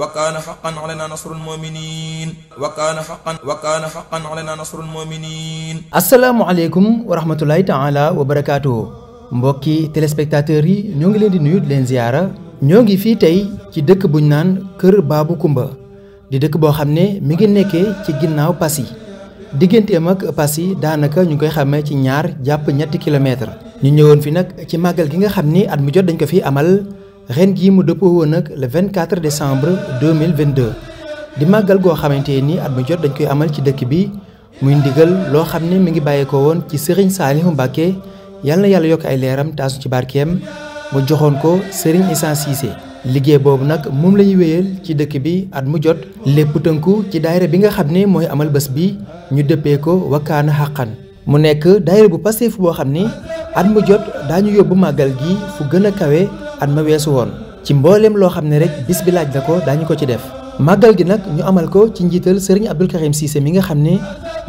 wa kaana xaqan alayna nasrul mu'minin wa kaana xaqan wa kaana xaqan alayna nasrul mu'minin asalaamaaleykum wa rahmatulahi taala wa barakaatu mbokki téléspectateurs yi ñoo ngi leen di nuyut di leen ziyaara ñoo ngi fii tey ci dëkk buñ naan kër baabu Coumba di dëkk boo xam ne mi ngi nekkee ci ginnaaw Passy digganteem ak Passy daanaka ñu koy xamee ci ñaar jàpp ñetti kilomètre ñu ñëwoon fi nag ci màggal gi nga xam ni at mu jot dañ ko fi amal ren jii mu dëppoo woon nag le 24 décembre 2022 di màggal goo xamante ni at mu jot dañ koy amal ci dëkk bi muy ndigal loo xam ne mi ngi bàyyeekoo woon ci Serigne Saliou Mbacké yàlla na yàlla yokk ay leeram taasu ci barkeem mu joxoon ko Serigne Issa Cissé liggéey boobu nag moom la ñuy wéyal ci dëkk bi at mu jot lépp tënku ci daayira bi nga xam ne mooy amal bés bi ñu dëppee ko wakkaana xàqan mu nekk daayira bu Pastef boo xam ni at mu jot daañu yóbbu màggal gi fu gën a kawe at ma weesu woon ci mbooleem loo xam ne rek bis bi laaj na ko dañu ko ci def màggal gi nag ñu amal ko ci njiital sëriñ Abdou Karim Cissé mi nga xam ne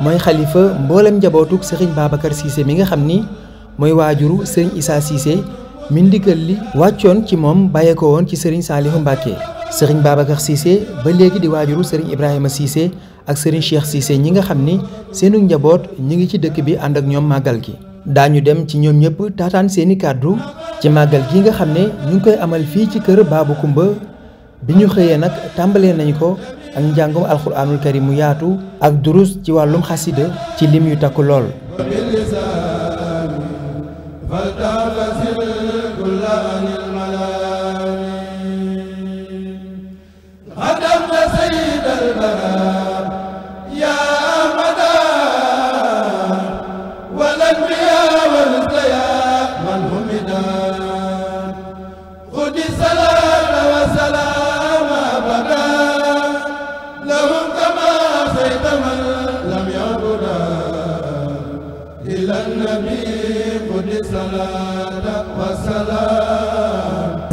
mooy xalifa mbooleem njabootug sëriñ Babacar Cissé mi nga xam ni mooy waajuru sëriñ Issa siise mi ndigal li wàccoon ci moom bàyyee ko woon ci sëriñ Saalihu Mbàkke sëriñ Babacar Cissé ba léegi di waajuru sëriñ Ibrahima Cissé ak sëriñ Cheikh Cissé ñi nga xam ni seenu njaboot ñi ngi ci dëkk bi ànd ak ñoom màggal gi daañu dem ci ñoom ñëpp taataan seeni kàddu ci màggal gi nga xam ne ñu ngi koy amal fii ci kër Baabu Kumba bi ñu xëyee nag tàmbalee nañ ko ak njàngum alxuraanul karim mu yaatu ak durus ci wàllum xasida ci lim yu takk lool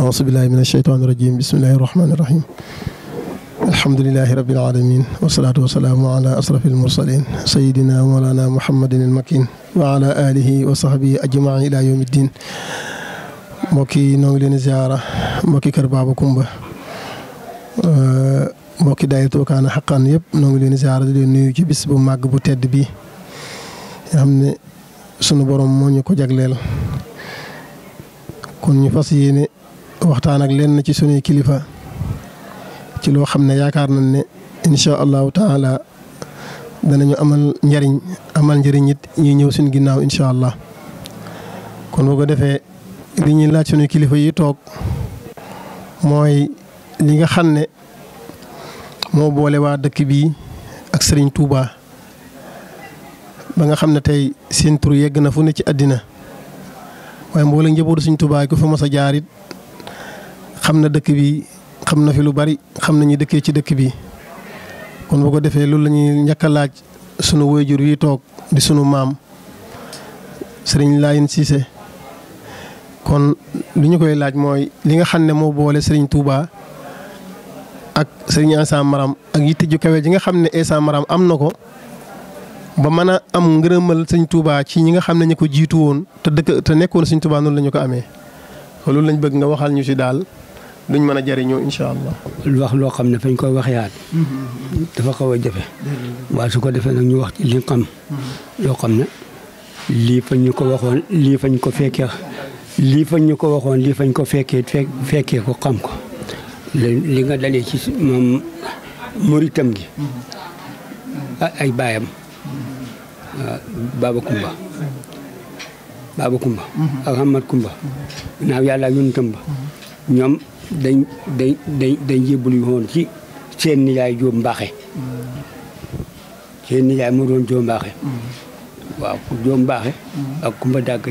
aousubillahi min asheytaan irajim bismillahi irrahmani irrahim alhamdulilahi rabil alamin wasalatu wasalaamu ala asrafi almursalin sayidina moolana mohammadin almakin wa ala alihi wa sahbihi ajmain ila yawmi ddin mbokki noo ngi leen ziara mbokki kër Baba Kumba mbokki daayira Wakana Haqqan yëpp noo ngi leen ziara di leen nuyu ci bis bu màgg bu tedd bi nga xam ne sunu borom moo ñu ko jagleel kon ñu fas yéene waxtaan ak lenn ci suñuy kilifa ci loo xam ne yaakaar nañ ne incha allahu taala danañu amal njariñ amal njariñ it ñëw suñ ginnaaw incha allah kon bu ko defee li ñuy laaj suñu kilifa yi toog mooy li nga xam ne moo boole waa dëkk bii ak sëriñ Touba ba nga xam ne tey seen tur yegg na fu ne ci àddina waaye mboole njabootu suñ Touba ku fa mos a jaar it xam na dëkk bi xam na fi lu bari xam nañu ñu dëkkee ci dëkk bi kon bu ko defee loolu la ñuy njëkk a laaj sunu waajur yi toog di sunu maam sëriñ Laayeen Siise kon li ñu koy laaj mooy li nga xam ne moo boole sëriñ Touba ak sëriñ Insa Maram ak yitte ju kawe ji nga xam ne Insa Maram am na ko ba mën a am ngërëmal sëriñ Touba ci ñi nga xam ne ñu ko jiitu woon te dëkk te nekkoon sëriñ Touba noonu la ñu ko amee loolu lañ bëgg nga waxal ñu si daal. duñ mën a jëriñoo incha allah. lu wax loo xam ne fañ koy waxeyaat. dafa xaw a jafe. waaye su ko defee nag ñu wax ci li xam. loo xam ne lii fañ ñu ko waxoon lii fañ ko fekkee lii fañ ñu ko waxoon lii fañ ko fekkee fekkee ko xam ko. li nga dalee ci moom muritam gi. Ah, ay baayam. Ah, Baba Kumba. Baba Kumba. ak Ahmad Kumba. naaw yàlla yuntam ba ñoom. dañ dañ dañ dañ yëbbalu woon ci seen nijaay jóom Mbaaxe seen nijaay moo doon Jóob Mbaaxe waaw Jóob Mbaaxe ak Kumba Dàgg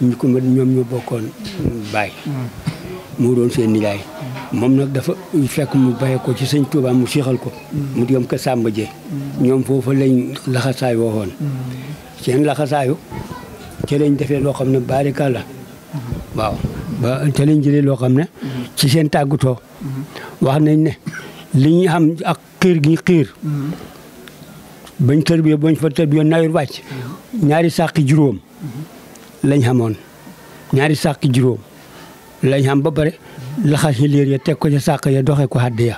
ñu ko ma ñoom ñoo bokkoon baay moo doon seen nijaay moom nag dafa fekk mu baxe ko ci sëñ Tuubaa mu siixal ko mu digam ko Sàmba Jee ñoom foofu lañ laxasaay woowoon seen laxasaayu ci lañ defee loo xam ne barikalla waaw ba lañ jëlee loo xam ne ci seen tàggatoo wax nañ ne li ñu xam ak xiir gi xiir bañ tërbiyee bañ fa tërbiyee nawet wàcc ñaari sàqi juróom lañ xamoon ñaari sàqi juróom lañ xam ba pare laxas yi liir ya teg ko ca sàq ya doxe ko xàdd ya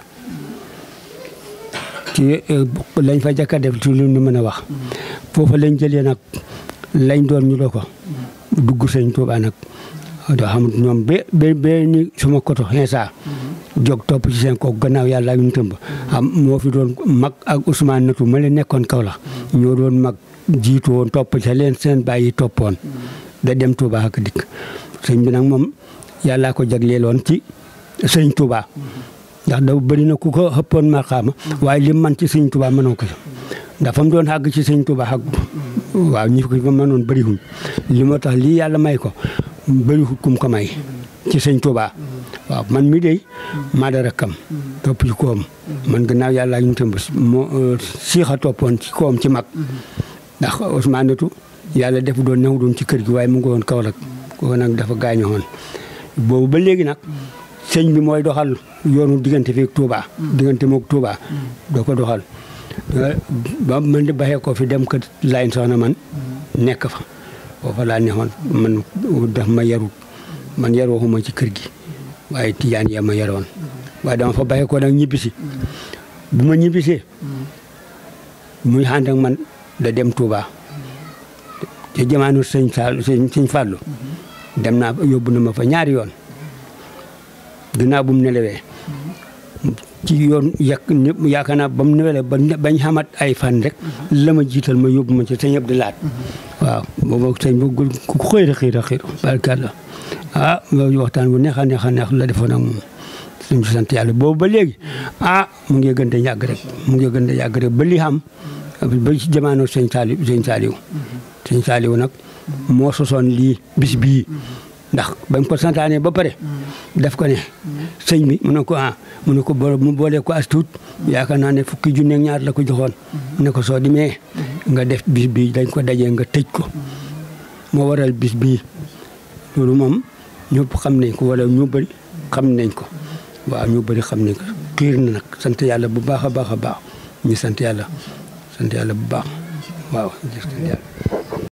ci eh, lañ fa jëkk a def ci lu mën a wax foofa lañ jëlee nag lañ doon ñu do ko dugg sëñ Tuuba nag doo xamut ñoom ba ba ni sama koto xinsa jog topp ci seen kooku gannaaw yàlla ak ñu tëmb moo fi doon mag ak Ousmane Natu ma la nekkoon kaw la ñoo doon mag jiitu woon topp ca leen seen bàyyi toppoon da dem Touba ak dikk sëñ bi nag moom yàllaa ko jagleeloon ci sëñ Touba ndax da bëri na ku ko xëppoon ma xaama mm-hmm. waaye li man ci sëñ Touba mënoo ko dafa mu doon xàgg ci sëñ Touba xàggu waaw ñi ko mënoon bëriwul li moo tax lii yàlla may ko bëriwul kum ko may ci sëñ Tuubaa waaw man mi dey maa da rakkam topp ci koom man gannaaw yàlla ñu tëmb moo siixa toppoon ci koom ci mag ndax Ousmanetou yàlla def doon newu doon ci kër gi waaye mu ngi woon kaw rek kooku nag dafa gaaño boobu ba léegi nag sëñ bi mooy doxal yoonu diggante fii Touba diggante moog Touba doo ko doxal ba man di baxee ko fi dem kër Laay Soxna man nekk fa foofa laa neexoon man daf ma yarut man yar waxuma ci kër gi waaye tijaan ya ma yaroon waaye dama fa baxee ko nag ñibbisi bu ma ñibbisee muy xànd ak man da dem Touba te jamaanu sëñ Sall sëñ dem naa yóbbu na ma fa ñaari yoon ginnaaw bu mu nelawee ci yoon yàq ñëpp yaakaar naa ba mu newele ba bañ xamat ay fan rek la ma jiital ma yóbbu ma ci sëñ Abdou Lahat waaw boobu sëñ ba ku xëy a xiir a xiir barkalla ah loolu waxtaan bu neex a neex a neex la defoon ak moom suñu sant yàlla boobu ba léegi ah mu ngi gën a yàgg rek mu ngi gën a yàgg rek ba li xam ba ci jamono sëñ Saliou sëñ Saliou sëñ Saliou nag moo sosoon lii bis bii ndax bañ ko santaane ba pare. def ko ne. sëñ bi mu ne ko ah mu ne ko mu boole ko as tuut naa ne fukki junne ak ñaar la ko joxoon. ne ko soo demee. nga def bis bii dañ ko dajee nga tëj ko. moo waral bis bii loolu moom ñëpp xam nañ ko wala ñu bëri xam nañ ko waaw ñu bari xam nañ ko xiir na nag sant yàlla bu baax a baax a baax ñu sant yàlla sant yàlla bu baax waaw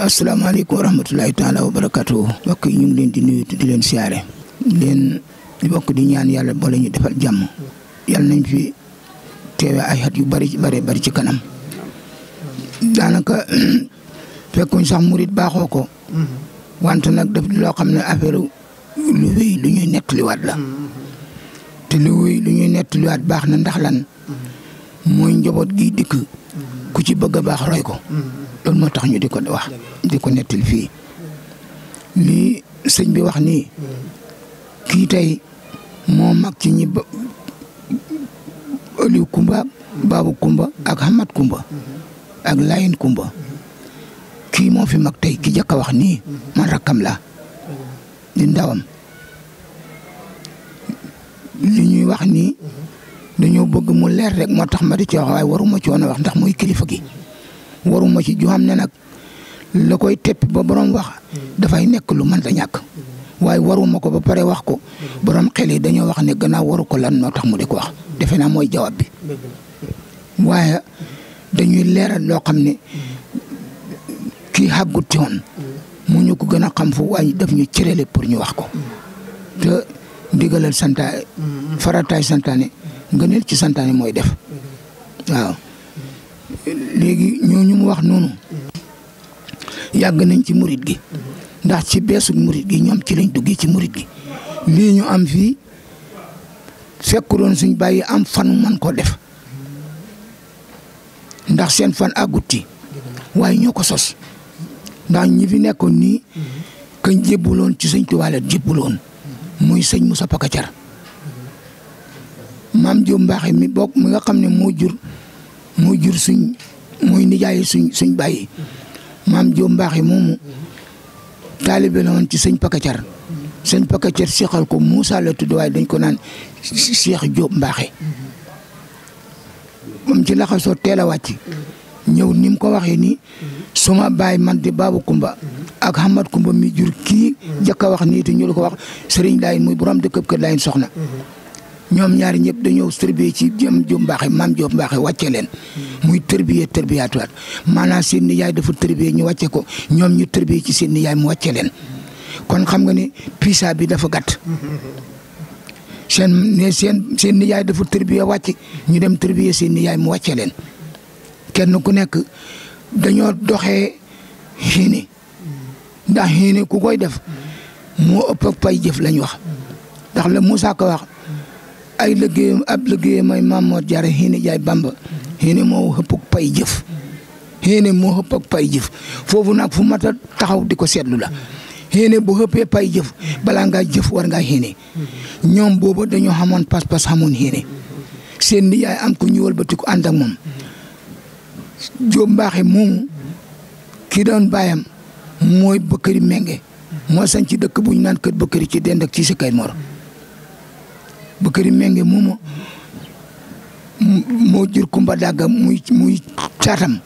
asalaamaaleykum wa rahmatulahi taala wa barakaatu. mbokk yi ñu ngi leen di nuyu di leen siyaare. leen bokk di ñaan yàlla boole ñu defal jàmm. yàlla nañ fi teewe ay at yu bari bari bari ci kanam. daanaka fekkuñ sax murit baaxoo ko. Mm-hmm. nag daf loo xam ne affaire lu wéy lu ñuy nettaliwaat la. Mm-hmm. te lu wéy lu ñuy nettaliwaat baax na ndax lan. Mm-hmm. mooy njaboot gi dikk. ku ci bëgg a baax roy loolu moo tax ñu di ko wax di ko nettali fii lii sëñ bi wax nii kii tey moo mag ci ñi ba Aliou Kumba Baabu Kumba ak Hamad Kumba ak Layin Kumba kii moo fi mag tey ki jëkk a wax nii man rakkam la di ndawam li ñuy wax nii dañoo bëgg mu leer rek moo tax ma di ci wax waaye waruma coono wax ndax muy kilifa gi waruma ci ju ne nag la koy tepp ba borom wax dafay nekk lu mënta ñàkk waaye waruma ko ba pare wax ko borom xel yi dañoo wax ne gannaaw waru ko lan noo tax mu di ko wax defe naa mooy jawaab bi waaye dañuy leeral loo xam ne kii xàggut ci mu ñu ko gën a xam fu waaye daf ñu cërale pour ñu wax ko te ndigalal santaane farataay santaane ngëneel ci santaane mooy def waaw léegi ñooñu mu wax noonu yàgg nañ ci murit gi ndax ci beesu murit gi ñoom ci lañ duggee ci murit gi lii ñu am fii fekkuroon suñ bàyyi am fan man koo def ndax seen fan yi waaye ñoo ko sos ndax ñi fi nekkoon nii kañ jébbuloon ci sëñ Tuubaa la jébbuloon muy sëñ Moussa car maam Diop Mbaaxe mi bokk mi nga xam ne moo jur moo jur suñ mooy nijaay suñ suñ bàyyi maam Jóob mbaax yi moomu taalibe la woon ci sëñ Pakacar sëñ Pakacar seexal ko Moussa la tudd waaye dañ ko naan Seex mbaax yi moom ci laxasoo teel a wàcc ñëw ni mu ko waxee ni suma baay man di Baabu Kumba ak Hamad Kumba mi jur kii jëkk wax nii te ñu la ko wax sëriñ Laay muy borom dëkkëb kër Laay soxna ñoom ñaari ñëpp dañoo tërbiyee ci jëm ju mbaaxe maam ju mbaaxe wàcce leen muy tërbiyee tërbiyaatuwaat maanaam seen nijaay dafa tërbiyee ñu wàcce ko ñoom ñu tërbiyee ci seen yaay mu wàcce leen kon xam nga ni piisa bi dafa gàtt seen ne seen seen nijaay dafa tërbiyee wàcc ñu dem tërbiyee seen yaay mu wàcce leen kenn ku nekk dañoo doxee xiini ndax xiini ku koy def moo ëpp pay jëf lañ wax dax la Moussa ko wax ay liggéeyam ab liggéeyam mooy Mamoor Jaara xiini jaay Bamba xiini moo xëpp pay jëf xiini moo xëpp pay jëf foofu nag fu mat a taxaw di ko seetlu la xiini bu xëppee pay jëf balaa ngaa jëf war nga xiini ñoom boobu dañoo xamoon pas-pas xamoon xiini seen ni yaay am ku ñu wëlbati ko ànd ak moom Jóob Mbaaxe moomu ki doon baayam menge moo sañ ci dëkk bu ñu naan kër bëkkëri ci dend ak ci si mor Bakary Mbengue mooma moo jur Kumba Dagga muy muy caatam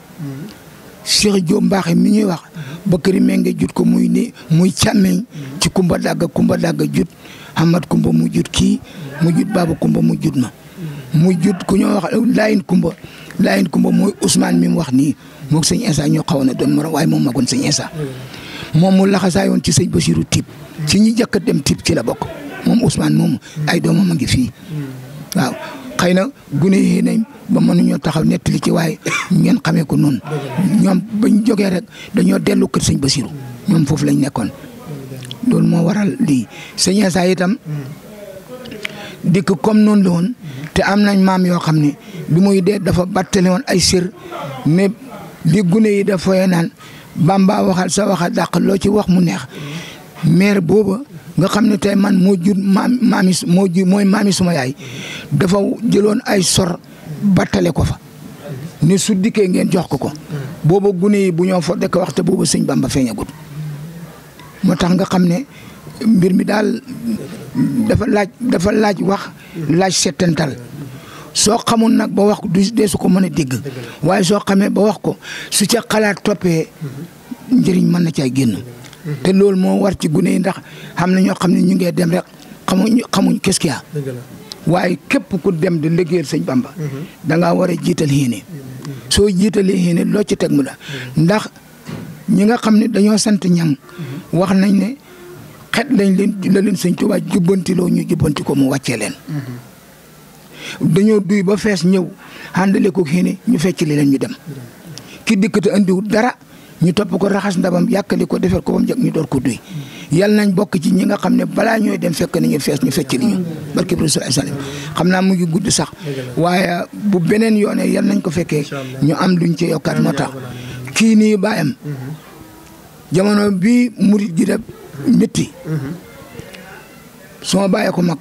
Cheikh mbaax Mbaaxe mi ñuy wax Bakary Mbengue jut ko muy ni muy càmmeñ ci Kumba Dagga Kumba Dagga jut Hamad Kumba mu jut kii mu jut Baba Kumba mu jut ma mu jut ku ñoo wax Layin Kumba Layin Kumba mooy usmaan mi mu wax nii moog sëñ Insa ñoo xawoon na doon morom waaye moom magoon sëñ Insa moom mu laxasaayoon ci sëñ Basiru Tip ci ñi jëkk a dem Tip ci la bokk moom Ousmane moomu. ay doomam a ngi fii. waaw xëy na gune yi nañ ba mënuñoo taxaw nettali ci waaye ngeen xamee ko noonu. ñoom bañ jógee rek dañoo dellu kër ba siru ñoom foofu lañ nekkoon. loolu moo waral di sëñ Essa itam. dikk comme noonu la woon te am nañ maam yoo xam ni bi muy dee dafa battale woon ay sir ne li gune yi dafa naan bamba waxal sa waxal dàq loo ci wax mu neex maire booba nga xam ne tey man moo jur maam maami moo jur mooy maami suma yaay dafa jëloon ay sor battale ko fa ne su dikkee ngeen jox ko ko booba gune yi bu ñoo fa dëkk waxte booba sëñ Bamba feeñagut moo tax nga xam ne mbir mi daal dafa laaj dafa laaj wax laaj settantal soo xamul nag ba wax ko du deesu ko mën a dégg waaye soo xamee ba wax ko su ca xalaat toppee njëriñ mën na cay génn te loolu moo war ci gune yi ndax xam na ñoo xam ne ñu ngee dem rek xamuñ xamuñ quest waaye képp ku dem di liggéeyal sëñ Bamba mm-hmm. da ngaa war jiital yéene mm-hmm. soo jiitalee yéene loo ci teg mu la mm-hmm. ndax ñi nga xam ne dañoo sant ñam wax nañ ne xet lañ leen la leen sëñ Tuubaa jubbantiloo ñu jubbanti mu wàccee leen dañoo duy ba fees ñëw àndale ko yéene ñu fecc li leen ñu dem ki dikk te andiwul dara ñu topp ko raxas ndabam yàkkali ko defar ko ba mu jëkk ñu door ko duy yal nañ bokk ci ñi nga xam ne balaa ñooy dem fekk nañu fees ñu fecc li ñu barke bi rasul sallam xam naa mu ngi gudd sax waaye bu beneen yoonee yal nañ ko fekkee ñu am luñ ci yokkaat moo tax kii nii bàyyam jamono bi murit gi da métti suma bàyyee ko mag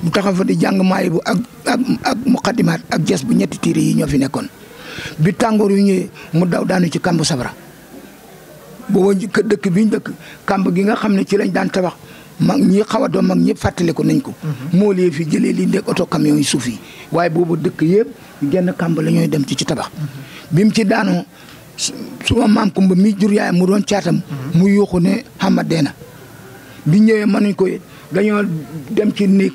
mu taxaw fa di jàng maay bu ak ak ak muqaddimaat ak jes bu ñetti tiir yi ñoo fi nekkoon bi tàngoor yu ñëwee mu daw daanu ci kambu sabra booba dëkk bi ñu dëkk kàmb gi nga xam ne ci lañ daan tabax mag ñi xaw a doon mag ñëpp fàttaliku nañ ko. Mm-hmm. moo lee fi jëlee li nekk oto camion yi suuf yi waaye boobu dëkk yépp genn kàmb la dem ci ci tabax. Mm-hmm. bi mu ci daanoo suma maam Kumba mi jur yaay mu doon caatam. Mm-hmm. mu yuuxu ne Hamad dee na. bi ñëwee mënuñ ko dañoo dem ci néeg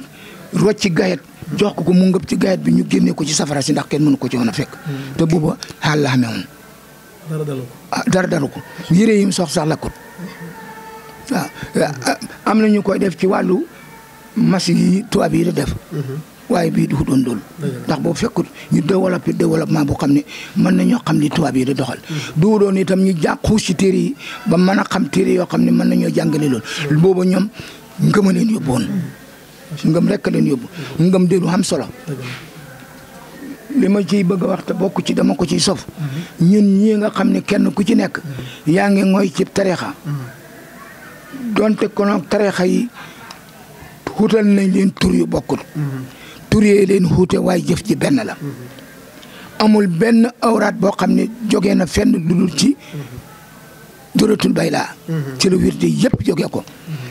rocc ci gayet jox ko ko mu ngëb ci gayet bi ñu génnee ko ci safara si ndax kenn mënu ko ci woon a fekk. te booba xaal la xamee woon. Ah, dara daru ko yére yi mu sox sax lakkut waaw ah, ah, am na ñu koy def ci wàllu machine yi tubaab yi di def. Mm-hmm. waaye bii du doon loolu. ndax boo fekkut ñu développé développement bu xam ne mën ñoo xam li tuwaab yi di doxal. Mm-hmm. du doon itam ñu jàng xuus ci téere yi ba mën a xam téere yoo xam ne mën nañoo jàngale lool mm-hmm. boobu ñoom ngëm a leen yóbbu woon. ngëm rek a yóbbu. ngëm de lu am solo. li ma ciy bëgg a wax te bokk ci dama ko ciy sof ñun ñii nga xam ne kenn ku ci nekk yaa ngi mooy ci tarixa donte konoon tarixa yi xuutal nañ leen tur yu bokkul tur yee leen xuute waaye jëf ci benn la amul benn awraat boo xam ne jógee na fenn dudul ci duratul bay laa ci la wirde yëpp jógee ko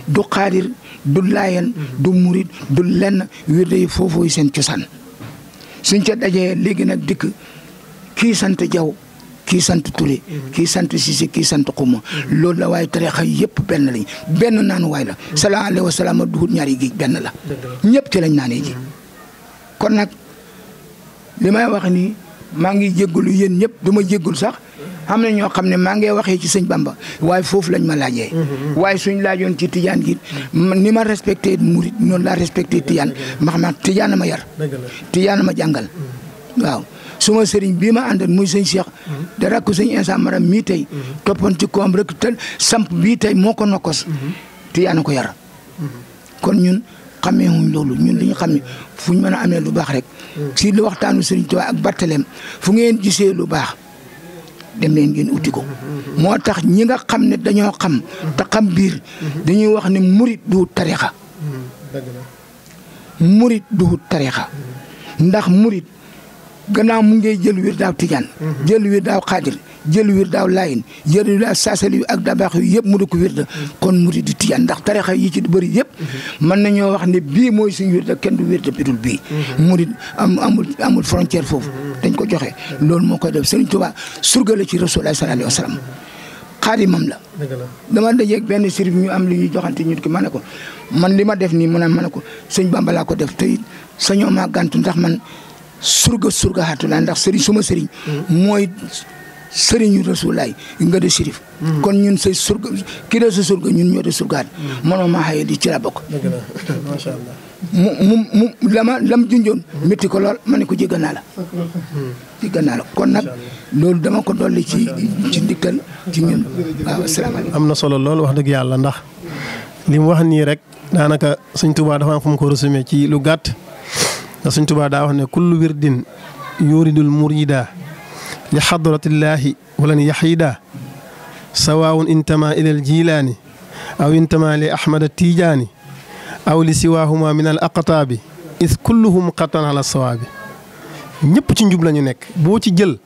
du xaadir du laayen du murit du lenn wirde yi foofu seen cosaan suñ ca dajee léegi nag dikk kii sant jaw kii sant Touré kii sant Cissé kii sant Xuma loolu la waaye xay yëpp benn lañ benn naanu waay la mm-hmm. salaa alayhi wa salaam duhut ñaari géej benn la ñëpp ci lañ naanee ji mm-hmm. kon nag li may wax nii maa ngi jéggalu yéen ñëpp du ma jéggul sax am na ñoo xam ne maa ngi waxee ci sëñ Bamba waaye foofu lañ ma laajee. Mm-hmm. waaye suñ laajoon ci tijaan gi ni ma respecté murit noonu laa respecté tijaan max ma tijaan ma yar. tijaan ma jàngal. Mm-hmm. waaw suma sëriñ bii ma àndal muy sëñ Cheikh. Mm-hmm. dara ko sëñ instant maram mii tey. toppoon ci koom rek te samp bii tey moo ko nokkos. tijaan ko yar. kon ñun xamee wuñ loolu ñun li ñu xam ne fu ñu a amee lu baax rek. Mm. si lu waxtaanu sëriñ Tuubaa ak Barthélemy fu ngeen gisee lu baax. dem leen ngeen uti ko. moo tax ñi nga xam ne dañoo xam. te xam biir. dañuy wax ne murit du tarixa murit du tarixa ndax murit gannaaw mu ngay jël wir daaw tijaan. jël wir daaw xaadir jël wir daaw laayin jël wir daaw saasali ak dabaax yu yëpp mu di ko wirda kon mu di tiyaan ndax tarixa yi ci bëri yëpp na ñoo wax ne bii mooy suñu da kenn du wirda bidul bii murid am amul amul frontière foofu dañ ko joxe loolu moo koy def Sëriñ Tuubaa surga la ci Rasulullah sallallahu alayhi wa sallam xaadimam la dama dajeeg benn sirif ñu am li ñuy joxante ñu ki ma ne ko man li ma def nii mu naan ma ne ko sëñ Bamba laa ko def te it sañoo maa gàntu ndax man surga surga xatu laa ndax sëriñ suma sëriñ mm. mooy sëriñu rasulaay nga de sirif hmm. kon ñun say surga ki de sa surga ñun ñoo de surgaat hmm. manoo maa xaye di ci la bokk mu mu mu lama lam junjoon métti hmm. ko lool ma ne ko jéggal naa la kon nag loolu dama ko dolli ci ci ndikkal ci ñun waaw am na solo lool wax dëgg yàlla ndax li mu wax nii rek daanaka suñ tubaa dafa am fu ko résumé ci lu gàtt ndax suñ tubaa daa wax ne kullu wirdin yuridul murida li xadratillaahi walan yaxiida sawaawun intama ila al jilaani aw intama li ahmad tijaani aw li siwaahuma min al aqtaabi is kulluhum xatan ala sawaabi ñëpp ci njub la ñu nekk boo ci jël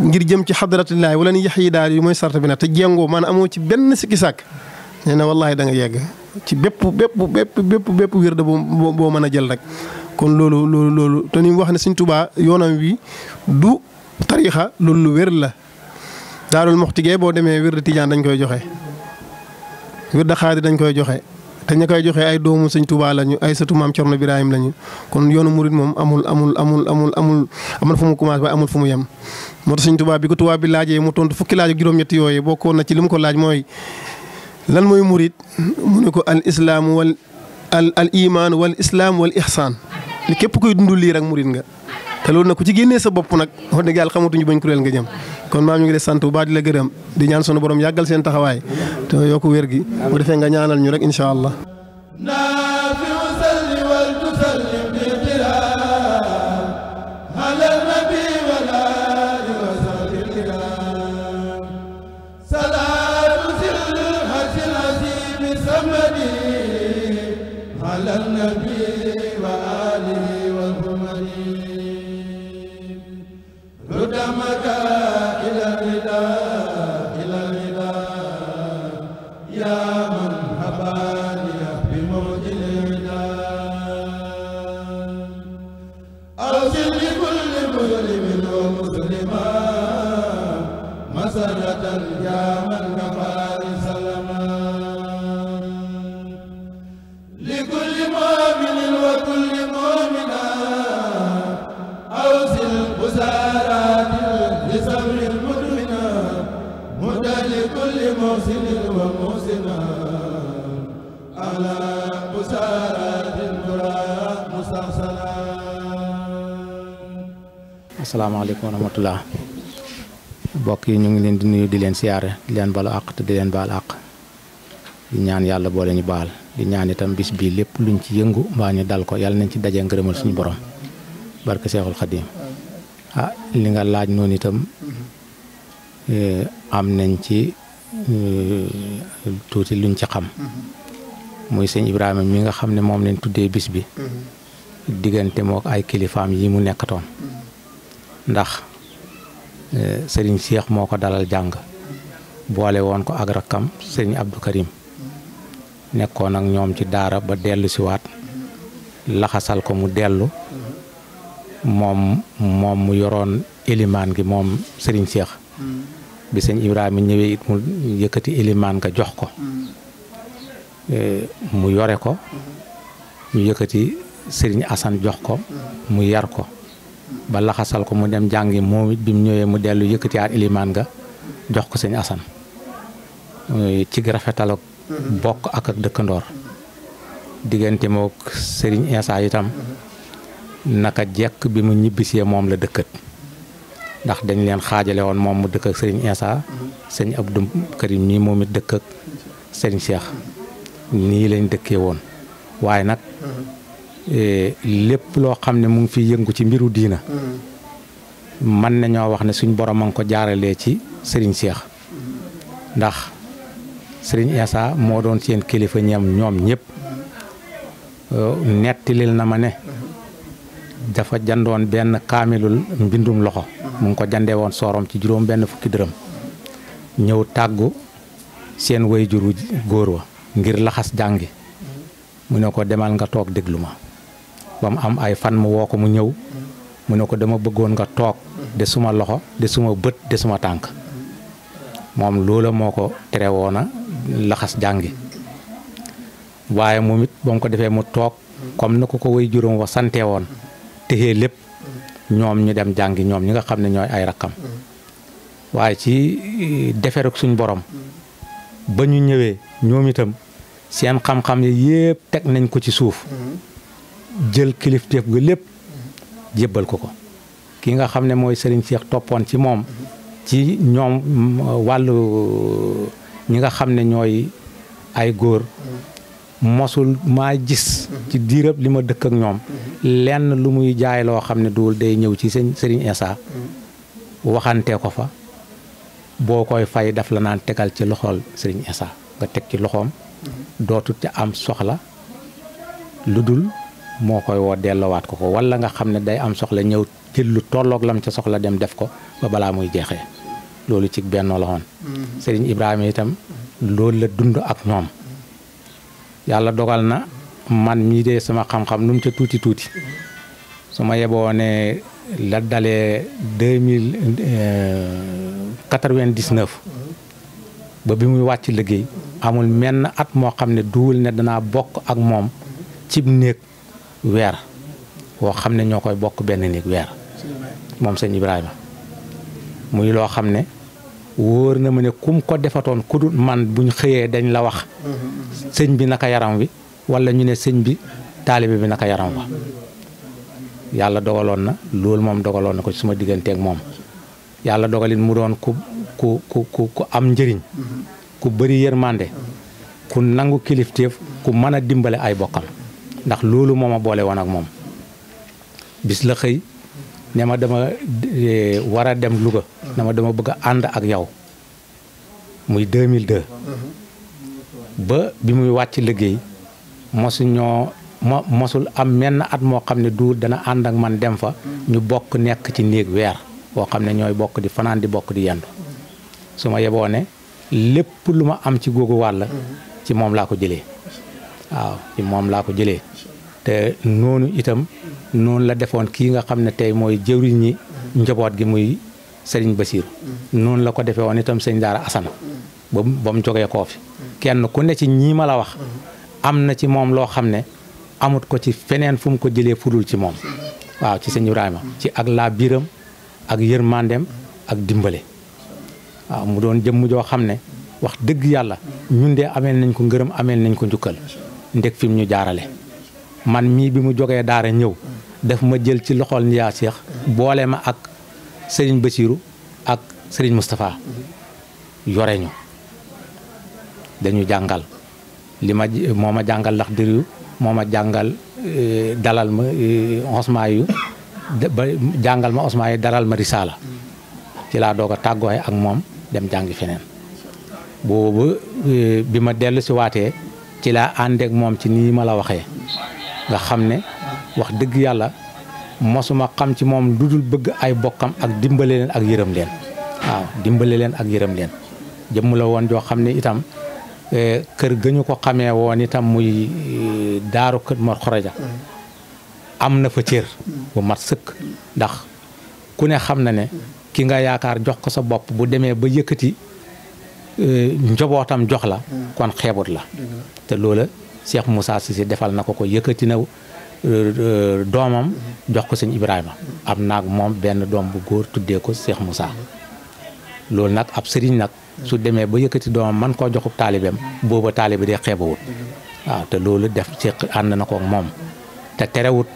ngir jëm ci xadratillaahi walan yaxiida yi mooy sart bi nag te jengoo maanaam amoo ci benn sikki sàkk nee na wallaahi yegg ci bépp bépp bépp bépp boo boo mën a jël rek kon loolu loolu loolu ni wax ne Sëñ yoonam wi du tariixa loolu lu wér la daarul moxtigee boo demee wér da tijaan dañ koy joxe wér da xaadir dañ koy joxe te ña koy joxe ay doomu sëñ Tuubaa lañu ay sëtu maam Cerno Birahim lañu kon yoonu murit moom amul amul amul amul amul am na fu mu commencé waaye amul fu mu yem. moo tax sëñ Tuubaa bi ko tubaab bi laajee mu tontu fukki laaj ak juróom-ñett yooyu bokkoon na ci li mu ko laaj mooy lan mooy murit mu ne ko al islaam wal al al imaan wal islaam wal ihsaan li képp kuy dund lii rek murit nga. te loolu nag ku ci génnee sa bopp nag wax dëgg yàlla xamatuñu bañ kuréel nga jëm kon maam ñu ngi lay sant bu baax di la gërëm di ñaan sunu borom yàggal seen taxawaay te yokku wér gi bu defee nga ñaanal ñu rek incha allah asalaamaaleykum wa rahmatulah mbokk yi ñu ngi leen di nuyu di leen siyaare di leen balu àq te di leen baal àq di ñaan yàlla boole ñu baal di ñaan itam bis bii lépp luñ ci yëngu mbaa ñu dal ko yàlla nañ ci daje ngërëmal suñu borom barke Seexul Xadim ah li nga laaj noonu itam eh, am nañ ci eh, tuuti luñ ci xam muy sëñ Ibrahima mi nga xam ne moom lañ tuddee bis bi mm-hmm. diggante mook ay kilifaam yi mu nekkatoon mm-hmm. ndax eh, sëriñ Cheikh moo ko dalal jàng boole woon ko ak rakkam sëriñ Abdou Karim nekkoon ak ñoom ci daara ba dellu siwaat laxasal ko mu dellu moom moom mu yoroon élimaan gi moom sëriñ Cheikh bi sëñ Ibrahima ñëwee it mu yëkkati élimaan ga jox ko eh, mu yore ko ñu yëkkati sëriñ Assane jox ko mu yar ko ba laxasal ko mu dem jàngi moom it bi mu ñëwee mu dellu yëkkati aat ilimaan ga jox ko sëñ asan ci rafetal ak mhm. bokk ak ak dëkkandoor diggante moog sëriñ Insa itam naka jekk bi mu ñibbisee moom la dëkkat ndax dañ leen xaajale woon moom mu dëkk ak sëriñ Insa mhm. sëñ Abdou Karim mii moom dëkk ak sëriñ Cheikh nii lañ dëkkee woon waaye nag mhm. Eh, lépp loo xam ne mu ngi fi yëngu ci mbiru diina mm-hmm. mën nañoo wax ne suñ borom a ngi ko jaaralee ci sëriñ seex ndax sëriñ Essa moo doon seen kilifa ñam ñoom ñëpp eh, nettilil na ma ne mm-hmm. dafa jandoon benn kaamilul mbindum loxo mm-hmm. mu ngi ko jandee woon soorom ci juróom benn fukki dërëm ñëw tàggu seen way juru góor wa ngir laxas jàngi mu ne ko demal nga toog déglu ma ba mu am ay fan mu woo ko mu ñëw mu ne ko dama bëggoon nga toog de suma loxo de suma bët de suma tànk moom loola moo ko tere woon a laxas jàngi waaye moom it ba ko defee mu toog comme ni ko ko way juróom wa sante woon téye lépp ñoom ñu dem jàngi ñoom ñi nga xam ne ñooy ay rakkam waaye ci eh, deferuk suñ borom ba ñu ñëwee ñoomitam seen xam-xam yi yëpp teg nañ ko ci suuf jël kilifteef ga lépp jébbal ko ko ki nga xam ne mooy Serigne Cheikh toppoon ci moom ci ñoom wàllu ñi nga xam ne ñooy ay góor mosul maa gis ci diirab li ma dëkk ak ñoom lenn lu muy jaay loo xam ne duwul day ñëw ci sëñ Serigne Issa waxantee ko fa boo koy fay daf la naan tegal ci loxol Serigne Issa teg ci loxoom dootu ca am soxla lu dul moo koy woo delloowaat ko ko wala nga xam ne day am soxla ñëw jël lu tolloog lam ca soxla dem def ko ba balaa muy jeexee loolu ci benn la woon mm-hmm. sëriñ Ibrahima itam loolu la dund ak ñoom yàlla dogal na man mii de sama xam-xam nu ca tuuti tuuti su ma yeboo ne la dalee deux mille euh, quatre vingt ba bi muy wàcc liggéey amul menn at moo xam ne duwul ne danaa bokk ak moom cib néeg weer woo xam ne ñoo koy bokk benn néeg weer moom sëñ Ibrahima muy loo xam ne wóor na ma ne kum ko defatoon ku dul man buñ xëyee dañ la wax sëñ bi naka yaram wi walla ñu ne sëñ bi taalibe bi naka yaram wa yàlla dogaloon na loolu moom dogaloon na ko ci suma digganteeg moom yàlla dogalin mu doon ku ku ku ku am njëriñ ku bëri yërmande ku nangu kilifteef ku mën a dimbale ay bokkam ndax loolu moo ma boole woon ak moom bis la xëy ne ma dama eh, war a dem Louga ne ma dama bëgg ànd ak yow muy 2002 ba bi muy wàcc liggéey mosu ñoo mosul am menn at moo xam ne duur dana ànd ak man dem fa ñu bokk nekk ci néeg weer boo xam ne ñooy bokk di fanaan di bokk di yendu su ma yeboo lépp lu ma am ci googu wàll ci moom laa ko jëlee waaw ci moom laa ko jëlee te noonu itam noonu la defoon kii nga xam ne tey mooy jëwriñ ñi njaboot gi muy sëriñ Basiir noonu la ko defee woon itam sëñ Daara Assane ba ba mu jógee koo fi kenn ku ne ci ñii ma la wax am na ci moom loo xam ne amut ko ci feneen fum ko jëlee fudul ci moom waaw ci sëñ Ibrahima ci ak laa biiram ak yërmandem ak dimbale waaw mu doon jëmm joo xam ne wax dëgg yàlla ñun de ameel nañ ko ngërëm amee nañ ko njukkal ndeg fi ñu jaarale man mii bi mu jogee daara ñëw def ma jël ci loxol Ndiya Cheikh boole ma ak Serigne Bassirou ak sëriñ Moustapha yore ñu dañu jàngal li ma moo ma jàngal lax dir yu moo ma jàngal eh, dalal ma eh, osma yu ba ma osma yu dalal ma risaala ci laa doog a tàggooxe ak moom dem jàngi feneen boobu eh, bi ma dellu si waatee ci laa àndeek moom ci nii ma la waxee nga xam ne wax dëgg yàlla mosuma xam ci moom lu dul bëgg ay bokkam ak dimbale leen ak yërëm leen waaw dimbale leen ak yërëm leen jëmm la woon joo xam ne itam e, kër gañu ko xamee woon itam muy e, daaru kër Mor Xoroja am na fa cër bu mat sëkk ndax ku ne xam na ne ki nga yaakaar jox ko sa bopp bu demee ba yëkkati Euh, njobootam jox la kon xeebut la te loola seex Moussa si defal na ko ko yëkkati na euh, euh, doomam jox ko seen Ibrahima am naag moom benn doom bu góor tuddee ko seex Moussa loolu nag ab sëriñ nag su demee ba yëkkati doomam man koo joxub taalibeem boobu taalibe dee xeebawut waaw te loolu def Cheikh ànd na ko moom te terewut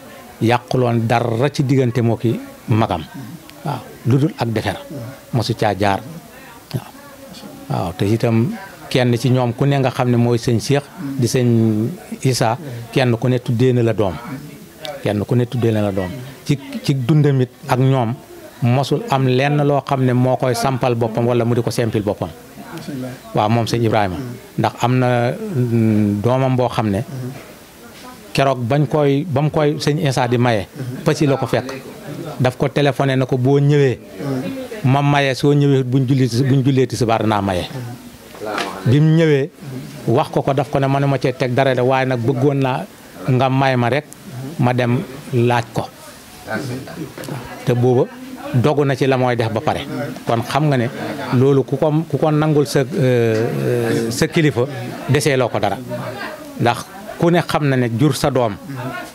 yàquloon dara ci diggante moo ki magam waaw lu dul ak defer mosu caa jaar waaw te itam kenn ci ñoom ku ne nga xam ne mooy sëñ Cheikh di sëñ Issa kenn ku ne tuddee na la doom kenn ku ne tuddee na la doom ci ci dundamit ak ñoom mosul am lenn loo xam ne moo koy sampal boppam wala mu di ko sempil boppam waaw moom sëñ Ibrahima ndax am na mm, doomam boo xam ne keroog bañ koy ba mu koy sëñ Issa di maye. Passy la ko fekk daf ko téléphoné na ko boo ñëwee ma maye soo ñëwee buñ julli buñ jullee tisbaar naa maye. bi mu ñëwee wax ko ko daf ko ne manuma cee teg dara de waaye nag bëggoon naa nga may ma rek ma dem laaj ko. te booba dogu na ci la mooy def ba pare kon xam nga ne loolu ku ko ku ko nangul sa euh, euh, sa kilifa desee loo ko dara ndax ku ne xam na ne jur sa doom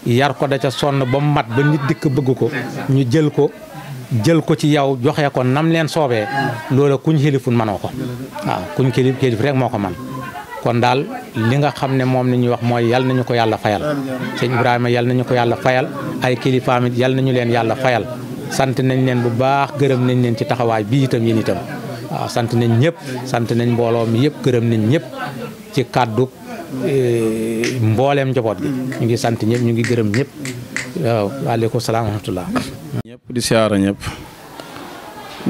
yar ko da ca sonn ba mu mat ba nit dikk bëgg ko ñu jël ko jël ko ci yow joxe ko nam leen soobee loola kuñ xiliful manoo ko waaw kuñ xilif xilif rek moo ko man kon daal li nga xam ne moom la ñuy wax mooy yal nañu ko yàlla fayal sëñ Ibrahima yal nañu ko yàlla fayal ay kilifaam it yal nañu leen yàlla fayal sant nañ leen bu baax gërëm nañ leen ci taxawaay bii itam yéen itam waaw sant nañ ñëpp sant nañ mbooloo mi yëpp gërëm nañ ñëpp ci kàddu eh, mbooleem njaboot gi ñu ngi sant ñëpp ñu ngi gërëm ñëpp waaw waaleykum salaam wa rahmatulah. ñëpp di siyaara ñëpp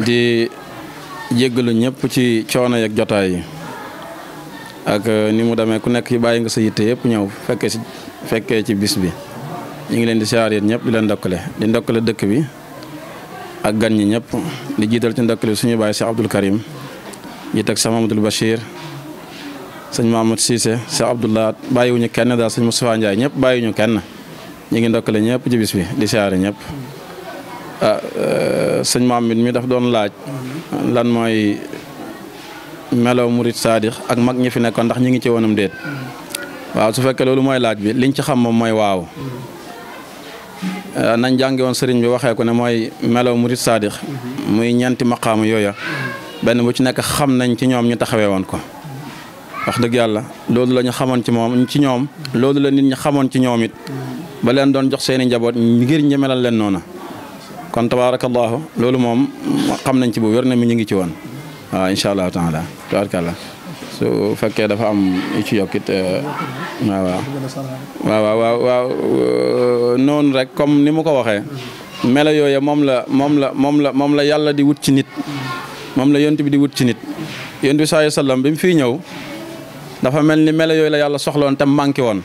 di jéggalu ñëpp ci coono yeeg jotaay yi ak uh, ni mu demee ku nekk yi bàyyi nga sa yitte yëpp ñëw fekkee si fekkee ci bis bi ñu ngi leen di siyaar yéen ñëpp di leen ndokkale di ndokkale dëkk bi ak gan ñi ñëpp di jiital ci ndokkale suñu bàyyi Cheikh Abdoul Karim di teg Cheikh Mamadou Bachir sëñ Mamadou Cissé Cheikh Abdoulaye bàyyiwuñu kenn daal sëñ Moustapha Ndiaye ñëpp bàyyiwuñu kenn. ñu ngi ndokkale ñëpp ci bis bi di siyaare ñëpp ah euh, sëñ Maamit mi daf doon laaj lan mooy melo murit saadix ak mag ñi fi nekkoon ndax ñu ngi ci woonam déet waaw su fekkee loolu mooy laaj bi liñ ci xam moom mooy waaw euh, nañ jàngi woon sëriñ bi waxee ko ne mooy melo murit saadix muy ñeenti maqaamu yooya benn bu ci nekk xam nañ ci ñoom ñu taxawee woon ko wax dëgg yàlla loolu la xamoon ci moom ci ñoom loolu la nit ñi xamoon ci ñoom it ba leen doon jox seeni njaboot ngir ñemelal leen noona kon tabaarakallaahu loolu moom xam nañ ci bu wér na mi ñu ngi ci woon waaw incha allahu taala tabaarakallaa su fekkee dafa am ci yokkit eh, waaw waaw eh, noonu rek comme ni mu ko waxee melo yooya moom la moom la moom la moom la yàlla di wut ci nit moom la yonent bi di wut ci nit yonent bi sallallahu alayhi wasallam bi mu fii ñëw dafa mel ni melo yooyu la yàlla soxloon tam manqué woon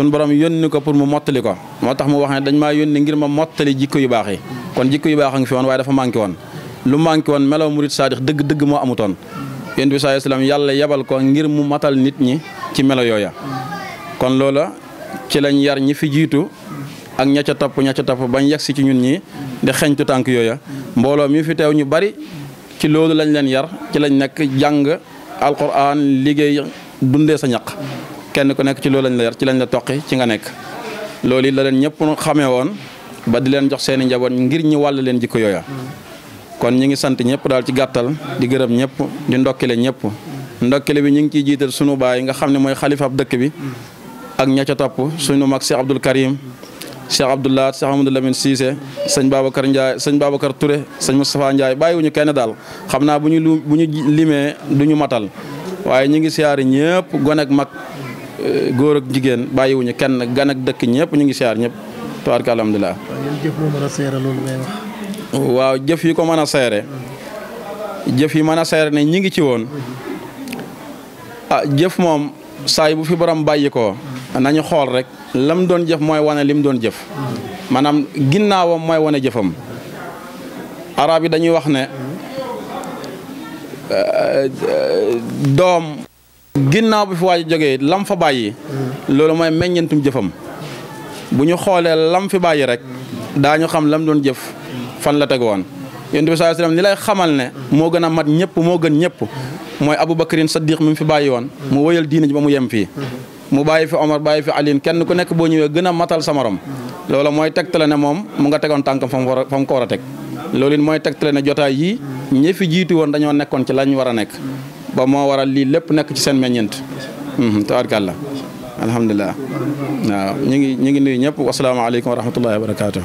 suñ borom yónni ko pour mu mottali ko moo tax mu wax ne dañ maa yónni ngir ma mottali jikko yu baax yi kon jikko yu baax a ngi fi woon waaye dafa manqué woon lu manqué woon melaw murid saadix dëgg dëgg moo amutoon yonent bi sallallahu alayhi wasallam yàlla yebal ko ngir mu matal nit ñi ci melo yooya kon loola ci lañ yar ñi fi jiitu ak ña ca topp ña ca topp bañ yegg si ci ñun ñi di xeñtu tànk yooya mbooloo mi fi teew ñu bari ci loolu lañ leen yar ci lañ nekk jàng a liggéey dundee sa ñaq kenn ku nekk ci loolu lañ la yar ci lañ la toqi ci nga nekk loolu it la leen ñëpp xamee woon ba di leen jox seen i njaboot ngir ñu wàll leen jikko yooya kon ñu ngi sant ñëpp daal ci gàttal di gërëm ñëpp di ndokkile ñëpp ndokkile bi ñu ngi ciy jiital sunu baay nga xam ne mooy xalifa ab dëkk bi ak ña topp sunu mag Cheikh Abdoul Karim Cheikh Abdoulaye Cheikh Amadou Lamine Cissé sëñ Babacar Ndiaye sëñ Babacar Touré sëñ Moustapha Ndiaye bàyyiwuñu kenn daal xam naa bu ñu lu bu ñu limee du ñu matal Euh, góor ak jigéen bàyyiwuñu kenn gan ak dëkk ñëpp ñu ngi siyaar ñëpp tabaaraka alhamdulilah. waaw jëf yi ko mën a seere jëf yi mën a seere ne ñu ngi ci woon ah jëf moom saay bu fi borom bàyyi ko ñu xool rek lam doon jëf mooy wane lim doon jëf maanaam ginnaawam mooy wane jëfam arab yi dañuy wax ne euh, euh, doom ginnaaw bi fi waaj jógee lam fa bàyyi. loolu mooy meññeentum jëfam bu ñu xoolee lam fi bàyyi rek daa ñu xam lam doon jëf fan la teg woon yonent bi sallallahu alayhi wasallam li lay xamal ne moo gën a mat ñëpp moo gën ñëpp mooy abu Abubakarin Saddiq mi mu fi bàyyi woon mu wëyal diina ji ba mu yem fii mu bàyyi fi Omar bàyyi fi Aliin kenn ku nekk boo ñëwee gën a matal sa morom loolu mooy tegtale ne moom mu nga tegoon tànkam fa mu war a fa teg loolu mooy tegtale ne jotaay yii ñi fi woon dañoo nekkoon ci lañ war a nekk ba moo waral lii lépp nekk ci seen meññeent mhm, tabarkàlla alhamdulilah waaw ñu ngi ñu ngi nuyu ñëpp wasalaamaaleykum wa rahmatullahi wa barakaatu.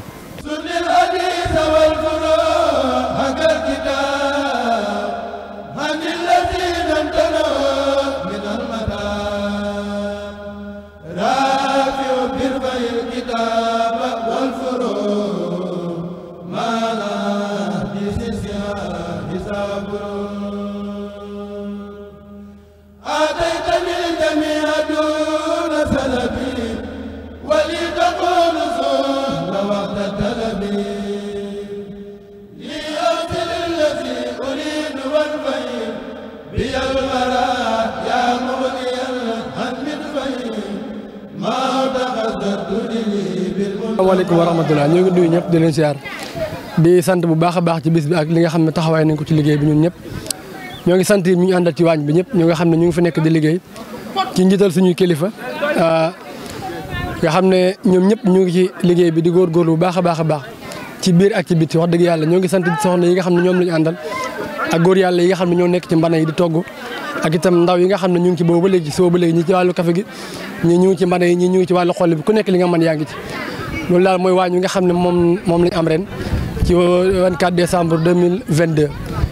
asalaamaaleykum wa rahmatulah ñoo ngi nuyu ñëpp di leen siyaar di sant bu baax a baax ci bis bi ak li nga xam ne taxawaay nañ ko ci liggéey bi ñun ñëpp ñoo ngi sant yi àndal ci bi ñëpp ñoo nga xam ne ñu ngi fi nekk di liggéey ci njiital suñuy kilifa ah, nga xam ne ñoom ñëpp ñu ngi ci liggéey bi di góorgóorlu bu baax a baax a baax ci biir ak ci biti wax dëgg yàlla ñoo ngi sant soxna yi nga xam ne ñoom la ñu àndal ak góor yàlla yi nga xam ne ñoo nekk ci mbana yi di togg ak itam ndaw yi nga xam ne ñu ngi ci boobu ba léegi soo ba léegi ñi ci wàllu café gi ñi ñu ngi ci mbana yi ñi ñu ngi ci wàllu xol bi ku nekk li nga mën yaa ngi ci loolu laal mooy waañ wi nga xam ne moom moom lañ am ren ci mille décembre 2022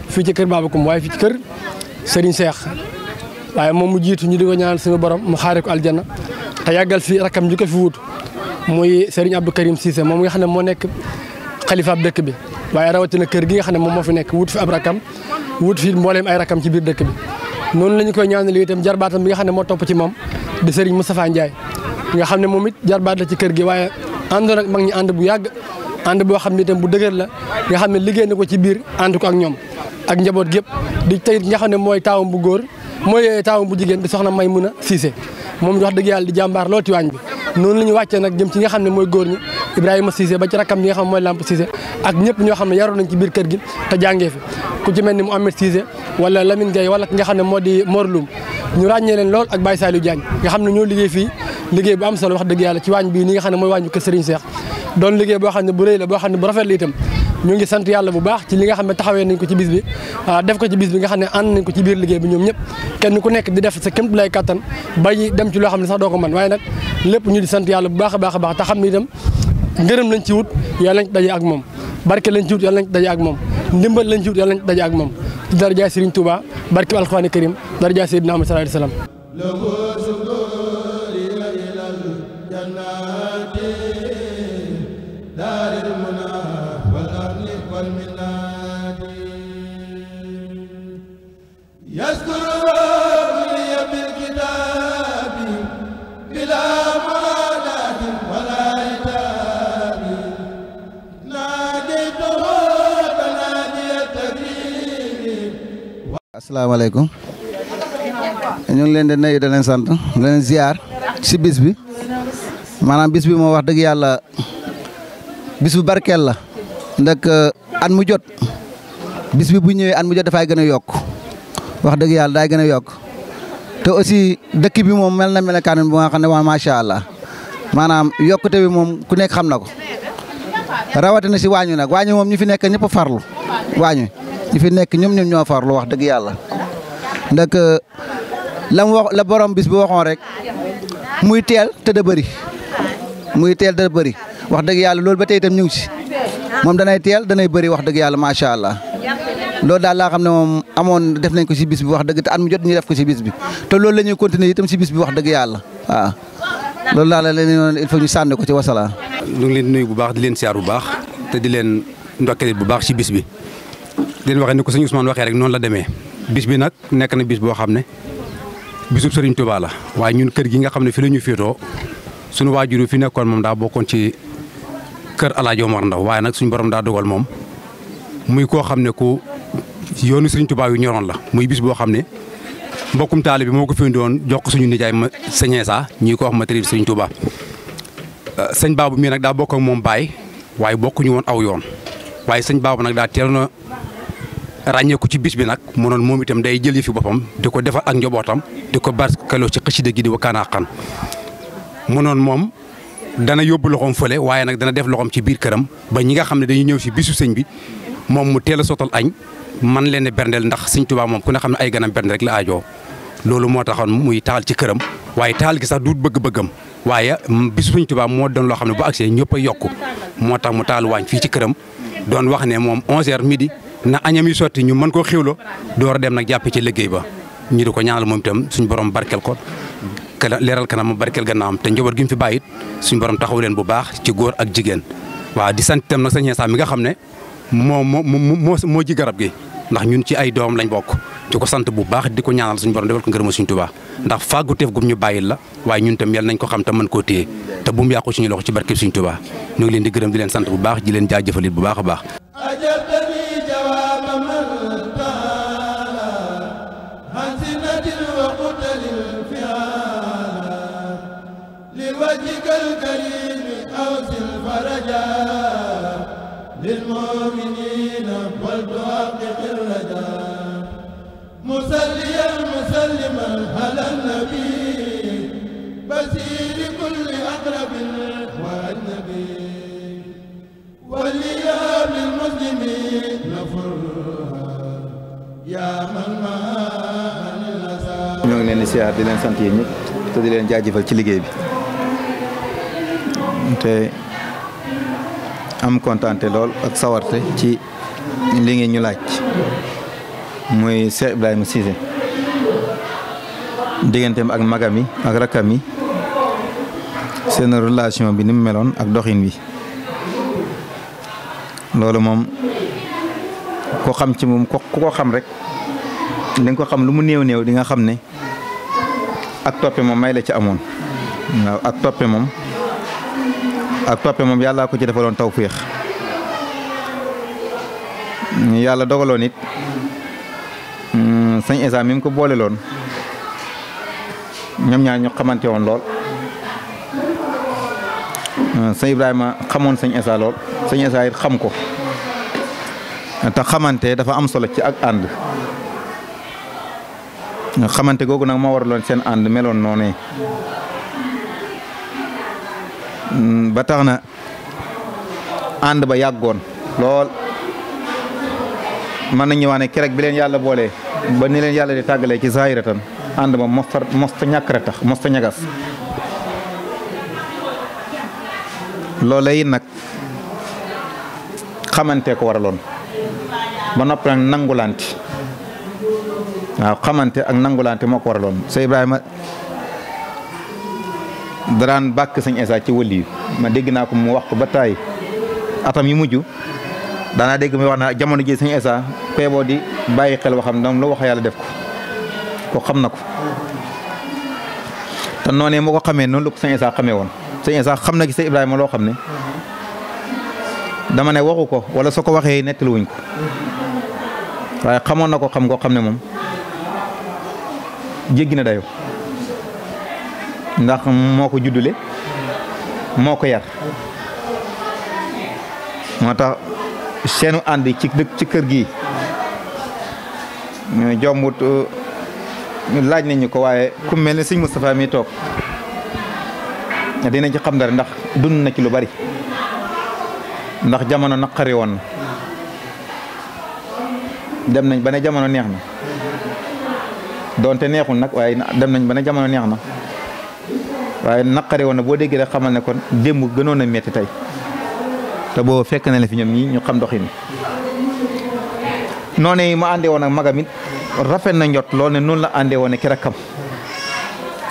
fii ci kër Babacoum waaye fii ci kër Serigne Cheikh waaye moom mu jiitu ñu di ko ñaanal suñu borom mu xaaree ko aljana te yàggal fi rakam ju ko fi wut muy Serigne Abdou Karim Cissé moom nga xam ne moo nekk xalifaab dëkk bi waaye rawatina kër gi nga xam ne moom moo fi nekk wut fi ab rakam wut fi mbooleem ay rakam ci biir dëkk bi noonu la ñu koy ñaanal itam jarbaatam bi nga xam ne moo topp ci moom di Serigne Moustapha Ndiaye nga xam ne moom it jarbaat la ci kër gi waaye àndoon ak mag ñi ànd bu yàgg ànd boo xam ne itam bu dëgër la nga xam ne liggéey na ko ci biir ànd ko ak ñoom ak njaboot gépp di tey nga mooy taawam bu góor mooy taawam bu jigéen di soxna Maymuna Siise moom wax dëgg yàlla jàmbaar lool ci waañ bi noonu la ñu wàccee nag jëm ci nga xam ne mooy góor ñi Ibrahima Cissé ba ci rakkam bi nga xam mooy Lamp Cissé ak ñëpp ñoo xam ne yaroon nañ ci biir kër gi te jàngee fi ku ci mel ni Mouhamed Cissé wala Lamine Gueye wala ki nga xam ne moo di Mor ñu ràññee leen lool ak Baye Saliou Diagne nga xam ne ñoo liggéey fii liggéey bu am solo wax dëgg yàlla ci waañ bii ni nga xam ne mooy waañu kër Serigne Cheikh doon liggéey boo xam ne bu rëy la boo xam ne bu rafet la itam ñu ngi sant yàlla bu baax ci liggéey bi ñoom ñëpp kenn ku nekk di def sa kémt lay kattan bayi dem ci loo xam ne sax doo ko mën waaye nag lépp ñu di sant yàlla bu baax a baax a baax te xam ne itam ngërëm lañ ci wut yàlla lañ ak moom barke lañ ci wut yàlla ak moom ndimbal lañ ci wut yàlla lañ daje ak moom ci darajaay Serigne Touba barke bi alxuraani karim darajaay Seydina Ahmad sallallahu asalaamaaleykum ñu ngi leen di nay da sant leen ziar si bis bi maanaam bis bi moo wax dëgg yàlla bis bu barkeel la ndax at mu jot bis bi bu ñëwee at mu jot dafay gën a yokk wax dëgg yàlla daay gën a yokk te aussi dëkk bi moom mel na melokaan bu nga xam ne waa macha allah maanaam yokkute bi moom ku nekk xam na ko rawatina si waañu nag waañu moom ñu fi nekk ñëpp farlu waañu ñi fi nekk ñoom ñoom ñoo farlu wax dëgg yàlla ndax euh, lam wax la borom bis bi waxoon rek muy teel te da bëri muy teel da bëri wax dëgg yàlla loolu ba tey itam ñu si moom danay teel danay bëri wax dëgg yàlla macha allah loolu daal laa xam ne moom amoon def nañ ko si bis bi wax dëgg te at mu jot ñu def ko si bis bi te loolu la ñuy continuer itam si bis bi wax dëgg yàlla waaw loolu daal la leen noonu il faut ñu sànni ko ci wasalaam. ñu leen nuyu bu baax di leen siyaar bu baax te di leen ndokkeel bu baax si bis bi. leen waxee ni ko sëñ Ousmane waxee rek noonu la demee bis bi nag nekk na bis boo xam ne bisub Serigne Touba la waaye ñun kër gi nga xam ne fi la ñu féetoo suñu waajur fi nekkoon moom daa bokkoon ci kër Alaaji Omar Ndaw waaye nag suñu borom daa dogal moom muy koo xam ne ku yoonu Serigne yu ñoroon la muy bis boo xam ne mbokkum taali bi moo ko fi doon jox ko suñu nijaay ma sëñee saa ñuy koo wax ma tërib Serigne Touba euh, sëñ Baabu mii nag daa bokk ak moom baay waaye bokkuñu woon aw yoon waaye sëñ Baabu ràññeeku ci bis bi nag munoon moom itam day jël fi boppam di ko defal ak njobootam di ko barkeloo ci xasida gi di wa kaanaaxan mu noon moom dana yóbbu loxoom fële waaye nag dana def loxoom ci biir këram ba ñi nga xam ne dañuy ñëw si bisu sëñ bi moom mu teel a sottal añ man leen berndeel ndax sëñ Tuubaa moom ku ne xam ne ay ganam berndeel rek la aajoo loolu moo taxoon muy taal ci këram waaye taal gi sax duut bëgg-bëggam waaye bisu sëñ Tuubaa moo doon loo xam ne bu agsee ñëpp a moo tax mu waañ fii ci këram doon wax ne moom 11h na añam yi sotti ñu mën koo xiwlo door a dem nag jàpp ci liggéey ba ñu di ko ñaanal moom itam suñu borom barkeel ko leeral kanam barkel gannaawam te njaboot gi mu fi bàyyi suñ borom taxaw leen bu baax ci góor ak jigéen waaw di sant itam nag sëñ Insa mi nga xam ne moo moo moo moo ji garab gi ndax ñun ci ay doom lañ bokk ko sant bu baax di ko ñaanal suñu borom defal ko ngërëma suñu Tuubaa ndax fàggu teef ñu bàyyil la waaye ñun tam yàlla nañ ko xam te mën koo téye te bu mu yàqu suñu loxo ci barkeb suñu Tuubaa ñu ngi leen di gërëm di leen sant bu baax di leen jaajëfalit bu baax a baax ñoo ngi leen di siyaar di leen sant yéen ñëpp ci liggéey bi te am kontaante lool ak sawarte ci li ñu laaj muy Cheikh Ibrahima Cissé digganteem ak magami ak rakkam yi seen relation bi ni mu meloon ak doxin wi loolu moom ko xam ci moom ku ko xam rek di ko xam lu mu néew néew di nga xam ne ak toppe moom may la ci amoon ak toppe moom ak toppe moom yàllaa ko ci defaloon tawféex yàlla dogaloon it mm, sañ esa mi mu ko boole loon ñoom ñaar ñu xamante woon lool euh, sëñ Ibrahima xamoon sëñ Esa lool sëñ Esa it xam ko ta xamante dafa am solo ci ak ànd xamante googu nag moo waraloon seen ànd meloon noonee hmm, ba tax na ànd ba yàggoon lool man na wax ne keroog bi leen yàlla boole ba ni leen yàlla di tàggalee ci saahiratan ànd mos mosta ñàkk rek tax mosta ñagas loola yi nag xamante ko waraloon ba noppi nag nangulante waaw xamante ak nangulante moo ko waraloon sëñ ma daraan bàkk sëñ Isa ci wëli ma dégg naa ko mu wax ko ba taay atam yu mujj daanaa dégg muy wax na jamono ji sëñ Isa peeboo di bàyyi xel waxam dam lu wax yàlla def ko ko xam na ko te noonee moo ko xamee noon la ko sëñ Isaa woon sëñ Isaa xam na ci sëñ Ibrahima loo xam ne dama ne waxu ko wala soo ko waxee nettali wuñ ko waaye xamoon na ko xam koo xam ne moom jéggi na dayo ndax moo ko juddule moo ko yar moo tax seenu ànd ci ci kër gi jombut laaj nañu ko waaye ku mel ni sëñ Moustapha mi toog dinañ ci xam dara ndax dund na ci lu bari ndax jamono naqari woon na dem nañ ba ne jamono neex na doonte neexul nag waaye dem nañ ba ne jamono neex na waaye naqari woon na boo déggee rek xamal ne kon démb gënoon a metti tey te boo fekk na la fi ñoom ñi ñu xam doxin noonu yi ma àndee woon ak magam rafet na njot lool ne noonu la àndee woon ki rakkam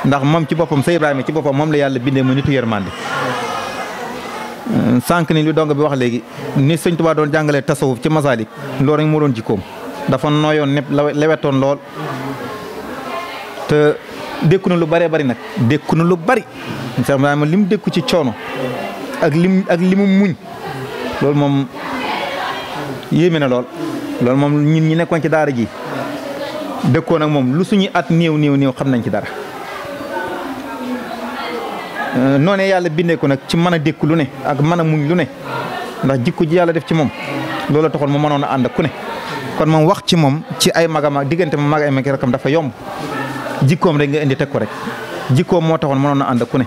ndax moom ci boppam sëy Ibrahima ci boppam moom la yàlla bindee mu nitu yërmande euh, sànq ni lu dong bi wax léegi ni sëñ Tuubaa doon jàngalee tasawuf ci masaalik loolu rek moo doon jikkoom dafa nooyoon nepp lewetoon lool te dékku na lu bëree bari nag dékku na lu bari Cheikh Ibrahima li mu dékku ci coono ak lim ak li muñ loolu moom yéeme na lool loolu moom ñun ñi nekkoon ci daara ji dëkkoon ak moom lu suñu at néew néew néew xam nañ ci dara euh, noonee yàlla bindee ko nag ci mën a dékku lu ne ak man a muñ lu ne ndax jikko ji yàlla def ci moom loola taxoon mu mënoon a ànd ak ku ne kon moom wax ci moom ci ay magama diggante ma mag ay mag rakam dafa yomb jikkoom rek nga indi teg ko rek jikkoom moo taxoon mënoon a ànd ak ku ne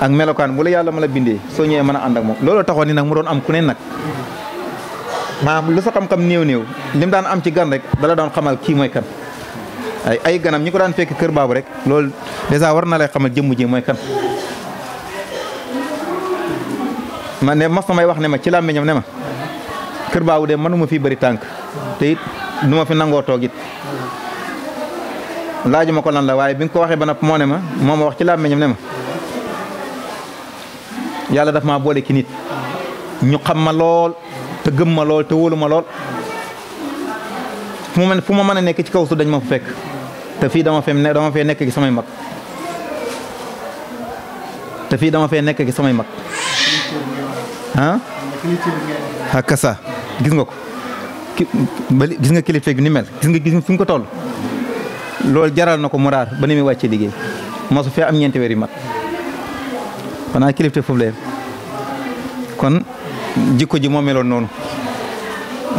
ak melokaan bu la yàlla mën a bindee soo ñëwee mën a ànd ak moom looloo taxoon ni nag mu doon am ku ne maanaam lu sa xam-xam néew-néew lim daan am ci gan rek dala doon xamal kii mooy kan. ay ay ganam ñi ko daan fekk kër baabu rek loolu dèjà war na lay xamal jëmm ji mooy kan. ma ne mas na may wax ne ma ci làmmiñam ne ma kër baabu de mënuma fi bari tànk te it du ma fi nangoo toog it. laaju ma ko lan la waaye bi nga ko waxee ba nag moo ne ma moo ma wax ci làmmiñam ne ma yàlla daf maa boole ki nit ñu xam ma lool te ma lool te wóolu ma lool fu ma ma mën a nekk ci kaw dañ ma fa fekk te fii dama fee dama fee nekk gi samay mag te fii dama nekk gi samay mag ah kasa gis nga ko bali gis nga kilifa gi ni mel gis nga gis nga ko toll loolu jaral na ko mu ba ni muy wàccee liggéey mosu fee am ñeenti weer yu mat xanaa kilifa foofu la kon jikko ji moo meloon noonu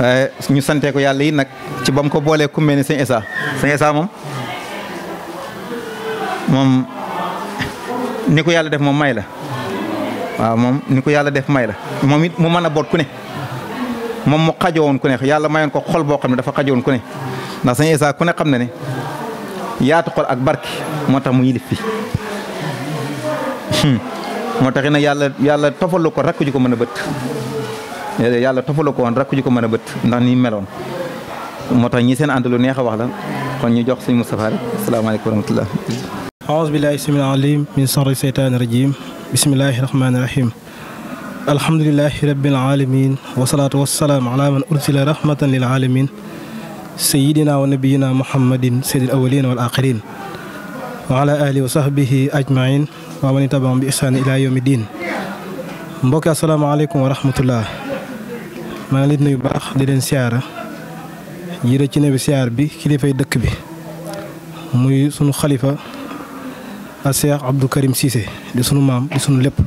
waaye eh, ñu santee ko yàlla yi nag ci bam ko boolee ku mel ni sëñ Issa sëñ moom moom ni ko yàlla def moom may la waaw moom ni ko yàlla def may la moom it mu mën a boot ku ne moom mu xajoo woon ku ne yàlla mayoon ko xol boo xam ne dafa xajoo woon ne ndax sëñ Issa ku ne xam na ne yaatu xol ak barke moo tax mu yilif fi hmm. moo taxi na yàlla yàlla tofalu ko rakk ji ko mën a bët yàlla ko woon rakk ji ko mën a bët ndax ni meloon moo tax ñi seen ànd lu neex a wax la kon ñu jox suñu Moustapha rek asalaamaaleykum wa rahmatullah aouzu billahi samil alim min sarri seytaani rajim bismillahi rahmaani rahim alhamdulilahi rabbil alamin wasalaatu wasalaam ala man ursila rahmatan lil alamin sayidina wa nabiyina muhammadin sayyidil awwalin wal axirin wa ala alihi wa wa man ittabaahum bi ihsaan ilaa yawmi diin mbokki asalaamaaleykum wa rahmatullah maa ngi leen nuyu baax di leen yii jiite ci nebi siyaar bi kilifay dëkk bi muy sunu xalifa a Cheikh Abdou Karim Cissé di sunu maam di sunu lépp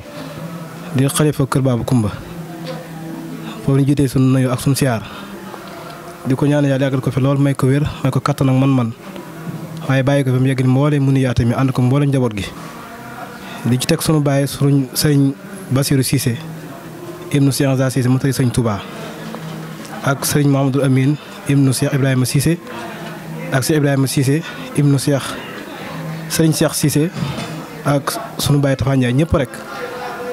di xalifa kër baabu Kumba foofu ñu jiitee sunu nuyu ak sunu siyaar di ko ñaan yàlla yàggal ko fi lool may ko wér may ko kattan ak man-man waaye bàyyi ko fi mu yegg ni mboole mu mi ànd ko mboole njaboot gi li ci teg sunu baay suruñ sëriñ Bassirou Cissé ibnu Cheikh Anza Cissé mu tëri sëriñ Touba ak sëriñ Mahamadou Amine ibnu Cheikh Ibrahima Cissé ak Cheikh Ibrahima Cissé ibnu Cheikh sëriñ Cheikh Cissé ak sunu baay Tafa Ndiaye ñëpp rek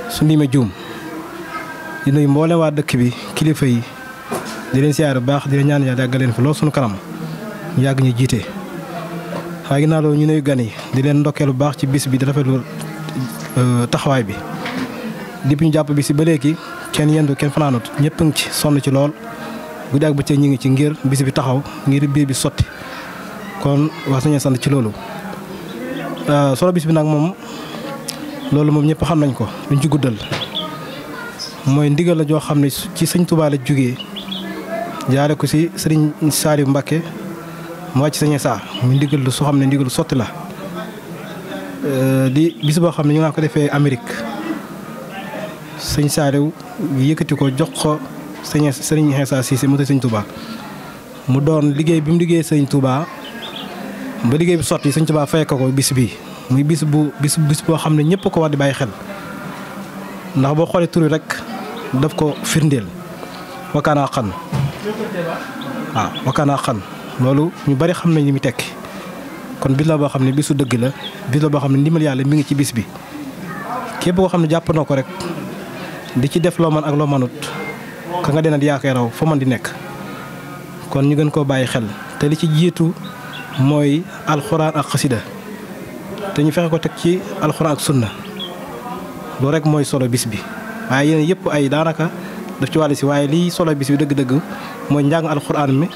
su limee juum di nuyu mboole waa dëkk bi kilifa yi di leen siyaar bu baax di leen ñaan yàlla yàggal leen fi lool sunu kanam ñu yàgg ñu jiite waaye ginnaaw loolu ñu nuyu gan yi di leen ndokkeel lu baax ci bis bi di rafetlu Euh, taxawaay bi depuis ñu jàpp bi si ba léegi kenn yendu kenn fanaanut ñëpp ngi ci sonn ci lool guddi ak bëccëg ñi ngi ci ngir bis bi taxaw ngir biir bi sotti kon wax nañu sant ci loolu. Euh, solo bis bi nag moom loolu moom ñëpp xam nañ ko duñ ci guddal mooy ndigal la joo xam ne ci sëñ Tuubaa la jógee ko si sëriñ Saliou Mbacké mu wàcc sañe saa mu ndigal lu soo xam ne ndigal sotti la. Euh, di bis boo xam ne ñu ngi ko defee Amérique sëñ Saaliw yëkkati ko jox ko sëñ sëriñ Xeesa Siise mu sëñ Touba mu doon liggéey bi mu liggéey sëñ Touba ba liggéey bi sotti sëñ Touba fay ko ko bis bi muy bis bu bis bis boo xam ne ñëpp ko war di bàyyi xel ndax boo xoolee tur rek daf ko firndeel wakkaanaa xan waaw wakkaanaa xan loolu ñu bari xam nañ li muy tekki kon bis la boo xam ne bisu dëgg la bis la boo xam ne ndimbal yàlla mu ngi ci bis bi képp koo xam ne jàpp na ko rek di ci def loo man ak loo manut ka nga denat yaa koy raw fa man di nekk kon ñu gën koo bàyyi xel te li ci jiitu mooy alxuraan ak xasida te ñu fexe ko teg ci alxuraan ak sunna loolu rek mooy solo bis bi waaye yeneen yëpp ay daanaka daf ci wàll si waaye liy solo bis bi dëgg-dëgg mooy njàng alxuraan mi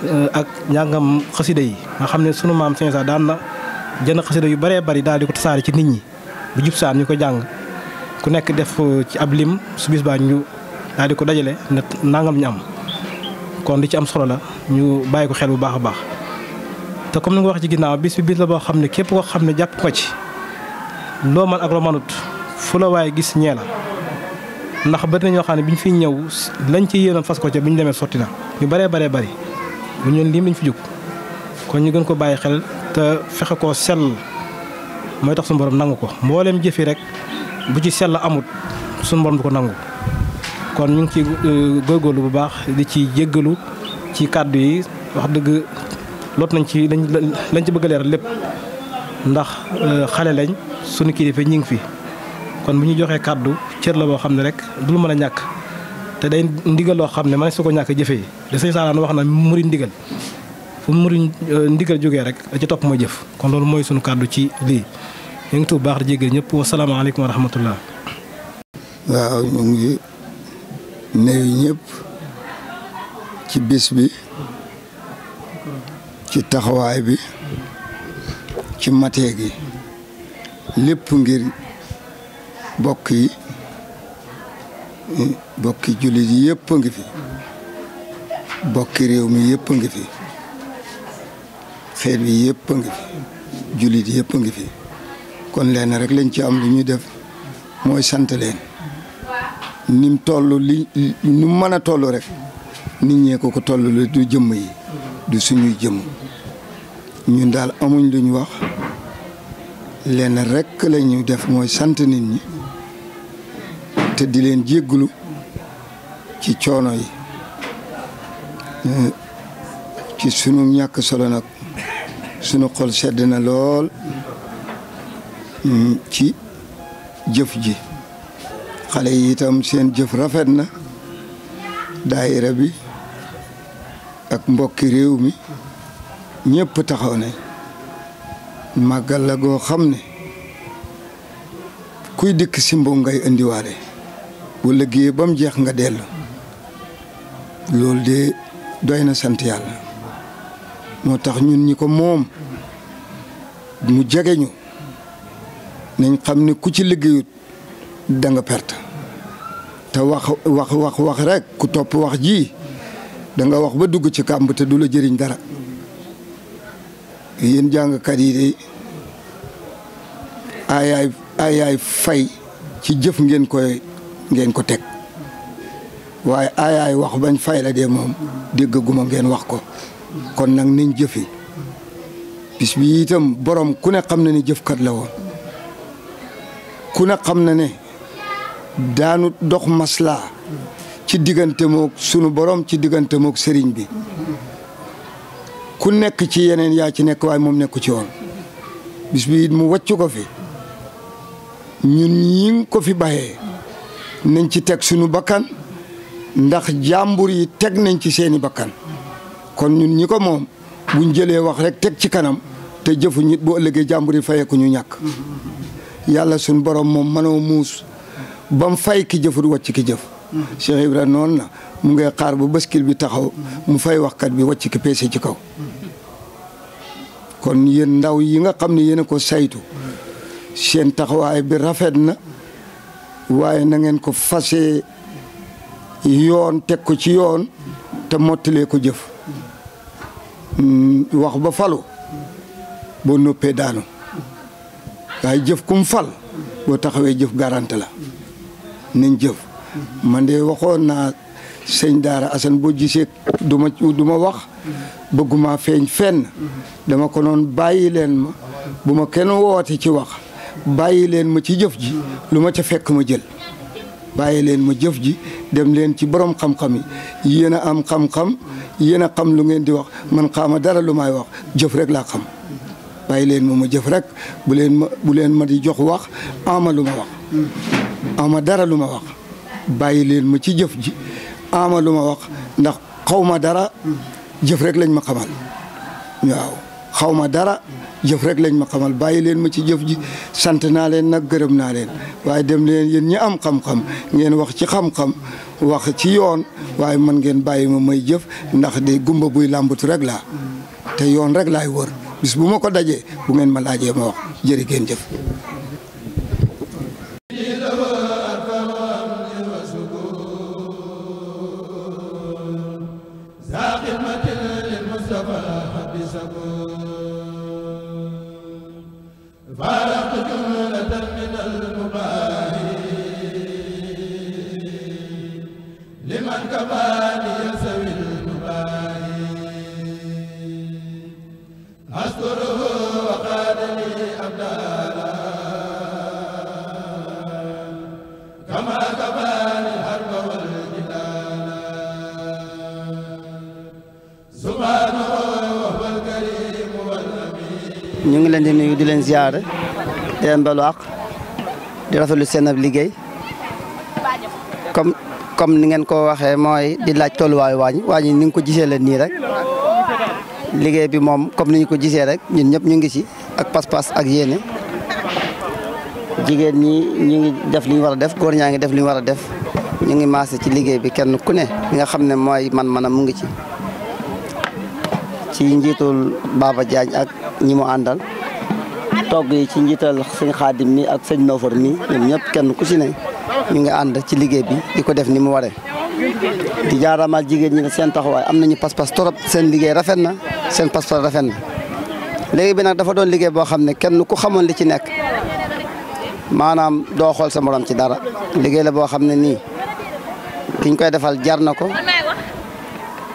Euh, ak njàngam xasida yi nga xam ne sunu maam Sëñ Saa daan na jënd xasida yu baree bari daal di ko tasaare ci nit ñi bu jub saan ñu ko jàng ku nekk def euh, ci ab lim su bis baa ñu daal di ko dajale ne nangam ñu am kon li ci am solo la ñu bàyyi ko xel bu baax a baax. te comme ni nga wax ci ginnaaw bis bi bis la boo xam ne képp koo xam ne jàpp ko ci loo man ak loo manut fu la waaye gis ñee la ndax bëri na ñoo xam ne ñu fiy ñëw lañ ci yéenoon fas ko ca biñ demee sotti na ñu bëree bëree bëri. bu ñun lii lañ fi jóg kon ñu gën ko bàyyi xel te fexe ko sell mooy tax su borom nangu ko mbooleem jëfi rek bu ci sell amut su borom du ko nangu kon ñu ngi ci euh, góorgóorlu bu baax di ci jéggalu ci kàddu yi wax dëgg lot nañ ci lañ lañ ci bëgg leer lépp ndax euh, xale lañ sunu kilifa ñu ngi fi kon bu ñu joxee kàddu cër la boo xam ne rek du lu mën a ñàkk te day ndigal loo xam ne man su ko ñàkk jëfee de sëñ Salaan wax na muri ndigal fu muri euh, ndigal jógee rek ci topp ma jëf kon loolu mooy suñu kàddu ci lii ñu ngi tuub baax di jégal ñëpp wasalaamaaleykum wa rahmatullah waaw ñu ngi nuyu ñëpp ci bis bi ci taxawaay bi ci matee gi lépp ngir bokk yi bokki jullit yi yëpp ngi fi bokki réew mi yëpp a ngi fi xeet bi yëpp a ngi fi yëpp ngi fi kon lenn rek lañ ci am lu ñuy def mooy sant leen nim toll li nu mën a tollu rek nit ñee ko ko toll lu du jëmm yi du suñuy jëmm ñun daal amuñ lu ñu wax lenn rekk la ñu def mooy sant nit ñi te di leen jégglu ci coono yi eh, ci sunu ñàkk solo nag sunu xol sedd na lool mm, ci jëf ji xale yi itam seen jëf rafet na daayira bi ak mbokki réew mi ñépp taxaw nañ màggal la goo xam ne kuy dikk si mboom ngay indiwaale bu liggéey ba mu jeex nga dellu loolu de doy na sant yàlla moo tax ñun ñi ko moom mu jege ñu nañ xam ni ku ci liggéeyut da perte te wax wax wax wax rekk ku topp wax ji danga wax ba dugg ci kàmb te du la jëriñ dara yéen jàngkat yi de ayaay fay ci jëf ngeen koy ngeen ko teg waaye aayaay wax bañ fay la dee moom déggaguma ngeen wax ko kon nag nañ jëfi bis bi itam boroom ku ne xam na ne jëfkat la woon ku ne xam na ne daanu dox maslaa ci diggante moog sunu borom ci diggante mook sëriñ bi ku nekk ci yeneen yaa ci nekk waaye moom nekku ci woon bis bi it mu wàcc ko fi ñun ñi ko fi bàyyee nañ ci teg sunu bakkan ndax jàmbur yi teg nañ ci seeni bakkan kon ñun ñi ko moom buñ jëlee wax rek teg ci kanam te jëfu ñit boo ëllëgee jàmbur yi fayeeku ñu ñàkk yàlla suñ borom moom mënoo muus ba mu fay ki jëfut wàcc ki jëf Cheikh Ibra noon na mu ngay xaar bu baskil bi taxaw mu fay waxkat bi wàcc ki peese ci kaw kon yéen ndaw yi nga xam ni yéen ko saytu seen taxawaay bi rafet na waaye na ngeen ko fase yoon teg ko ci yoon te mottalee ko jëf mm, wax ba falu boo noppee daanu waaye jëf kum fal boo taxawee jëf garante la nañ jëf man de waxoon naa sëñ Daara Assane boo gisee duma ma du ma wax bëgguma feeñ fenn dama ko noon bàyyi leen ma bu ma kenn woote ci wax bàyyi leen ma ci jëf ji lu ma ci fekk ma jël bàyyi leen ma jëf ji dem leen ci boroom xam-xam yi yéen a am xam-xam yéen a xam lu ngeen di wax man xaama dara lu may wax jëf rek laa xam bàyyi leen ma ma jëf rek bu leen ma bu ma di jox wax ama lu ma wax ama dara lu ma wax bàyyi leen ma ci jëf ji ama lu ma wax ndax xaw ma dara jëf rek lañ ma xamal waaw xaw ma dara jëf rek lañ ma xamal bàyyi leen ma ci jëf ji sant naa leen nag gërëm naa leen waaye dem leen yéen ñi am xam-xam ngeen wax ci xam-xam wax ci yoon waaye man ngeen bàyyi ma may jëf ndax de gumba buy làmbatu rek laa te yoon rek laay wër bis bu ma ko dajee bu ngeen ma laajee ma wax jërë ngeen jëf ziyaare di di rafetlu seen liggéey comme comme ni ngeen ko waxee mooy di laaj tolluwaayu waañ waañ ni nga ko jisee leen nii rek liggéey bi moom comme ni ñu ko jisee rek ñun ñëpp ñu ngi ci ak pas-pas ak yéene jigéen ñi ñu ngi def li ñu war a def góor ñaa ngi def li ñu war a def ñu ngi maase ci liggéey bi kenn ku ne li nga xam ne mooy man manam mu ngi ci ci njiitul Baba jaañ ak ñi mu àndal togg yi ci njiital sëñ xaadim mi ak sëñ Noofar mi ñoom ñëpp kenn ku si ne ñu ngi ànd ci liggéey bi di ko def ni mu waree. di jaaraamal jigéen ñi ne seen taxawaay am nañu pas-pas trop seen liggéey rafet na seen pas-pas rafet na léegi bi nag dafa doon liggéey boo xam ne kenn ku xamoon li ci nekk maanaam doo xool sa morom ci dara liggéey la boo xam ne nii kiñ koy defal jar na ko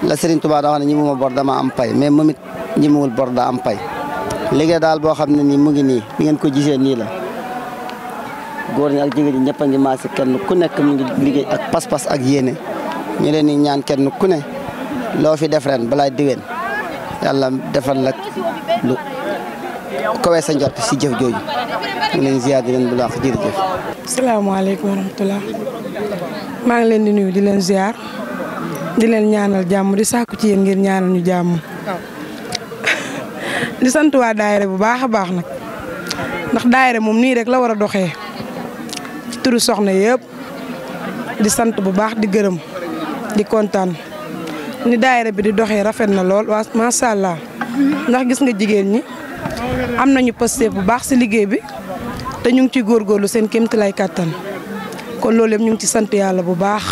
la Serigne Touba daa wax ne ñi mu ma bor dama am pay mais moom it ñi muwul bor daa am pay. liggéey daal boo xam ne nii mu ngi nii ni ngeen ko gisee nii la góor ñi ak jigéen ñi ñëpp a ngi maase kenn ku nekk mu ngi liggéey ak pas-pas ak yéene ñu leen di ñaan kenn ku ne loo fi def ren balaa déwén yàlla defal la lu kawee sa si jëf jooju ñu leen ziar di leen bu laax jërëjëf. salaamaaleykum wa rahmatulah maa ngi leen di nuyu di leen ziar di leen ñaanal jàmm di sàkku ci yéen ngir ñaanal ñu jàmm. di sant waa daayira bu baax a baax nag ndax daayira moom nii rek la war a doxee ci turu soxna yëpp di sant bu baax di gërëm di kontaan ni daayira bi di doxee rafet na lool waa macha allah ndax gis nga jigéen ñi am nañu posté bu baax si liggéey bi te ñu ngi ciy góorlu seen kéemtalaay kàttan kon loolu ñu ngi ci sant yàlla bu baax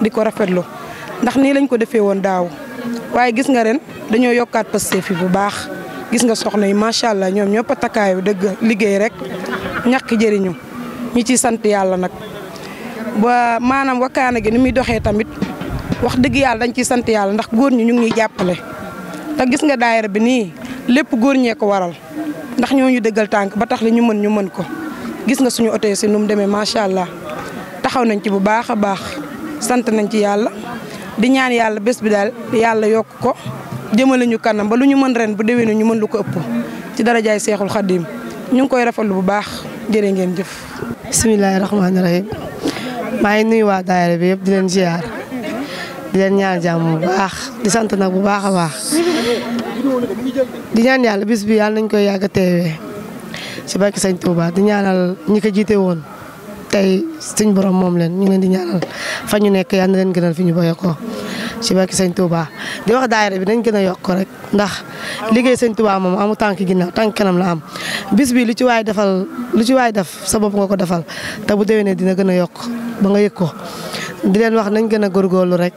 di ko rafetlu ndax nii lañ ko defee woon daaw waaye gis nga ren dañoo yokkaat posté fi bu baax. gis nga soxna yi macha allah ñoom ñëpp a dëgg liggéey rek ñàkk jëriñu ñi ciy sant yàlla nag. ba maanaam wakaana gi ni muy doxee tamit wax dëgg yàlla dañ ciy sant yàlla ndax góor ñi ñu ngi ñuy jàppale te gis nga daayira bi nii lépp góor ñee ko waral ndax ñoo ñu dëggal tànk ba tax li ñu mën ñu mën ko gis nga suñu oto si nu mu demee macha allah taxaw nañ ci bu baax a baax sant nañ ci yàlla di ñaan yàlla bés bi daal yàlla yokk ko. jëmale ñu kanam ba lu ñu mën reen bu déwénee ñu mën lu ko ëpp ci darajaay seexul xaddiim ñu ngi koy rafetlu bu baax jërë ngeen jëf. bisimilah rahmaani rahiim maa ngi nuyu waa daayira bi yëpp di leen ziar di leen ñaan jàmm bu baax di sant nag bu baax a baax di ñaan yàlla bis bi yàlla nañ koy yàgg a teewee ci barke Sëñ di ñaanal ñi ko jiite woon tey suñ borom moom leen ñu leen di ñaanal fa ñu nekk yàlla na leen gënal fi ñu boye ko ci barke sëñ Touba di wax daayira bi dañ gën a yokk rek ndax liggéey sëñ Touba moom amu tànk ginnaaw tànk kanam la am bis bi lu waay defal lu ci waay def sa bopp nga ko defal te bu ne dina gën a yokk ba nga yëg ko di leen wax nañ gën a góorgóorlu rek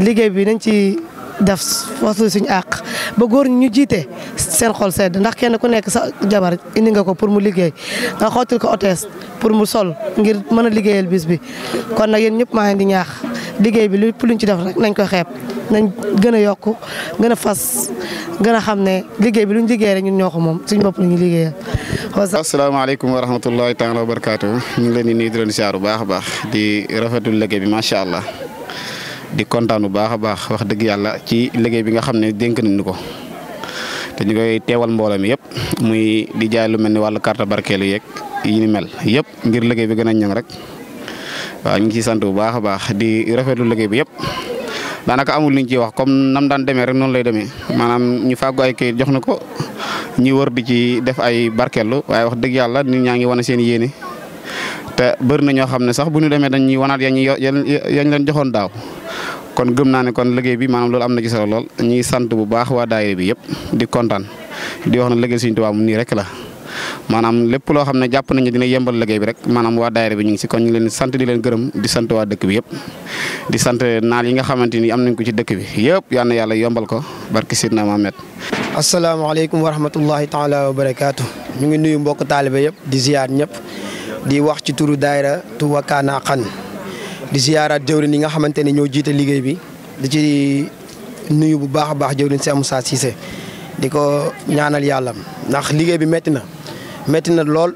liggéey bi nañ ci def wasul suñu àq ba góor ñu jiite seen xol sedd ndax kenn ku nekk sa jabar indi nga ko pour mu liggéey nga xootil ko otees pour mu sol ngir mën a liggéeyal bis bi kon nag yéen ñëpp maa ngi ñaax liggéey bi lépp luñ ci def rek nañ ko xeeb nañ gën a yokk gën a fas gën xam ne liggéey bi luñ liggéey rek ñun ñoo ko moom suñu bopp la ñuy liggéeyal. asalaamaaleykum wa rahmatullahi taala wa barakaatu ñu ngi leen di nuyu di leen bu baax a baax di rafetul liggéey bi macha allah. di kontaan bu baax a baax wax dëgg yàlla ci liggéey bi nga xam ne dénk nañu ko te ñu koy teewal mbooloo mi yëpp muy di jaay lu mel ni wàllu carte barkeelu yeeg yi ni mel yëpp ngir liggéey bi gën a ñoŋ rek waaw ñu ngi ciy sant bu baax a baax di rafetlu liggéey bi yëpp. daanaka amul luñ ciy wax comme nam daan demee rek noonu lay demee maanaam ñu fàggu ay kayit jox na ko ñuy wër di ci def ay barkeelu waaye wax dëgg yàlla nu ñaa ngi wane seen yéene te bëri na ñoo xam ne sax bu ñu demee dañuy wanaat yañ yañ leen joxoon daaw kon gëm naa ne kon liggéey bi maanaam loolu am na ci solo lool ñuy sant bu baax waa daayira bi la. loo xam ne jàpp nañu dina yembal liggéey bi rek maanaam waa daayira bi ñu ngi si kon ñu leen sant di leen gërëm di sant waa dëkk bi yëpp di sant naal yi nga xamante ni am nañ ko ci dëkk bi yëpp yal na yàlla yombal ko barki Sidna Mohamed. asalaamaaleykum wa rahmatullahi taala wa barakaatu ñu ngi nuyu mbokk taalibe yëpp di ziar ñëpp di wax ci turu daayira Touba Kana di ziyaaraat jëwrin yi nga xamante ne ñoo jiite liggéey bi di ci nuyu bu baax a baax jëwrin si Moussa Cissé di ko ñaanal yàllam ndax liggéey bi métti na métti na lool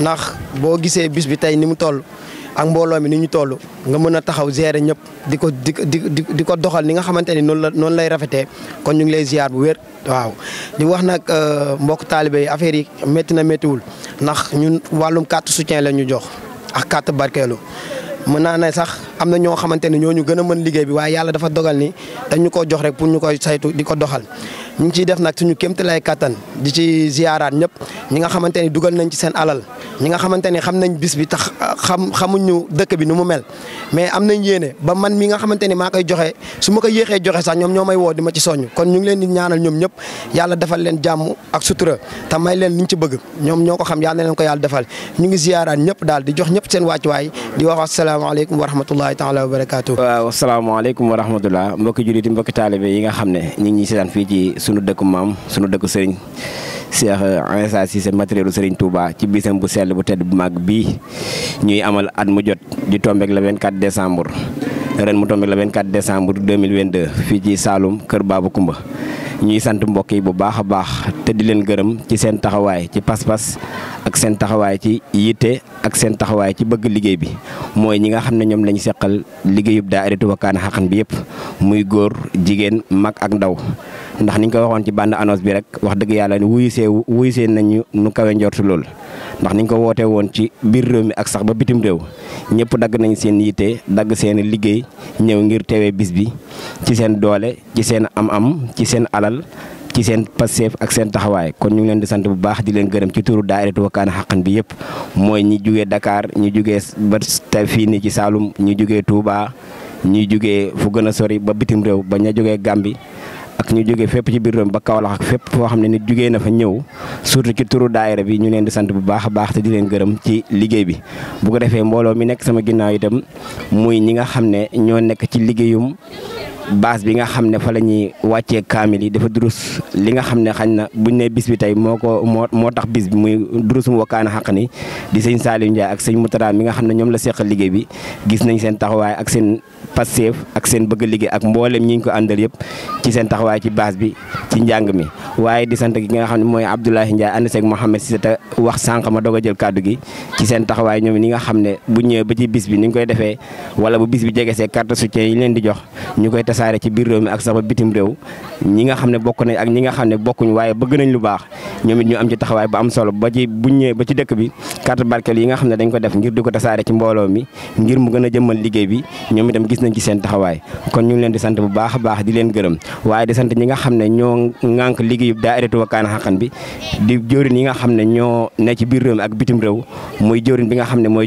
ndax boo gisee bis bi tey ni mu toll ak mbooloo mi ni ñu toll nga mën a taxaw gérer ñëpp di ko di di di ko doxal ni nga xamante ni noonu la noonu lay rafetee kon ñu ngi lay ziar bu wér. waaw di wax nag euh, mbokk taalibe yi affaire yi métti na méttiwul ndax ñun wàllum carte soutien la ñu jox ak carte barkeelu mën naa ne sax am na ñoo xamante ne ñoo ñu gën a mën liggéey bi waaye yàlla dafa dogal ni dañu ko jox rek pour ñu ko saytu di ko doxal. ñu ngi ciy def nag suñu kéemtalaay kattan di ci ziyaaraat ñëpp ñi nga xamante ni dugal nañ ci seen alal ñi nga xamante ni xam nañ bis bi tax xam xamuñu dëkk bi nu mu mel. mais am nañ yéene ba man mi nga xamante ni maa koy joxe su ma ko yéexee joxe sax ñoom ñoo may woo di ma ci soññ kon ñu ngi leen di ñaanal ñoom ñëpp yàlla defal leen jàmm ak sutura te may leen liñ ci bëgg ñoom ñoo ko xam yàlla na leen ko yàlla defal ñu ngi ziyaaraat ñëpp daal di jox ñëpp seen wàccuwaay di wax asalaamaaleykum wa rahmatullahi taala wa barakaatu. waaw asalaamaaleykum wa rahmatullah mbokki jullit mbokki taalibe yi nga xam ne ñu ngi ñuy seetaan fii ci sunu dëkku maam sunu dëkku sëriñ Cheikh Insa Cissé matérielu Serigne Touba ci bisam bu seel bu tedd bu mag bii ñuy amal at mu jot di tombeek le 24 décembre. ren mu tombé le 24 décembre 2022 fii ci Saloum Kër Baba Kumba ñuy sant mbokk yi bu baax a baax te di leen gërëm ci seen taxawaay ci pas-pas ak seen taxawaay ci yitte ak seen taxawaay ci bëgg liggéey bi mooy ñi nga xam ne ñoom lañu seqal liggéeyub daa aritu wakkaana xaqan bi yëpp muy góor jigéen mag ak ndaw ndax niñ ko waxoon ci bande annonce bi rek wax dëgg yàlla ni wuyusee wuyusee nañu nu kawe njortu lool ndax niñ ko wootee woon ci biir réew mi ak sax ba bitim réew ñëpp dagg nañu seen yitte dagg seen liggéey ñëw ngir teewee bis bi ci seen doole ci seen am-am ci seen alal ci seen passeef ak seen taxawaay kon ñu ngi leen di sant bu baax di leen gërëm ci turu daayiratu Wakana Haqqan bi yëpp mooy ñi jugee Dakar ñi jugee ba te fii nii ci Saalum ñi jugee Touba ñi jugee fu gën a sori ba bitim réew ba ña jugee Gàmbi ak ñu jógee fépp ci biir ba Kaolack ak fépp foo xam ne nit jógee na fa ñëw surtout ci turu daayira bi ñu leen di sant bu baax a baax te di gërëm ci liggéey bi bu ko defee mbooloo mi nekk sama ginnaaw itam muy ñi nga xam ne ñoo nekk ci liggéeyum base bi nga xam ne fa la ñuy wàccee kaamil yi dafa durus li nga xam ne xañ na buñ ne bis bi tey moo ko moo moo tax bis bi muy durusum wakkaana xaq ni di sëñ Saliou Ndiaye ak sëñ Moutara mi nga xam ne ñoom la seqal liggéey bi gis nañ seen taxawaay ak seen passeef ak seen bëgg liggéey ak mboolem ñi ñu ko àndal yëpp ci seen taxawaay ci base bi ci njàng mi waaye di sant gi nga xam ne mooy Abdoulahi Ndiaye ànd seeg Mouhamed si te wax sànq ma a jël kàddu gi ci seen taxawaay nga xam ne bu ñëwee ba ci bis bi ni ñu koy defee wala bu bis bi jegesee carte soutien yi leen di jox ñu koy tas tasaare ci biir réew mi ak sax ba bitim réew ñi nga xam ne bokk nañ ak ñi nga xam ne bokkuñ waaye bëgg nañ lu baax ñoom it am ci taxawaay bu am solo ba ci ba ci dëkk bi carte barkeel yi nga xam ne dañ ko def ngir di ko ci mbooloo ngir mu gën a jëmmal liggéey bi ñoom gis nañ ci seen taxawaay kon ñu leen di sant bu baax a baax di leen gërëm waaye di sant ñi nga xam ne ñoo ŋànk liggéeyu daayiratu Wakana Haqqan bi di jëwrin yi nga xam ne ñoo ne ci biir réew mi ak bitim réew bi nga xam ne mooy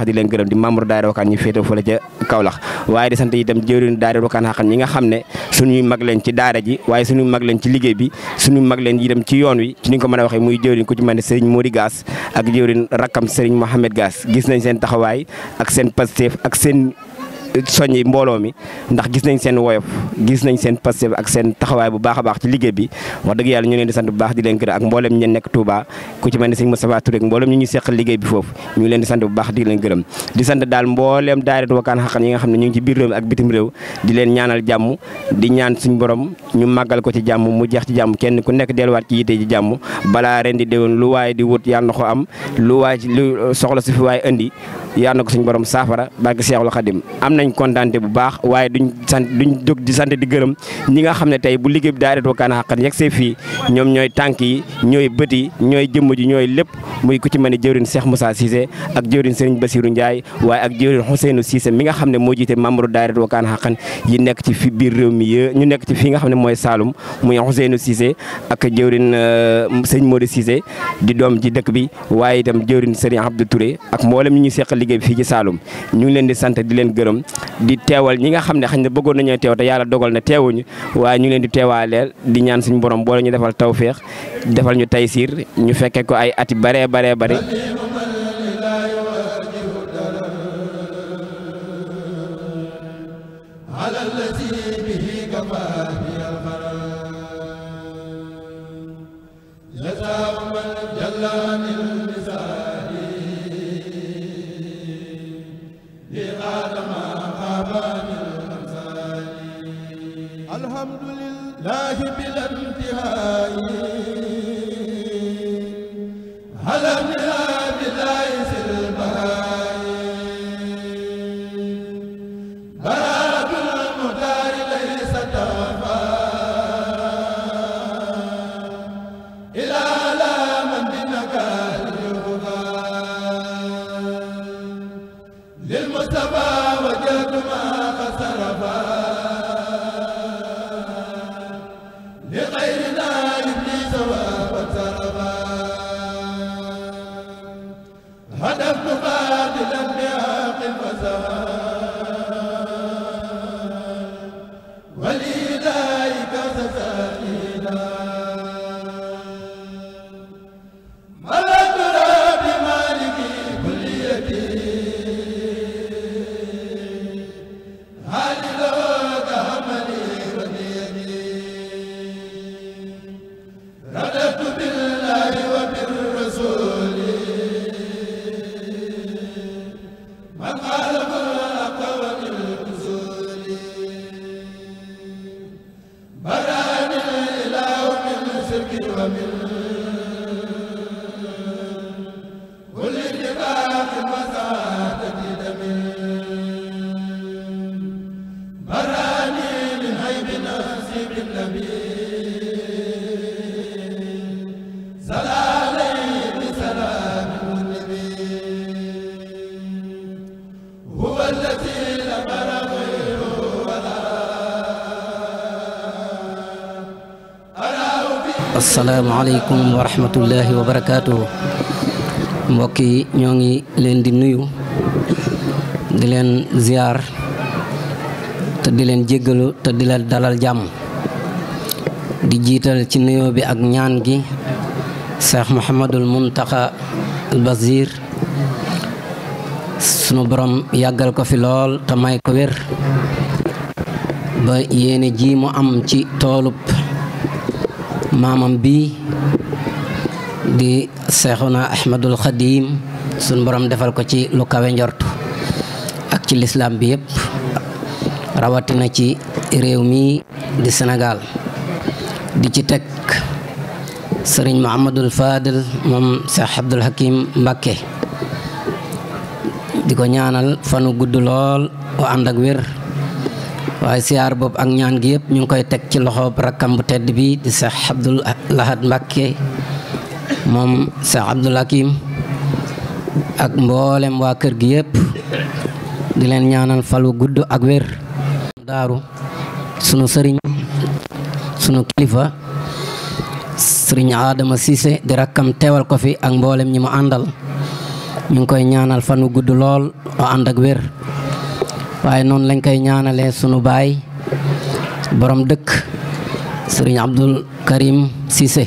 baax di leen gërëm di membre daayira Wakkaan ñi féetoo fële ca Kaolack waaye di sant itam jëwriñ daayira Wakkaan Haqqan ñi nga xam ne suñuy mag leen ci daara ji waaye suñuy mag leen ci liggéey bi suñuy mag leen itam ci yoon wi ci ni ko mën a waxee muy jëwriñ ku ci mel Mori Gaas ak jëwriñ rakkam Serigne Mohamed Gaas gis nañ seen taxawaay ak seen Pastef soññi mbooloo mi ndax gis nañ seen woyof gis nañ seen Pastef ak seen taxawaay bu baax a baax ci liggéey bi wax dëgg yàlla ñu leen di sant bu baax di leen gërëm ak mboolem ñeen nekk Touba ku ci mel ne sëñ Moustapha Touré ak mboolem ñu ñuy seqal liggéey di sant daal mbooleem daayira Wakkaan Haqqan yi nga xam ne ñu ngi ci biir réew mi ak bitim réew di leen ñaanal jàmm di ñaan suñ borom ñu màggal ko ci jàmm mu jeex ci jàmm kenn ku nekk waat ci yite ci jàmm balaa ren di déwén lu waaye di wut yàlla na ko am lu waay lu soxla su fi waaye indi yàlla na ko suñ borom saafara barke Seexul Xadim nañ kontaante bu baax waaye duñ sant duñ di gërëm ñi nga xam ne tey bu liggéey bi daayira Wakana Haqqan yegg see fii ñoom ñooy tànk yi ñooy bët yi ñooy jëmm ji ñooy lépp muy ku ci mel ne jëwriñ Cheikh Moussa Cissé ak jëwriñ Serigne Bassirou Ndiaye waaye ak jëwriñ Ousseynou Cissé mi nga xam ne moo jiite membre daayira Wakana Haqqan yi nekk ci fi biir réew mi ñu nekk ci fii nga xam ne mooy Saloum muy Ousseynou Cissé ak jëwriñ euh, Serigne Modou Cissé di doom ji dëkk bi waaye itam jëwriñ Serigne Abdou Touré ak mboolem ñu ñu seqal liggéey bi fii ci Saloum ñu leen di sant di leen gërëm di teewal ñi nga xam ne xañ na bëggoon nañoo teew te yàlla dogal na teewuñu waaye ñu leen di teewaaleel di ñaan suñu borom boole ñu defal tawféex defal ñu taysiir ñu fekke ko ay ati bare bare bare على الذي به كما هي barakaatu mbokk yi ñoo ngi leen di nuyu di leen ziar te di leen jéggalu te di leen dalal jàmm di jiital ci nuyoo bi ak ñaan gi Cheikh Mouhamadul Muntaxa basiir Basir sunu borom yàggal ko fi lool te may ko wér ba yéene ji mu am ci toolub maamam bi di seexuna ahmadul xadim sun boroom defal ko ci lu kawe njortu ak ci lislaam bi yépp rawatina ci réew mi di Sénégal di ci teg sëriñ Muhammadul Fadil moom Seex Abdul Hakim Mbakke di ko ñaanal fanu gudd lool wa ànd ak wér waaye siyaar boobu ak ñaan gi yëpp ñu ngi koy teg ci loxo rakkam bu tedd bi di Seex Abdul Lahad Mbakke moom Cheikh Abdoul Hakim ak mboolem waa kër gi yëpp di leen ñaanal falu gudd ak wér sunu sëriñ sunu kilifa sëriñ Adama Cissé di rakkam teewal ko fi ak mboolem ñi mu àndal ñu ngi koy ñaanal wu gudd lool o ànd ak wér waaye noonu lañ koy ñaanale sunu baay borom dëkk sëriñ Abdul Karim Cissé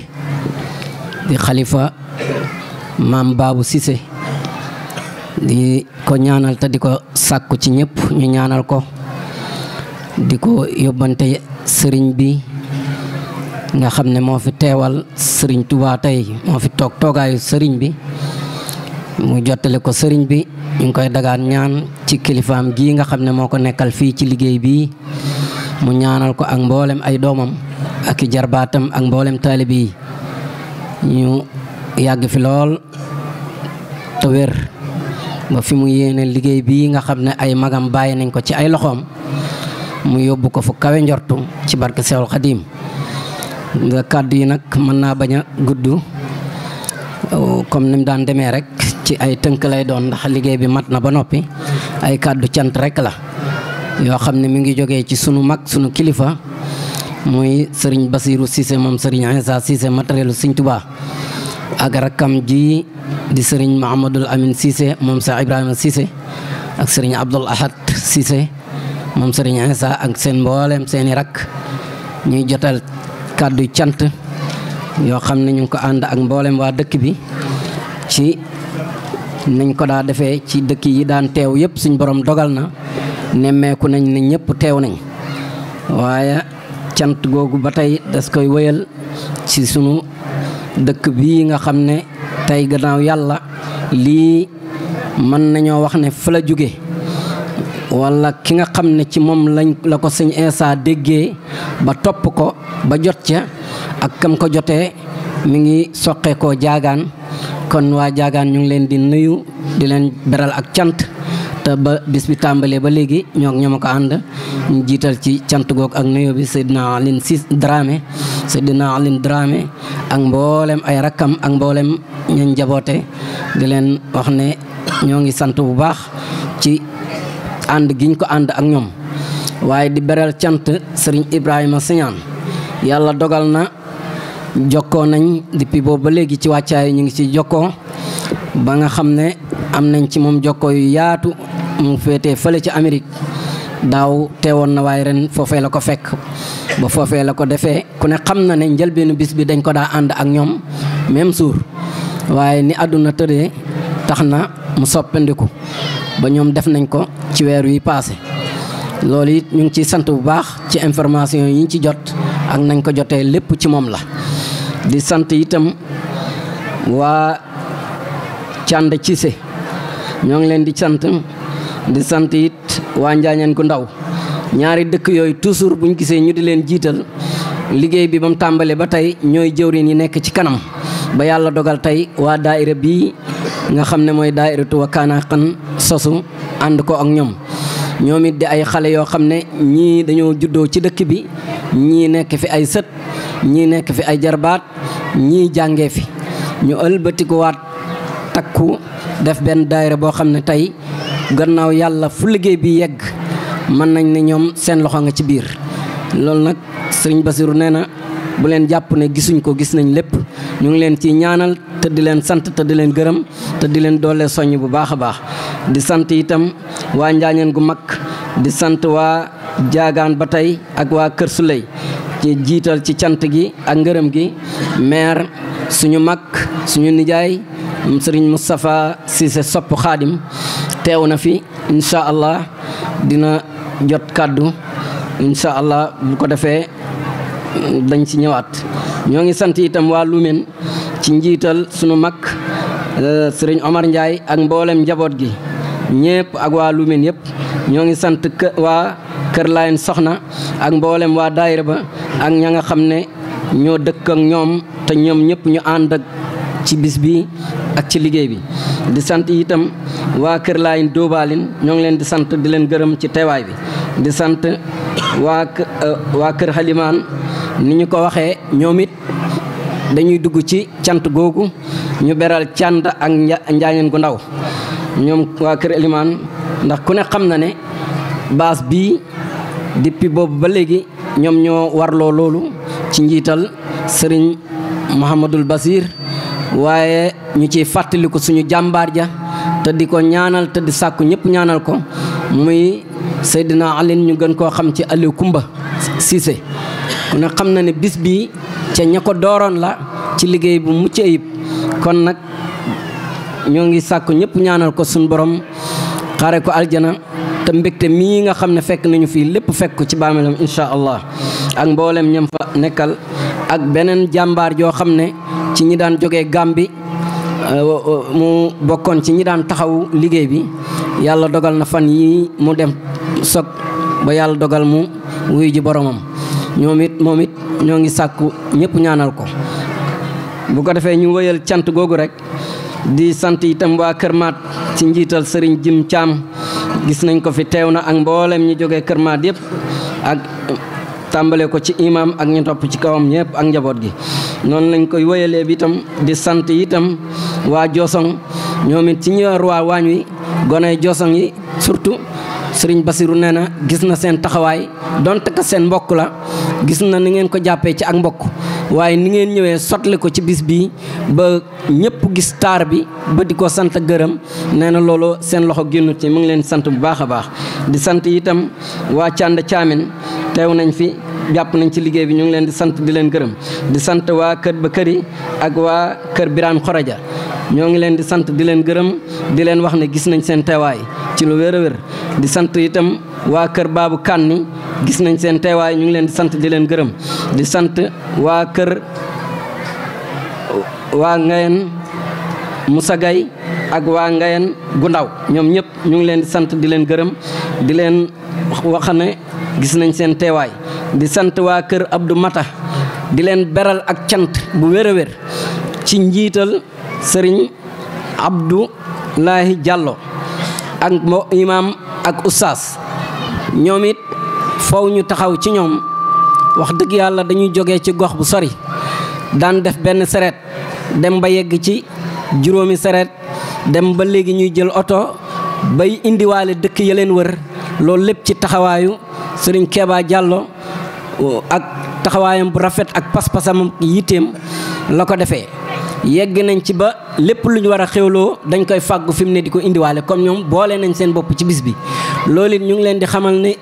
di xalifa maam baabu sise di ko ñaanal te di ko sàkku ci ñépp ñu ñaanal ko di ko yóbbante sëriñ bi nga xam ne moo fi teewal sëriñ Touba tey moo fi toog toogaayu sëriñ bi mu jottale ko sëriñ bi ñu ngi koy dagaan ñaan ci kilifaam gi nga xam ne moo ko nekkal fii ci liggéey bii mu ñaanal ko ak mboolem ay doomam ak jarbaatam ak mboolem taalibe yi ñu yàgg fi lool te wér ba fi mu yéene liggéey bii nga xam ne ay magam bàyyi nañ ko ci ay loxoom mu yóbbu ko fu kawe njortu ci barke Seexul Xadiim nga kàddu yi nag mën naa bañ a gudd comme ni mu daan demee rek ci ay tënk lay doon ndax liggéey bi mat na ba noppi ay kàddu cant rekk la yoo xam ne mi ngi jógee ci sunu mag sunu kilifa muy sëriñ Basirou Cissé moom sëriñ Insa Cissé matérielu sëriñ Touba ak rakkam ji di sëriñ Mahamadul Amin Cissé moom sa Ibrahima Cissé ak sëriñ Abdul Ahad Cissé moom sëriñ Insa ak seen mboolem seeni rakk ñuy jotal kàddu cant yoo xam ne ñu ngi ko ànd ak mboolem waa dëkk bi ci nañ ko daa defee ci dëkk yi daan teew yëpp suñ borom dogal na nemmeeku nañ ne ñëpp teew nañ waaye cant googu ba tey das koy wëyal ci sunu dëkk bii nga xam ne tey gannaaw yàlla lii mën nañoo wax ne fa la jóge walla ki nga xam ne ci moom lañ la ko sëñ Insa déggee ba topp ko ba jot ca ak kam ko jotee mu ngi soqe koo jaagaan kon waa jaagaan ñu ngi leen di nuyu di leen beral ak cant te ba bis bi tàmbalee ba léegi ñoo ngi ñoom ko ànd ñu jiital ci cant goog ak nuyoo bi Seydina Alioune Ciss Dramé Seydina Alioune Dramé ak mboolem ay rakkam ak mboolem ñañ njaboote di leen wax ne ñoo ngi sant bu baax ci ànd giñ ko ànd ak ñoom waaye di beral cant Serigne Ibrahima señaan yàlla dogal na jokkoo nañ depuis boobu ba léegi ci wàccaay ñu ngi ci jokkoo ba nga xam ne am nañ ci moom jokkoo yaatu mu féetee fële ci Amérique daaw teewoon na waaye ren foofee la ko fekk ba foofee la ko defee ku ne xam na ne njëlbeenu bis bi dañ ko daa ànd ak ñoom même suur waaye ni àdduna tëddee tax na mu soppandiku ba ñoom def nañ ko ci weer wi paase. loolu it ñu ngi ciy sant bu baax ci information yi ñu ci jot ak nañ ko jotee lépp ci moom la di sant itam waa Cànd Cissé ñoo leen di sant. di sant it waa njaañeen ku ndaw ñaari dëkk yooyu toujours buñ gisee ñu di leen jiital liggéey bi ba mu tàmbalee ba tey ñooy jëwriñ yi nekk ci kanam ba yàlla dogal tey waa daaira bii nga xam ne mooy daairatu Wakana Haqqan sosu ànd ko ak ñoom ñoom it di ay xale yoo xam ne ñii dañoo juddoo ci dëkk bi ñii nekk fi ay sët ñii nekk fi ay jarbaat ñii jàngee fi ñu ëlbatikuwaat takku def benn daaira boo xam ne tey gannaaw yàlla fu liggéey bi yegg mën nañ ni ñoom seen loxo nga ci biir loolu nag sëriñ Basiru nee na bu leen jàpp ne gisuñ ko gis nañ lépp ñu ngi leen ci ñaanal te di leen sant te di leen gërëm te di leen doole soññ bu baax a baax di sant itam waa njaañeen gu mag di sant waa jaagaan ba tey ak waa Kër Suley ci jiital ci cant gi ak ngërëm gi maire suñu mag suñu nijaay sëriñ Moustapha Cissé sopp xaadim teew na fi incha allah dina jot kàddu incha allah bu ko defee dañ ci ñëwaat ñoo ngi sant itam waa Lumen ci njiital sunu mag euh, sëriñ Omar Ndiaye ak mbooleem njaboot gi ñëpp ak waa Lumen yëpp ñoo ngi sant waa Kër Layen Soxna ak mboolem waa daayira ba ak ña nga xam ne ñoo dëkk ak ñoom te ñoom ñëpp ñu ànd ak ci bis bi ak ci liggéey bi di sant itam waa Kër Laayin Dóobaalin ñoo ngi leen di sant di leen gërëm ci teewaay bi di sant waa euh, waa Kër Xalimaan ni ñu ko waxee ñoom it dañuy dugg ci cant googu ñu beral cant ak njaañeen gu ndaw ñoom waa Kër Xalimaan ndax ku ne xam na ne baas bii depuis boobu ba léegi ñoom ñoo warloo loolu ci njiital sëriñ Mouhamadul basiir waaye ñu ciy fàttaliku suñu jàmbaar ja te di ko ñaanal te di sàkku ñëpp ñaanal ko muy Seydina Alin ñu gën koo xam ci Aliou Kumba Cissé ku ne xam na ne bis bi ca ña ko dooroon la ci liggéey bu mucc ayib kon nag ñoo ngi sàkk ñëpp ñaanal ko suñ borom xaare ko aljana te mbégte mii nga xam ne fekk nañu fii lépp fekk ci baamelam incha allah ak mboolem ñam fa nekkal ak beneen jàmbaar joo xam ne ci ñi daan jógee Gàmbi euh, mu bokkoon ci ñi daan taxawu liggéey bi yàlla dogal na fan yi mu dem sog ba yàlla dogal mu wuyu ji boromam ñoom it moom ñoo ngi sàkku ñëpp ñaanal ko bu ko defee ñu wëyal cant googu rek di sant itam waa Kër Maat ci njiital sëriñ Jim Caam gis nañ ko fi teew na ak mboolem ñu jógee Kër Maat yëpp ak tàmbale ko ci imaam ak ñu topp ci kawam ñëpp ak njaboot gi noonu lañ koy wéyalee bi tam di sant itam waa Joosoŋ ñoom it ci ñëwar waa waañ wi goney Joosoŋ yi surtout sëriñ Basiru nee na gis na seen taxawaay donte ka seen mbokk la gis na ni ngeen ko jàppee ci ak mbokk waaye ni ngeen ñëwee sotle ko ci bis bii ba ñëpp gis taar bi ba di ko sant gërëm nee na loolu seen loxo génnut ci mu ngi leen sant bu baax a baax di sant itam waa Cànd Caamen teew nañ fi jàpp nañ ci liggéey bi ñu ngi leen di sant di leen gërëm di sant waa kër ba këri ak waa kër Birane Khoradia ñoo ngi leen di sant di leen gërëm di leen wax ne gis nañ seen teewaay ci lu wér wér di sant itam waa kër Baabu Kànni gis nañ seen teewaay ñu ngi leen sant di leen gërëm di sant waa kër waa Ngayen Moussa Gaye ak waa Ngayen gu ndaw ñoom ñëpp ñu ngi leen di sant di leen gërëm di leen wax ne gis nañ seen teewaay di sant waa kër Abdou Mata di leen beral ak cant bu wér wér ci njiital sëriñ Abdoulahi Diallo ak mbo imaam ak ustaas ñoom it faw ñu taxaw ci ñoom wax dëgg yàlla dañuy jóge ci gox bu sori daan def benn sareet dem ba yegg ci juróomi sareet dem ba léegi ñuy jël oto bay indiwaale dëkk ya leen wër loolu lépp ci taxawaayu Serigne keebaa Diallo ak taxawaayam bu rafet ak pas-pasam yitteem la ko defee yegg nañ ci ba lépp lu ñu war a xewloo dañ koy fàggu fi mu ne di ko indiwaale comme ñoom boole nañ seen bopp ci bis bi loolu it ñu ngi leen di xamal ne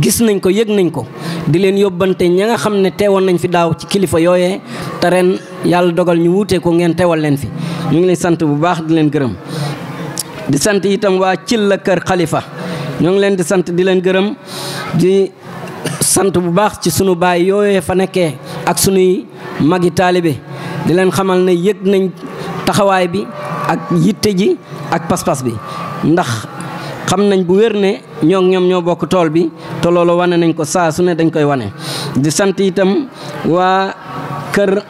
gis nañ ko yëg nañ ko di leen yóbbante ña nga xam ne teewoon nañ fi daaw ci kilifa yooye te ren yàlla dogal ñu wuutee ko ngeen teewal leen fi ñu ngi leen sant bu baax di leen gërëm di sant itam waa Cilla kër Khalifa ñoo ngi leen di sant di leen gërëm di sant bu baax ci sunu baay yooyee fa nekkee ak sunuy magi taalibe di leen xamal ne yëg nañ taxawaay bi ak yitte ji ak pas bi ndax xam nañ bu wér ne ñoo ñoom ñoo bokk tool bi te loolu wane nañ ko saa su ne dañ koy wane di sant itam waa kër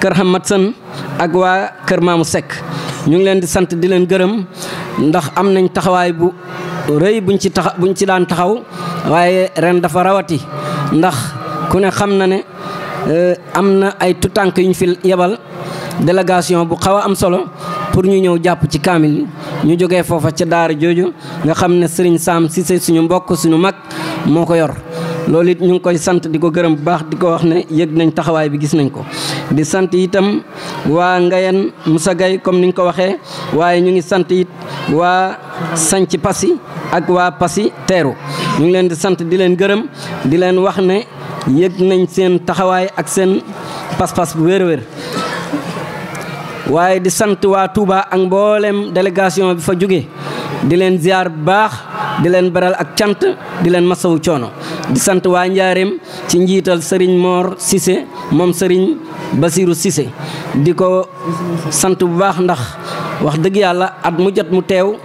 kër mat Sën ak waa kër Maamu Sekk ñu ngi leen di sant di leen gërëm ndax am nañ taxawaay bu rëy buñ ci tax buñ ci daan taxaw waaye ren dafa rawati ndax ku ne xam na ne e, am na ay tutànk yu ñu fi yebal délégation bu xaw a am solo pour ñu ñëw jàpp ci kaamil ñu jógee foofa ca daara jooju nga xam ne Serigne si Cissé suñu mbokk suñu mag moo ko yor loolu it ñu ngi koy sant di ko gërëm bu baax di ko wax ne yëg nañ taxawaay bi gis nañ ko di sant itam waa Ngayen Moussa Gaye comme ni nga ko waxee waaye ñu ngi sant it waa sañc Passy ak waa pasi teeru ñu ngi leen di sant di leen gërëm di leen wax ne yëg nañ seen taxawaay ak seen pas-pas bu wér-wér waaye di sant waa Touba ak mboolem délégation bi fa jóge di leen ziar bu baax di leen baral ak cant di leen masawu coono di sant waa Njaareem ci njiital Serigne Mor Cissé moom Serigne Basirou Cissé di ko sant bu baax ndax wax dëgg yàlla at mu mu teew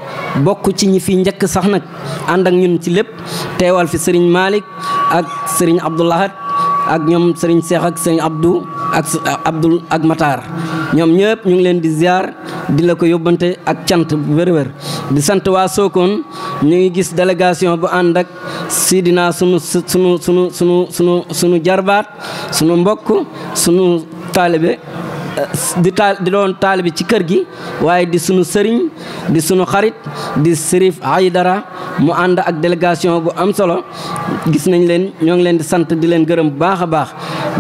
bokk ci ñi fi njëkk sax nag ànd ak ñun ci lépp teewal fi sëriñ Malick ak sëriñ Abdoulahat ak ñoom sëriñ Cheikh ak sëriñ abdu ak Abdoul ak Matar ñoom ñëpp ñu ngi leen di ziar di la ko yóbbante ak cant bu wér-wér di sant waa Sokone ñu ngi gis délégation bu ànd ak sidina sunu sunu sunu sunu sunu sunu jarbaat sunu mbokk sunu taalibe di taal di doon taalibi ci kër gi waaye di sunu sëriñ di sunu xarit di Serif dara mu ànd ak délégation bu am solo gis nañ leen ñoo ngi leen di sant di leen gërëm bu baax a baax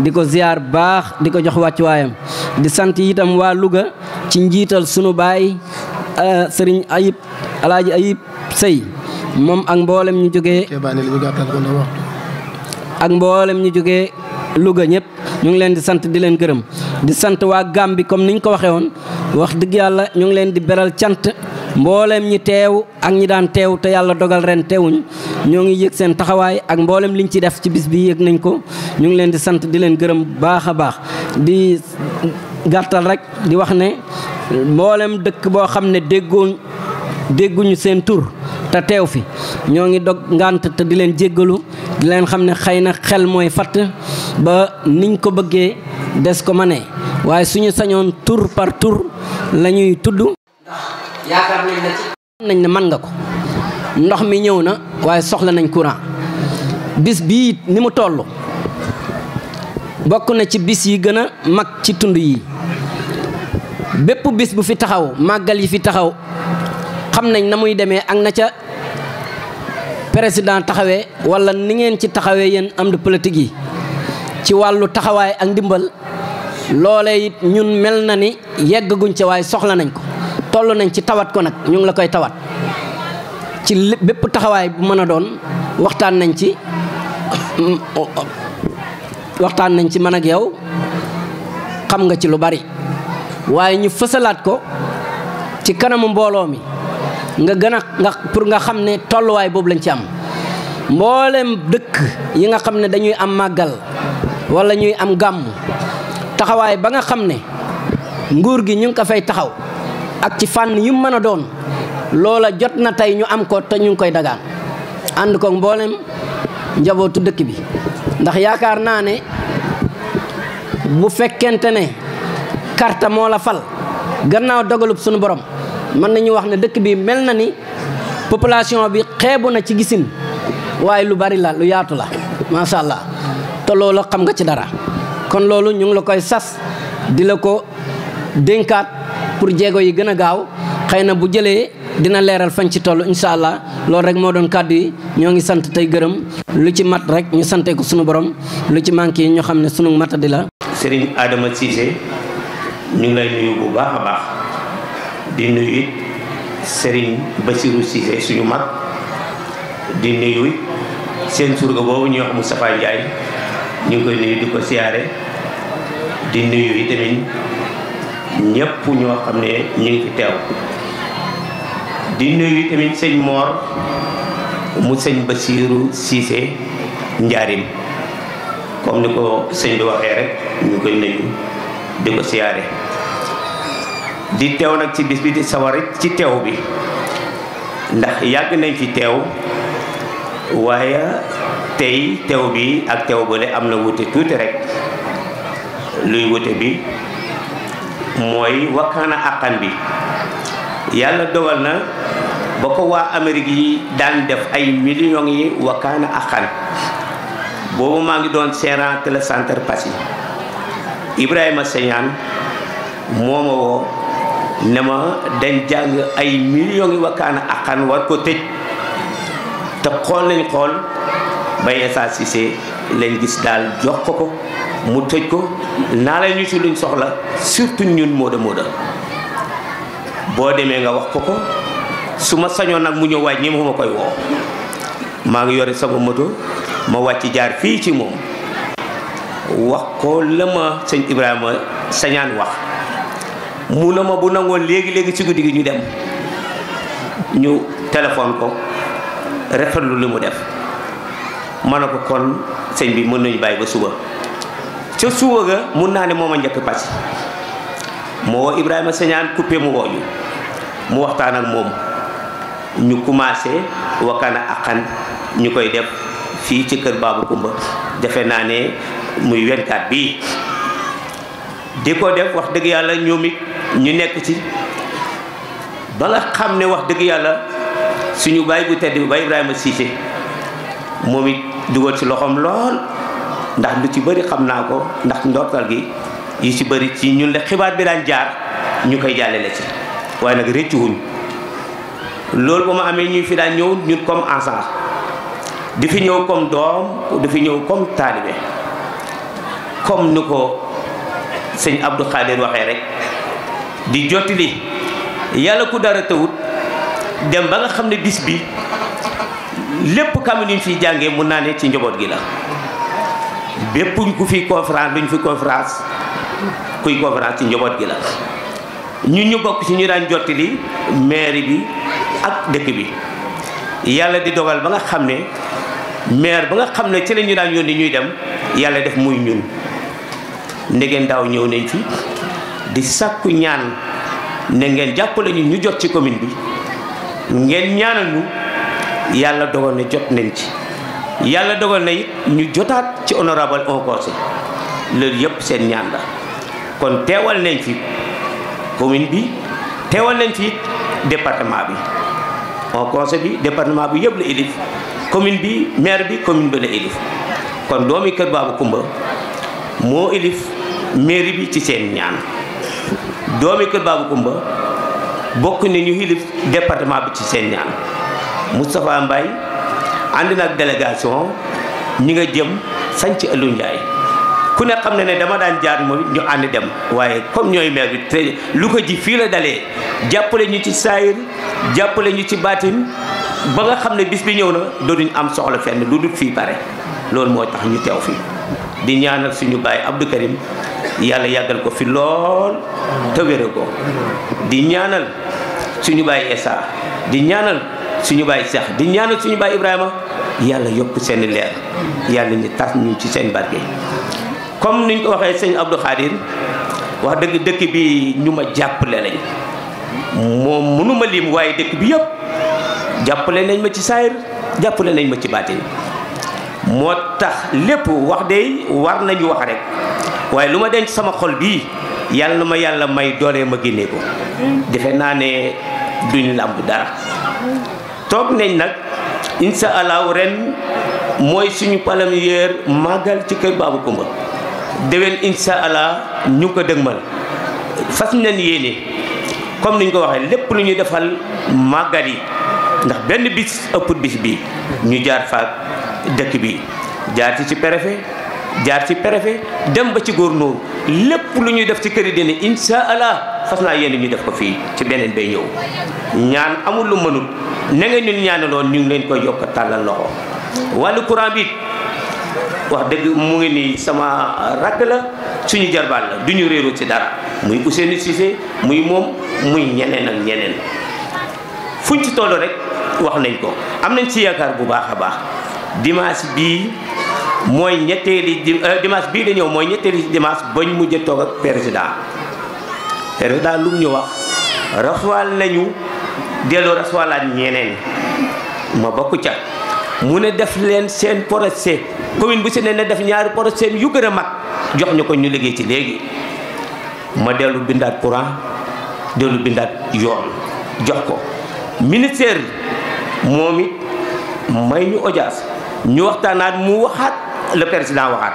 di ko ziyaar baax di ko jox wàccuwaayam di sant itam waa Louga ci njiital sunu baay euh, sëriñ Ayib Alaaji Ayib sëy moom ak mboolem ñu jóge ak mboolem ñu jóge Louga ñëpp ñu ngi leen di sant di leen gërëm di sant waa bi comme niñ ko waxee woon wax dëgg yàlla ñu ngi leen di beral cant mbooleem ñi teew ak ñi daan teew te yàlla dogal ren teewuñu ñoo ngi yëg seen taxawaay ak mbooleem liñ ci def ci bis bi yëg nañ ko ñu ngi leen di sant di leen gërëm baax a baax di gàttal rek di wax ne mboolem dëkk boo xam ne déggoon dégguñu seen tur te teew fi ñoo ngi dog ngànt te di leen jéggalu di leen xam ne xëy na xel mooy fatt ba niñ ko bëggee des ko ma ne waaye suñu sañoon tour par tour la tudd yaakaar nañ ne man nga ko ndox mi ñëw na waaye soxla nañ courant bis bii ni mu toll bokk na ci bis yi gën a mag ci tund yi bépp bis bu fi taxaw màggal yi fi taxaw xam nañ na muy demee ak na ca président taxawee wala ni ngeen ci taxawee yenn am de politique yi ci wàllu taxawaay ak ndimbal loole it ñun mel na ni yeggaguñ ci waaye soxla nañ ko toll nañ ci tawat ko nag ñu ngi la koy tawat ci bépp taxawaay bu mën a doon waxtaan nañ ci waxtaan nañ ci mën ak yow xam nga ci lu bari waaye ñu fësalaat ko ci kanamu mbooloo mi nga gën a nga pour nga xam ne tolluwaay boobu lañ ci am mboolem dëkk yi nga xam ne dañuy am màggal wala ñuy am gàmm taxawaay ba nga xam ne nguur gi ñu ko fay taxaw ak ci fànn yu mën a doon loola jot na tey ñu am ko te ñu ngi koy dagaan ànd ko mboolem njabootu dëkk bi ndax yaakaar naa ne bu fekkente ne karta moo la fal gannaaw dogalub suñu borom mën nañu wax ne dëkk bi mel na ni population bi xeebu na ci gisin waaye lu bari la lu yaatu la macha allah. te loolu xam nga ci dara kon loolu ñu ngi la koy sas di la ko dénkaat pour jéego yi gën a gaaw xëy na bu jëlee dina leeral fañ ci toll incha allah loolu rek moo doon kàddu yi ñoo ngi sant tey gërëm lu ci mat rek ñu sante ko sunu borom lu ci manqué yi ñoo xam ne sunu di la. Serigne aadama Cissé ñu ngi lay nuyu bu baax a baax di nuyu it Serigne Bassirou Cissé suñu mag di nuyu seen surga boobu ñuy wax Moustapha Ndiaye. ñu ngi koy nuyu di ko siyaare di nuyu itamit ñëpp ñoo xam ne ñu ngi fi teew di nuyu itamit sëñ Moor mu sëñ Basiiru Siise njaarim comme ni ko sëñ bi waxee rek ñu koy nuyu di ko siyaare di teew nag ci bis bi di sawar ci teew bi ndax yàgg nañ ci teew waaye tey teew bi ak teew bële am na wute tuuti rek luy wute bi mooy wakkaana àqan bi yàlla dogal na ba ko waa Amérique yi daan def ay millions yi wakkaana àqan boobu maa ngi doon seeraan tele centre Passy Ibrahima Señaan moo ma woo dañ jàng ay millions yi wakkaana àqan war ko tëj te xool nañ xool Baye Issa Cissé lañ gis daal jox ko ko mu tëj ko naa la ñu ci luñ soxla surtout ñun Modou Modou boo demee nga wax ko ko su ma sañoon nag mu ñëw waaj ñi ma koy woo maa ngi yore sama moto ma wàcc jaar fii ci moom wax ko la ma sëñ Ibrahima sañaan wax mu ne ma bu nangoon léegi léegi ci guddi gi ñu dem ñu téléphone ko rafetlu li mu def ma ne ko kon sëñ bi mën nañu bàyyi ba suba ca suba ga mun naa ne moom a njëkk pàcc moo woo Ibrahima Sagnane coupé mu wooñu mu waxtaan ak moom ñu commencé wakana aqan ñu koy def fii ci kër Babou Coumba defe naa ne muy wenkaat bii di ko def wax dëgg yàlla ñoom it ñu nekk ci ba nga xam ne wax dëgg yàlla suñu baay bu tedd bi ba Ibrahima Cissé moom it dugal ci loxoom lool ndax lu ci bëri xam naa ko ndax ndortal gi yu ci bëri ci ñun la xibaar bi daan jaar ñu koy jàllale ci waaye nag rëccu wuñ loolu ba ma amee ñu fi daan ñëw ñun comme ensemble di fi ñëw comme doom di fi ñëw comme taalibe comme nu ko sëñ Abdou Khadir waxee rek di jottali yàlla ku dara tawut dem ba nga xam ne bis bi lépp kam liñ fiy jàngee mun naa ne ci njaboot gi la bépp ku fi confrance luñ fi conférence kuy conférence ci njaboot gi la ñu ñu bokk ci ñu daan li mair bi ak dëkk bi yàlla di dogal ba nga xam ne mair ba nga xam ne ci la ñu daan yónni ñuy dem yàlla def muy ñun ndege ndaw ñëw nañ fi di sàkku ñaan ne ngeen jàpp lañu ñu jot ci commune bi ngeen ñaanal ñu yàlla dogal na jot nañ ci yàlla dogal na ñu jotaat ci honorable on conseil loolu yëpp seen ñaan la kon teewal nañ fi commune bi teewal nañ fii département bi on conseil bi département bi yëpp la élif commune bi maire bi commune bi la élif kon doomi Kër Baba Kumba moo élif mairie bi ci seen ñaan doomi Kër Baba Kumba bokk ne ñu élif département bi ci seen ñaan Moustapha Mbaye ànd na ak délégation ñi nga jëm sanc Aliou Ndiaye ku ne xam na ne dama daan jaar moom ñu ànd dem waaye comme ñooy maire bi te lu ko ji fii la dalee jàppale ñu ci saayir jàppale ñu ci baatin ba nga xam ne bis bi ñëw na dootuñ am soxla fenn lu dul fii pare loolu moo tax ñu teew fii di ñaanal suñu baay Abdou Karim yàlla yàggal ko fi lool te wére ko di ñaanal suñu baay Essa di ñaanal suñu baay seex di ñaanal suñu baay Ibrahima yàlla yokk seen leer yàlla ñu tas ñu ci seen barke. comme niñ ko waxee sëñ Abdou Khadir wax dëgg dëkk bi ñu ma jàppale lañ moom mënuma lim waaye dëkk bi yépp jàppale nañ ma ci saayir jàppale nañ ma ci baatin moo tax lépp wax de war nañu wax rek waaye lu ma denc sama xol bii yàlla na ma yàlla may doole ma génnee ko defe naa ne duñ làmb dara toog nañ nag incha allahu ren mooy suñu palamiyeer màggal ci kër Baabu Kumba déwén incha allah ñu ko dëgmal fas nañ yéene comme ni ñu ko waxee lépp lu ñuy defal màggal yi ndax benn bis ëpput bis bi ñu jaar faak dëkk bi jaar ci ci préfet jaar ci préfet dem ba ci gouverneur lépp lu ñuy def ci kër yi dina incha allah fas naa yéene ñu def ko fii ci beneen bay ñëw ñaan amul lu mënut. na nga ñun ñaanaloon ñu ngi leen ko yokk tàllal loxo wàllu courant bi wax dëgg mu ngi nii sama rakk la suñu jarbaat la du ñu réeroo ci dara muy Ousseynou Cissé muy moom muy ñeneen ak ñeneen fuñ ci toll rek wax nañ ko am nañ ci yaakaar bu baax a baax dimanche bii mooy ñetteeli euh, dimanche bii da ñëw mooy ñetteeli dimanche bañ mujj a toog ak président président lu mu ñu wax rafal nañu delloo rasuwaalaat ñeneen ma bokk ca mu ne def leen seen projet commune bu si ne def ñaari projet yu gën a mag jox ñu ko ñu liggéey ci léegi ma dellu bindaat pourant dellu bindaat yoon jox ko ministère moom it may ñu audience ñu waxtaanaat mu waxaat le président waxaat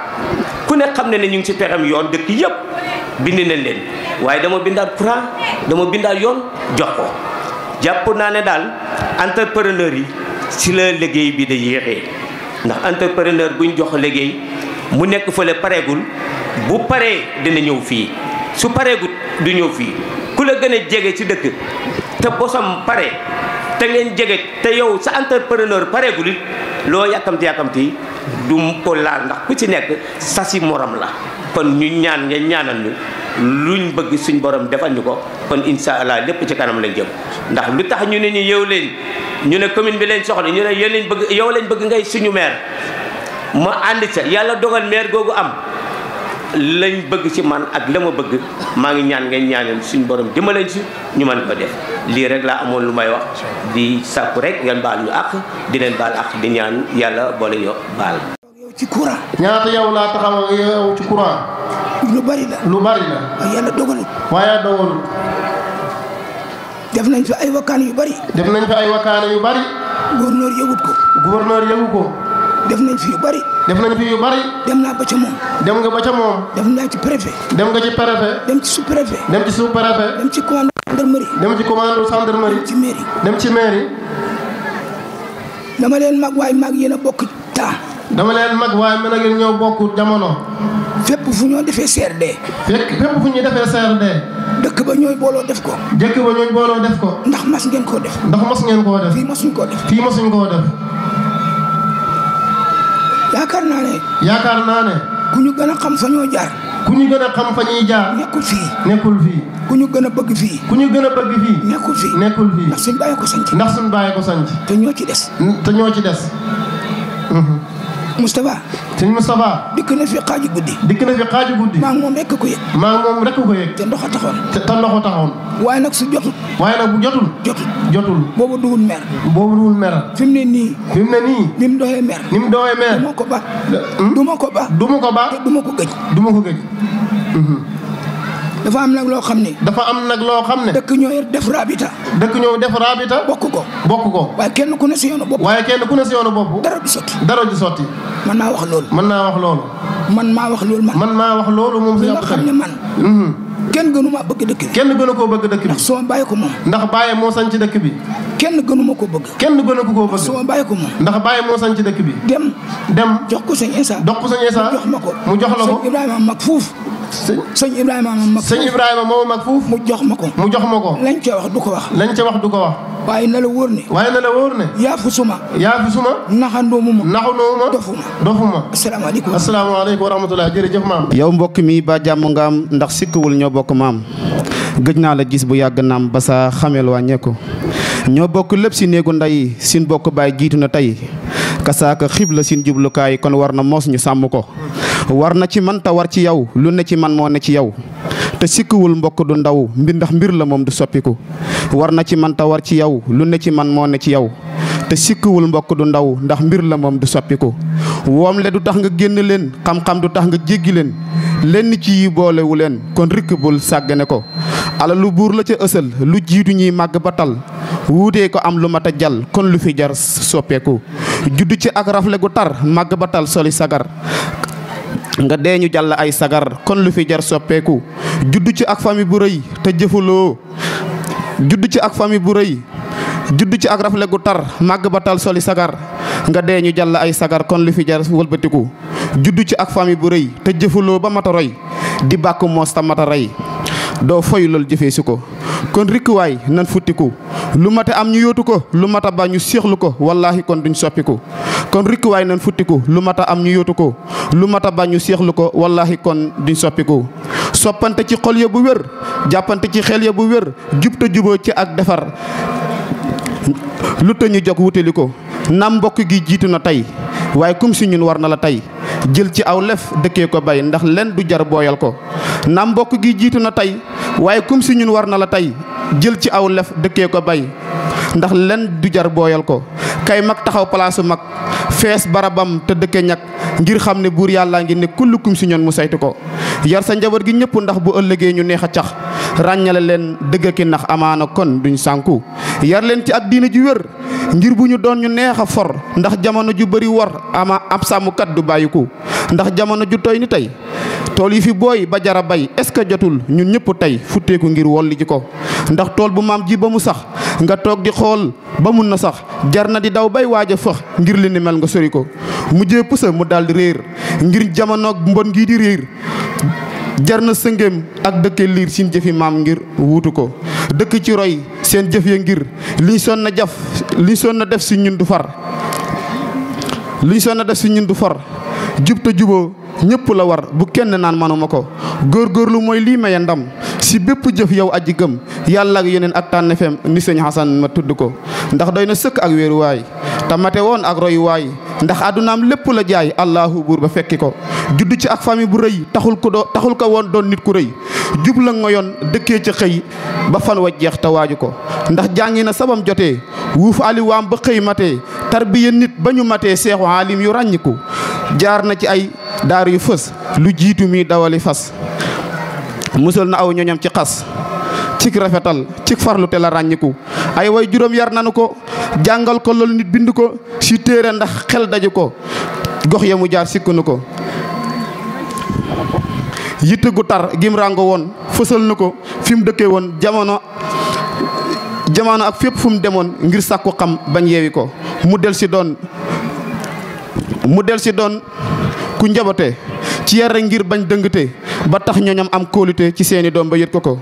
ku nekk xam ne ne ñu ngi ci pexem yoon dëkk yëpp bind nañ leen waaye dama bindaat pourant dama bindaat yoon jox ko jàpp naa ne daal entrepreneur yi si la liggéey bi da yéexee ndax entrepreneur buñ jox liggéey mu nekk fële pareegul bu paree dina ñëw fii su pareegut du ñëw fii ku la gën a jege ci dëkk te bosam pare te ngeen jege te yow sa entrepreneur pareegul it loo yàkkamti yàkkamti du ko laal ndax ku ci nekk sasi morom la kon ñu ñaan ngeen ñaanal ñu luñ bëgg suñu borom defal ñu ko kon insha allah lépp ci kanam lañ jëm ndax lu tax ñu ne ñu yow leen ñu ne commune bi lañ soxla ñu ne yéen bëgg yow bëgg ngay suñu maire ma ànd ca yàlla dogal meer googu am lañ bëgg ci man ak la ma bëgg maa ngi ñaan ngeen ñaanal suñu borom dimbalañ si ñu man ko def lii rek laa amoon lu may wax di sàkku rek ngeen baal ñu àq di leen baal àq di ñaan yàlla boole ñu baal. ci courant. ñaata yow laa taxaw ak yow ci courant. lu bari la lu bari la. waaye yàlla dogalut. waaye dogalut. def nañ fa ay wakkaan yu bari. def nañ fa ay wakkaan yu bari. gouverneur yëgut ko. gouverneur ko. def nañ fi yu bari. def nañ fi yu bari. dem naa ba ca moom. dem nga ba ca moom. dem naa ci préfet. dem nga ci préfet. dem ci sous préfet. dem ci sous préfet. dem ci commandant gendarmerie. dem ci commandant dem ci mairie. dem ci dama leen mag waaye mag yéen a bokk temps. dama leen mag waaye mën na ngeen ñëw bokk jamono. fépp fu ñoo defee CRD. fekk fépp fu ñuy defee CRD. dëkk ba ñooy booloo def ko. dëkk ba ñooy booloo def ko. ndax mas ngeen koo def. ndax mas ngeen koo def. fii masuñ koo def. fii masuñ koo def. yaakaar naa ne. yaakaar naa ne. ku ñu gën a xam fa ñoo jaar. ku ñu gën a xam fa ñuy jaar. nekkul fii. nekkul fii. ku ñu gën a bëgg fii. ku ñu gën a bëgg fii. nekkul fii. nekkul fii. ndax suñ bàyyi ko sanc. ndax suñ bàyyi ko sanc. te ñoo ci des. te ñoo ci des. Mhm. Moustapha sëñ Moustapha dikk na fi xaaju guddi dikk na fi xaaju guddi maa ngi moom rekk ko yëg maa ngi moom rekk ko yëg te ndox a taxoon te ndox a taxoon waaye nag su jotul waaye nag bu jotul jotul jotul boobu dugul mer boobu dugul mer fi mu ne nii fi ne nii ni mu doxee mer ni mu doxee mer ko ba hmm? du ma ko ba du ma ko ba du ma ko gëj du ma ko gëj hmm. dafa am nag loo xam ne. dafa am nag loo xam ne. dëkk ñoo def rabita. dëkk ñoo def rabita. bokk ko bokk ko. waaye kenn ku ne si yoonu bopp. waaye kenn ku ne si yoonu bopp. dara du sotti dara du sotti. mën naa naa wax loolu. man maa wax loolu man. man maa wax loolu moom si. nga xam man. Mhm. kenn gënu maa bëgg dëkk bi. kenn gënu koo bëgg dëkk bi. ndax soo bàyyi ko moom. ndax bàyyi moo sañ ci dëkk bi. kenn gënu ma ko bëgg. kenn gënu ko koo bëgg. soo bàyyi ko moom. ndax bàyyi moo sañ ci dëkk bi. dem. dem jox ko sëñ Issa. jox ko sëñ Issa. mu jox ma ko mu jox la ko. sëñ Ibrahima mag fuuf. sëñ sëñ Ibrahima moom mag. fuuf. mu jox ma ko. mu jox ma ko. lañ ca wax du ko wax. lañ ca wax du ko wax. waaye na la wóor ne. yaafu suma. yaafu suma. naxandoomu ma. naxandoomu ma. dofuma. dofuma. asalaamaaleykum. asalaamaaleykum wa rahmatulah yow mbokk mi ba jàmm nga am ndax sikkuwul ñoo bokk maam gëj naa la gis bu yàgg naam ba sa xamel wàññeeku ñoo bokk lépp si néegu nday sin bokk baay jiitu na tey kasaaka xibla la sin jublukaay kon war na moos ñu sàmm ko war na ci man te war ci yow lu ne ci man moo ne ci yow te sikkiwul mbokk du ndaw mbir ndax mbir la moom du soppiku war na ci man te war ci yow lu ne ci man moo ne ci yow te sikkiwul mbokk du ndaw ndax mbir la moom du soppiku woom le du tax nga génn leen xam-xam du tax nga jéggi leen lenn ci yi boolewu leen kon rikk sàggane ko ala lu buur la ci ësal lu jiitu ñuy màgg ba tal wuutee ko am lu mat a jàll kon lu fi jar soppeeku juddu ci ak rafle gu tar màgg ba soli sagar nga dee ñu jàll ay sagar kon lu fi jar soppeeku juddu ci ak famille bu rëy te jëfuloo judd ci ak famille bu rëy judd ci ak rafle gu tar màgg ba tal soli sagar nga dee ñu jàll ay sagar kon lu fi jar wëlbatiku juddu ci ak famille bu rëy te jëfuloo ba mata roy di bàkku moos ta mata rey doo foy loolu jëfee su ko kon rikkuwaay nan futtiku lu mat am ñu yóotu ko lu mat a ba ñu séexlu ko wallaahi kon duñ soppiku kon rikkuwaay nan futtiku lu mat a am ñu yóotu ko lu mat a ba ñu séexlu ko wallaahi kon duñ soppiku soppante ci xol ya bu wér jàppante ci xel ya bu wér jub te juboo ci ak defar lu ñu jog wutali ko nam mbokk gi jiitu na tey waaye kum si ñun war na la tey jël ci aw lef dëkkee ko bay ndax len du jar booyal ko na mbokk gi jiitu na tey waaye kum si ñun war na la tey jël ci aw lef dëkkee ko bay ndax len du jar booyal ko kay mag taxaw palaasu mag fees barabam te dëkke ñag ngir xam ne buur yàllaa ngi ne kullukum si ñoon mu saytu ko yar sa njaboot gi ñëpp ndax bu ëllëgee ñu neex a cax ràññale leen dëgg ki ndax amaana kon duñu sànku yar leen ci ak diina ji wér ngir bu ñu doon ñu neex a for ndax jamono ju bëri wor ama ab sàmmkat du bàyyi bàyyiku ndax jamono ju tooy ni tey tool yi fi booy ba jara bay est ce que jotul ñun ñëpp tey futteeku ngir wolli ji ko ndax tool bu maam ji ba mu sax nga toog di xool ba mun na sax jar na di daw bay waaj a fëx ngir li mel nga sori ko mu mujjee pusa mu daal di réer ngir jamonoog mbon gii di réer jar na sëngéem ak dëkke liir sin jëfi maam ngir wuutu ko dëkk ci roy seen jëf ya ngir liñ son na jaf liñ son na def si ñun du far liñ son na def si ñun du far jub te juboo ñëpp la war bu kenn naan manuma ko góorgóorlu mooy lii maye ndam si bépp jëf yow aji gëm yàlla ak yeneen ak tànnefem ni sëñ Xasan ma tudd ko ndax doy na sëkk ak wéeruwaay tamate woon ak royuwaay ndax àddunaam lépp la jaay allahu buur ba fekki ko judd ci ak famille bu rëy taxul ko doo taxul ko woon doon nit ku rëy jub la nga yoon dëkkee ca xëy ba fan wa jeex te waaju ko ndax jàngi na sabam jotee wuuf aliwaam ba xëy matee tar tarbiya nit ba ñu matee seexu aalim yu ràññiku jaar na ci ay daar yu fës lu jiitu mii dawali fas musal na aw ñoñam ci xas cik rafetal cik farlu te la ràññiku ay way juróom yar nanu ko jàngal ko loolu nit bind ko si téere ndax xel daju ko gox ya mu jaar sikkanu ko yitt gu tar gim ràngo woon fësal na ko fi mu dëkkee woon jamono jamono ak fépp fu demoon ngir sàkku xam bañ yeewi ko mu del si mu del si doon ku njabote ci yar ngir bañ dëngte ba tax ñoñam am kóolute ci seeni doom ba yët ko ko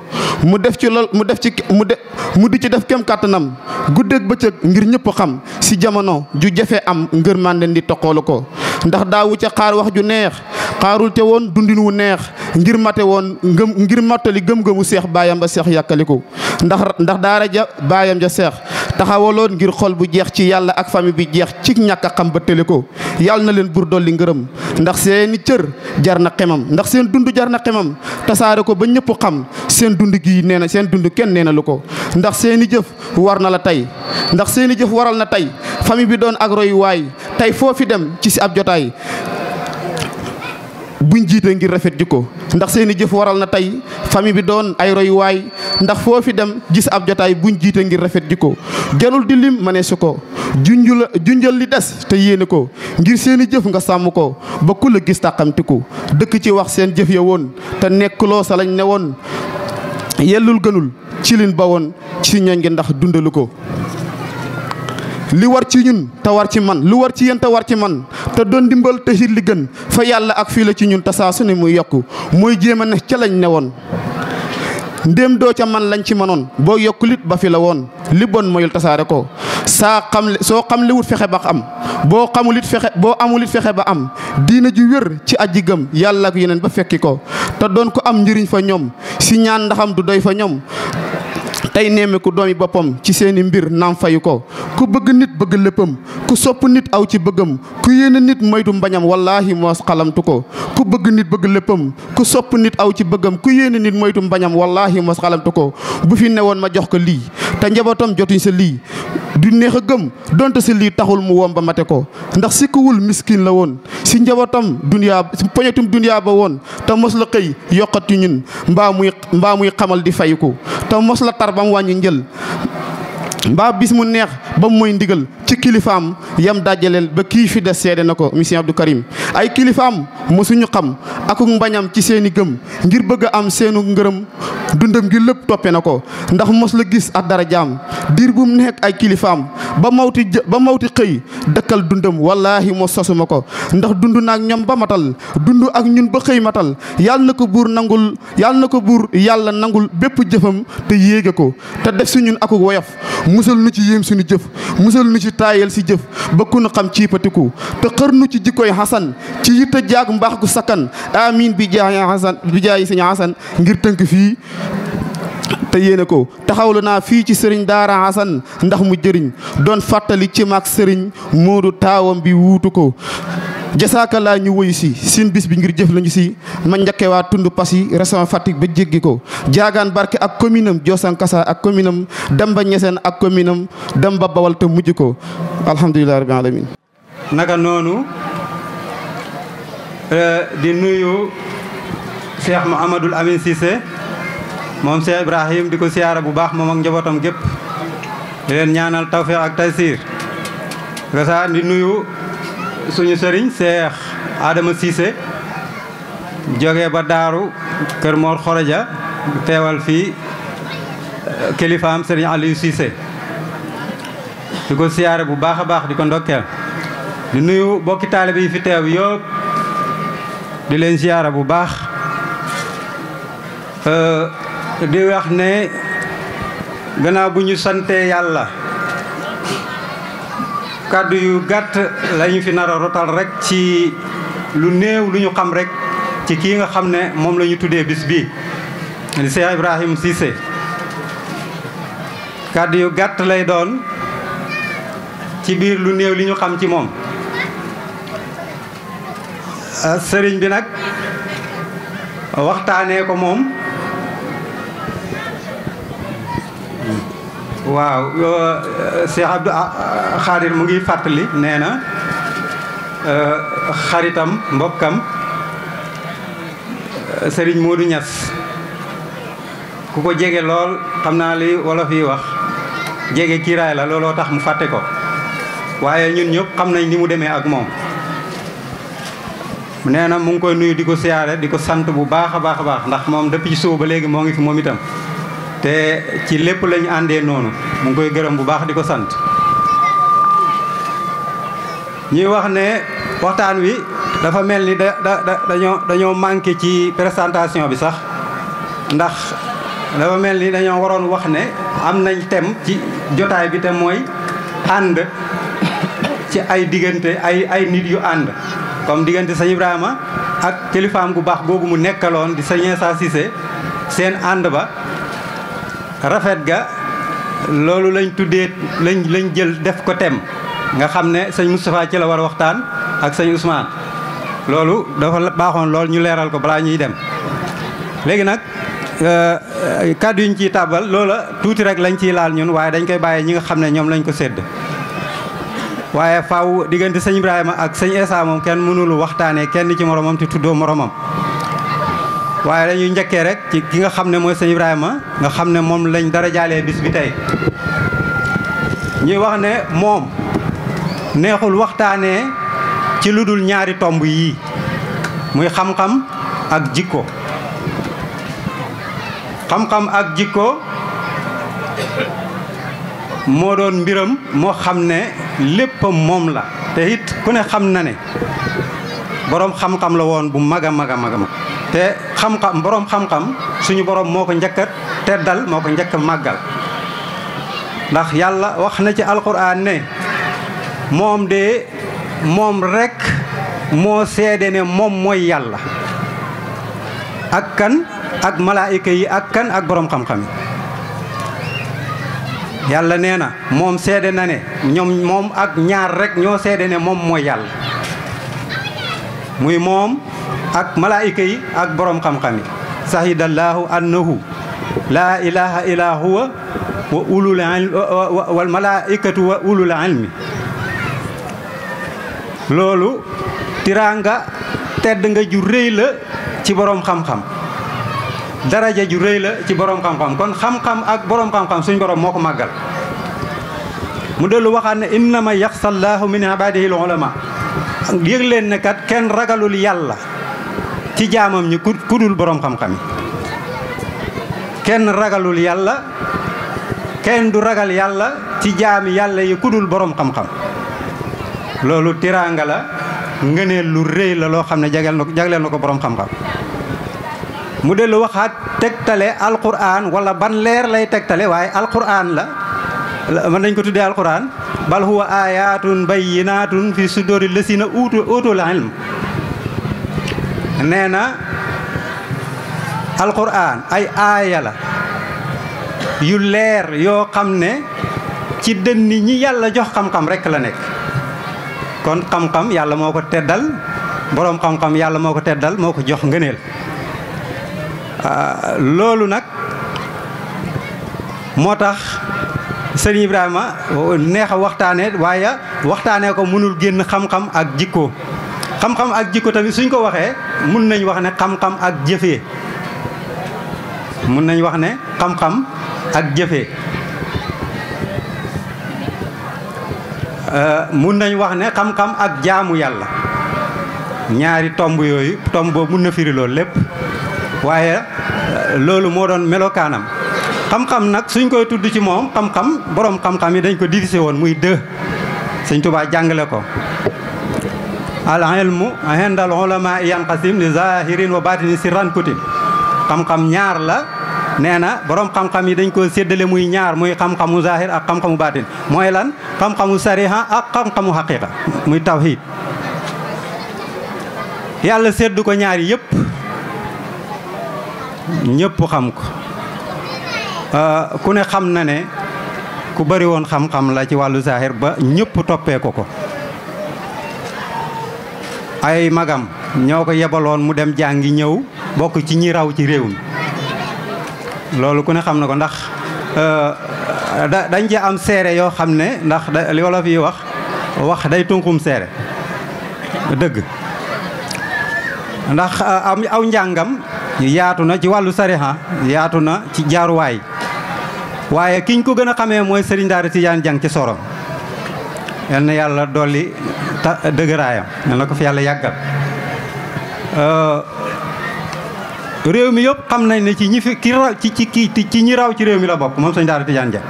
mu def ci lool mu def ci mu de mu di ci def kem kàttanam guddeeg bëccëg ngir ñëpp xam si jamono ju jafe am ngër mànden di toqoolu ko ndax daawu ca xaar wax ju neex xaarul te woon dundin wu neex ngir mate woon ngir mattali gëm-gëmu seex baayam ba seex yàkkaliku ndax ndax daara ja baayam ja seex taxawaloon ngir xol bu jeex ci yàlla ak famille bi jeex cig ñàkk a xam ba tële ko yàlla na leen bur dolli ngërëm ndax seeni cër jar na xemam ndax seen dund jar na xemam tasaare ko ba ñëpp xam seen dund gi nee na seen dund kenn nee na ko ndax seeni jëf war na la tey ndax seeni jëf waral na tey famille bi doon ak royuwaay tey foo fi dem ci si ab jotaay buñ jiite ngir rafet jikko ndax seen i jëf waral na tey famille bi doon ay royuwaay ndax foo fi dem gis ab jotaay buñ jiite ngir rafet ko jarul di lim ma su ko junjula junjal li des te yéene ko ngir seeni jëf nga sàmm ko ba ku gis tàqamtiku dëkk ci wax seen jëf ya woon te nekkuloo sa lañ ne woon yellul gënul ci lin ba woon ci ñooñ ngi ndax dundalu ko li war ci ñun te war ci man lu war ci yéen te war ci man te doon dimbal te li gën fa yàlla ak fii la ci ñun tasaa saa su ne muy yokku muy jéem a ne ca lañ ne woon ndéem doo ca man lañ ci manoon boo yokkulit ba fi la woon li bon moyul tasaare ko saa xam soo xam li wut fexe ba am boo xamulit fexe boo amulit fexe ba am diina ji wér ci aji gëm yàlla ak yeneen ba fekki ko te doon ko am njëriñ fa ñoom si ñaan ndaxam du doy fa ñoom tey nemmeeku doomi boppam ci seeni mbir naam fayu ko ku bëgg nit bëgg léppam ku sopp nit aw ci bëggam ku yéene nit moytu mbañam wallaahi moos xalamtu ko ku bëgg nit bëgg léppam ku sopp nit aw ci bëggam ku yéene nit moytu mbañam wallaahi mos xalamtu ko bu fi newoon ma jox ko lii te njabootam jotuñ sa lii di neex a gëm donte si lii taxul mu wom ba mate ko ndax sikkiwul miskin la woon si njabootam duniyaa si poñetum duniyaa ba woon te mos la xëy yokkati ñun mbaa muy xamal di fayiku ba mu wàññi njël mbaa bis mu neex ba mu mooy ndigal ci kilifaam yam dajaleel ba kii fi des seede na ko monsieur Abdou Karim ay kilifaam mosuñu xam akuk mbañam ci seeni gëm ngir bëgg a am seenu ngërëm dundam gi lépp toppe na ko ndax mos la gis ak dara jaam diir bu mu nekk ay kilifaam ba mawti ba mawti xëy dëkkal dundam wallaahi moo sosuma ko ndax dund naag ñoom ba matal dund ak ñun ba xëy matal yàlla na ko buur nangul yàlla na ko buur yàlla nangul bépp jëfam te yéege ko te def ñun akuk woyof musal nu ci yéem suñu jëf musal nu ci taayal si jëf ba ku xam ciipatiku te xër nu ci jikkoy xasan ci yitte jaag mbaax gu sakkan amin bi jaay xasan bi sëñ xasan ngir tënk fii te yéene ko taxawlu naa fii ci sëriñ daara xasan ndax mu jëriñ doon fàttali ci maag sëriñ moodu taawam bi wuutu ko jasaaka laa ñu si sin bis bi ngir jëf lañu si ma njakke waa tund pas yi région Fatick ba jéggi ko jaagaan barke ak commune am Diossane ak commune dem ba ñeseen ak commune dem ba bawal te mujj ko alhamdulilah rabbil alamin naka noonu euh, di nuyu Cheikh Mouhamadul Amin Cissé moom Cheikh Ibrahim di ko siyaara bu baax moom ak njabootam gépp leen ñaanal tawfeex ak taysiir nga saa di nuyu suñu sëriñ Seex Adama Cissé joge ba daaru Kër Mor Xoroja teewal fii euh, kilifaam sëriñ Aliou Cissé di ko siyaare bu baax a baax di ko ndokkeel di nuyu bokki taalibe fi teew yëpp di leen siyaare bu baax euh, di wax ne gannaaw bu ñu santee yàlla kàddu yu gàtt lañu fi nar a rotal rek ci lu néew lu ñu xam rek ci kii nga xam ne moom la ñu tuddee bis bi di Cheikh Ibrahim Cissé kàddu yu gàtt lay doon ci biir lu néew li ñu xam ci moom sëriñ bi nag waxtaanee ko moom waaw Cheikh Abdou ah, ah, Khadir mu ngi fàttali nee na eh, xaritam mbokkam eh, Serigne Modou ñas ku ko jege lool xam naa li wolof yi wax jege kiiraay la looloo tax mu fàtte ko waaye ñun ñëpp xam nañ ni mu demee ak moom nee na mu ngi koy nuyu di ko siyaare di ko sant bu baax a baax a baax ndax moom depuis ci suba ba léegi moo ngi fi moom itam te ci lépp lañu àndee noonu mu koy gërëm bu baax di ko sant ñuy wax ne waxtaan wi dafa mel ni da da dañoo dañoo manqué ci présentation bi sax ndax dafa mel ni dañoo waroon wax ne am nañ thème ci jotaay bi te mooy ànd ci ay diggante ay ay nit yu ànd comme diggante sëñ Ibrahima ak kilifaam gu baax googu mu nekkaloon di sëñ Issa Cissé seen ànd ba rafet ga loolu lañ tuddee lañ lañ jël def ko tem nga xam ne sëñ Moustapha ci la war waxtaan ak sañ usmaan loolu dafa baaxoon lool ñu leeral ko balaa ñuy dem léegi nag euh, kàddu yi ñu ciy tàbbal loola tuuti rek lañ ci laal ñun waaye dañ koy bàyyi ñi nga xam ne ñoom lañ ko sédd waaye faw diggante sëñ Ibrahima ak sëñ Essa moom kenn mënulu waxtaanee kenn ci moromam ci tuddoo moroomam waaye dañuy njëkkee rek ci ki nga xam ne mooy sëñ Ibrahima nga xam ne moom lañ dara jaalee bis bi tey ñuy wax ne moom neexul waxtaanee ci lu dul ñaari tomb yii muy xam-xam ak jikko xam-xam ak jikko moo doon mbiram moo xam ne léppam moom la te it ku ne xam na ne boroom xam-xam la woon bu mag a mag a mag mag te xam-xam borom xam-xam suñu borom moo ko njëkk a teddal moo ko njëkk màggal ndax yàlla wax na ci alquran ne moom de moom rekk moo seede ne moom mooy yàlla ak kan ak malaayika yi ak kan ak boroom xam-xam yi yàlla nee na moom seede na ne ñoom moom ak ñaar rekk ñoo seede ne moom mooy yàlla muy moom ak malaayika yi ak boroom xam-xam yi sahidallaahu annahu laa ilaha illa wa ulul ilmi loolu tiraanga tedd nga ju rëy la ci boroom xam-xam daraja ju rëy la ci boroom xam-xam kon xam-xam ak boroom xam-xam suñ borom moo ko màggal mu dellu waxaat ne innama yaxsallaahu min ibadihi l ulama yëg leen ne kat kenn ragalul yàlla ci jaamam ñi ku kudul boroom xam-xam kenn ragalul yàlla kenn du ragal yàlla ci jaami yàlla yi kudul boroom xam-xam loolu tiraanga la ngëneel lu rëy la loo xam ne jagleel na jagleel na ko boroom xam-xam mu dellu waxaat tegtale alquran wala ban leer lay tegtale waaye alquran la mën nañ ko tuddee alquran bal huwa ayatun bayyinatun fi sudori lasina utu utul ilm nee na alquran ay aaya la yu leer yoo xam ne ci dënn ñi yàlla jox xam-xam rekk la nekk kon xam-xam yàlla moo ko teddal boroom xam-xam yàlla moo ko teddal moo ko jox ngëneel ah, loolu nag moo tax sëriñ Ibrahima neex a waxtaane waaye waxtaanee ko mënul génn xam-xam ak jikko xam-xam ak jikko tamit suñ ko waxee mun nañ wax ne xam-xam ak jëfee mun nañ wax ne xam-xam ak jëfee euh, mun nañ wax ne xam-xam ak jaamu yàlla ñaari tomb yooyu tomb boobu mun na firi loolu lépp waaye euh, loolu moo doon melokaanam xam-xam nag suñ koy tudd ci moom xam-xam boroom xam-xam yi dañ ko divisé woon muy deux Sëñ Tuubaa jàngale ko al ilmu indal ulama yanqasim li zahirin wa batini sirran kutim xam-xam ñaar la nee na boroom xam-xam yi dañ ko séddale muy ñaar muy xam-xamu zahir ak xam-xamu batin mooy lan xam-xamu sariha ak xam-xamu xaqiqa muy tawhid yàlla séddu ko ñaar yëpp ñëpp xam ko euh, ku ne xam na ne ku bari woon xam-xam la ci wàllu zahir ba ñëpp toppee ko ay magam ñoo ko yebaloon mu dem jàngi ñëw bokk ci ñii raw ci réew mi loolu ku ne xam na ko ndax euh, da dañ ci am seere yoo xam ne ndax li wolof yi wax wax day tunkum seere dëgg ndax euh, am aw njàngam yaatu na ci wàllu sariha yaatu na ci jaaruwaay waaye kiñ ko gën a xamee mooy Serigne Daara Tidiane Dieng ci Sorom yal na yàlla dolli ta dëgëraayam yal na ko fi yàlla yàggal euh, réew mi yëpp xam nañ ne ci ñi fi ki raw ci ci ki ci ñi raw ci réew mi la bokk moom sëñ Daara Tidiane Dia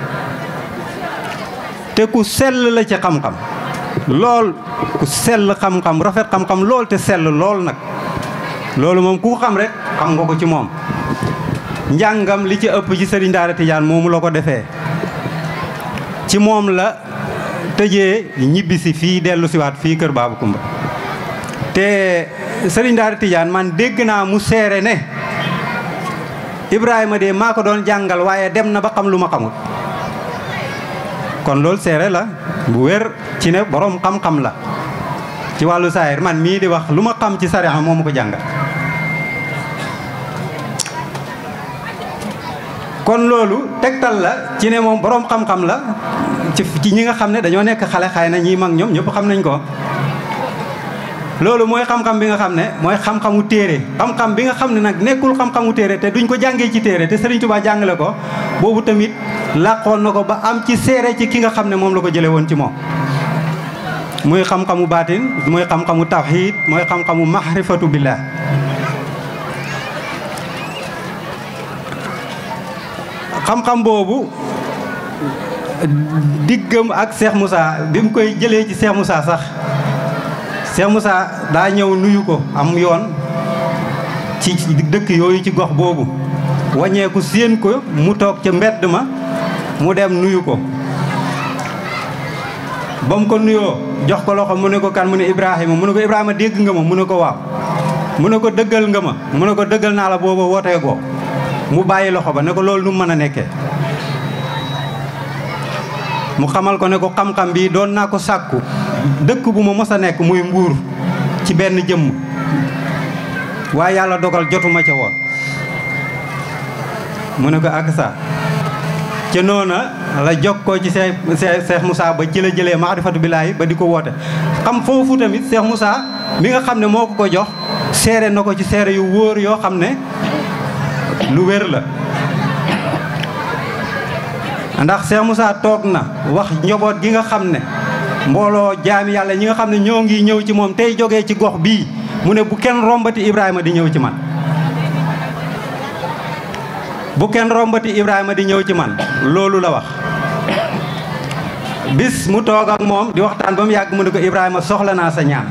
te ku sell la ci xam-xam lool ku sell xam-xam rafet xam-xam lool te sell lool nag loolu moom ku xam rek xam nga ko ci moom njàngam li ci ëpp ci sëriñ Daara Tidiane moomu la ko defee ci moom la tëjee ñibbisi fii dellusiwaat fii kër Baabu Kumba te Serigne Daara man dégg naa mu seere ne Ibrahima de maa ko doon jàngal waaye dem na ba xam lu ma xamul kon loolu seere la bu wér ci ne boroom xam-xam la ci wàllu saayir man mii di wax lu ma xam ci sariya moo ma ko jàngal kon loolu tegtal la ci ne moom boroom xam-xam la ci ñi nga xam ne dañoo nekk xale xay na ñi mag ñoom ñëpp xam nañ ko loolu mooy xam-xam bi nga xam ne mooy xam-xamu téere xam-xam bi nga xam ne nag nekkul xam-xamu téere te duñ ko jàngee ci téere te Serigne Touba jàngale ko boobu tamit làqoon na ko ba am ci seere ci ki nga xam ne moom la ko jëlee woon ci moom muy xam-xamu baatin muy xam-xamu tawxiid mooy xam-xamu mahrifatu billah xam-xam boobu diggam ak Cheikh Moussa bi mu koy jëlee ci Cheikh Moussa sax Cheikh musaa daa ñëw nuyu ko am yoon ci dëkk yooyu ci gox boobu waññeeku séen ko mu toog ca mbedd ma mu dem nuyu ko ba mu ko nuyoo jox ko loxo mu ne ko kan mu ne Ibrahima mu ne ko Ibrahima dégg nga ma mu ne ko waaw mu ne ko dëggal nga ma mu ne ko dëggal naa la booba wootee ko mu bàyyi loxo ba ne ko loolu nu mën a nekkee mu xamal ko ne ko xam-xam bi doon naa ko sàkku dëkk bu ma mos a nekk muy mbuur ci benn jëmm waaye yàlla dogal jotuma ca woon mu ne ko ak sa ca noona la jokkoo ci see Cheikh Moussa ba ci la jëlee maarifatu billaahi ba di ko woote xam foofu tamit Cheikh Moussa mi nga xam ne moo ko ko jox seere na ko ci seere yu wóor yoo xam ne lu wér la ndax Cheikh Moussa toog na wax njoboot gi nga xam ne mbooloo jaam yàlla ñi nga xam ne ñoo ngi ñëw ci moom tey joge ci gox bii mu ne bu kenn rombati Ibrahima di ñëw ci man. bu kenn rombati Ibrahima di ñëw ci man loolu la wax bis mu toog ak moom di waxtaan ba mu yàgg mu ne ko Ibrahima soxla naa sa ñaan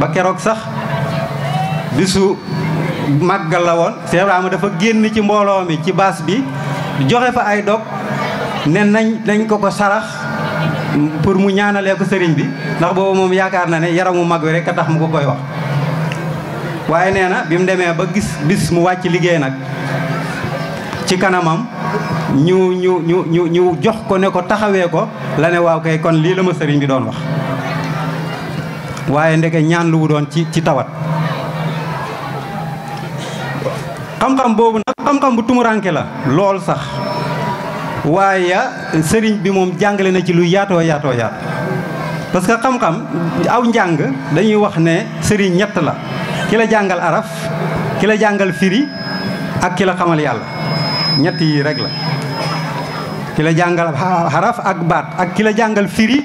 ba keroog sax bisu màggal la woon Cheikh Ibrahima dafa génn ci mbooloo mi ci baas bi joxe fa ay dog. ne nañ nañ ko ko sarax pour mu ñaanalee ko sëriñ bi ndax boobu moom yaakaar na ne yaram mu mag wi rek a tax mu ko koy wax waaye nee na bi mu demee ba gis bis mu wàcc liggéey nag ci kanamam ñu ñu ñu ñu ñu jox ko ne ko taxawee ko la ne waaw kay kon lii la ma sëriñ bi doon wax waaye ndeke ñaan lu doon ci ci tawat xam-xam boobu nag xam-xam bu tumuranke la lool sax waaye sëriñ bi moom jàngale na ci lu yaatoo yaatoo yaat parce que xam-xam aw njàng dañuy wax ne sëriñ ñett la kila jàngal araf ki jàngal firi ak ki la ñett rek la ki la jàngal araf ak jàngal firi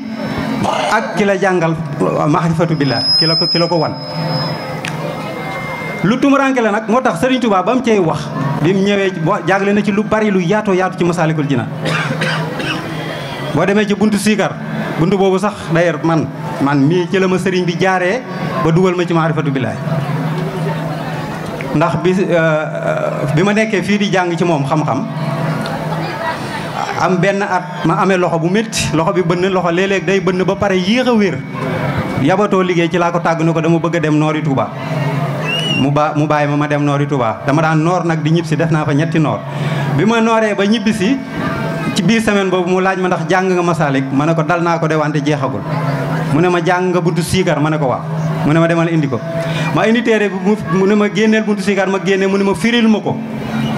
ak ki la jàngal mahrifatu billah ki la ko wan lu tumuranke la nag moo tax sëriñ Tuubaa ba mu wax bi mu ñëwee jàngale na ci lu bari lu yaatoo yaatu ci masaalikul jinaan boo demee ci buntu siikar buntu boobu sax d'ailleurs man man mii ci la ma sëriñ bi jaaree ba dugal ma ci maarifatu billaay ndax bi euh, euh, bi ma nekkee fii di jàng ci moom xam-xam am benn at ma amee loxo bu métti loxo bi bënn loxo léeg day bënna ba pare yéex a wér yabatoo liggéey ci laa ko tàgg na ko dama bëgg dem noori ba mu ba mu bàyyi ma ma dem noori Touba dama daan noor nag di ñibbisi si def naa fa ñetti noor bi ma nooree ba ñibbisi ci biir semaine boobu mu laaj ma ndax jàng nga masalik ma ne ko dal naa ko de wante jeexagul mu ne ma jàng nga buntu siikar ma ne ko waaw mu ne ma demal indi ko ma indi téere bi mu ne ma génneel buntu siikar ma génne mu ne ma firil ma ko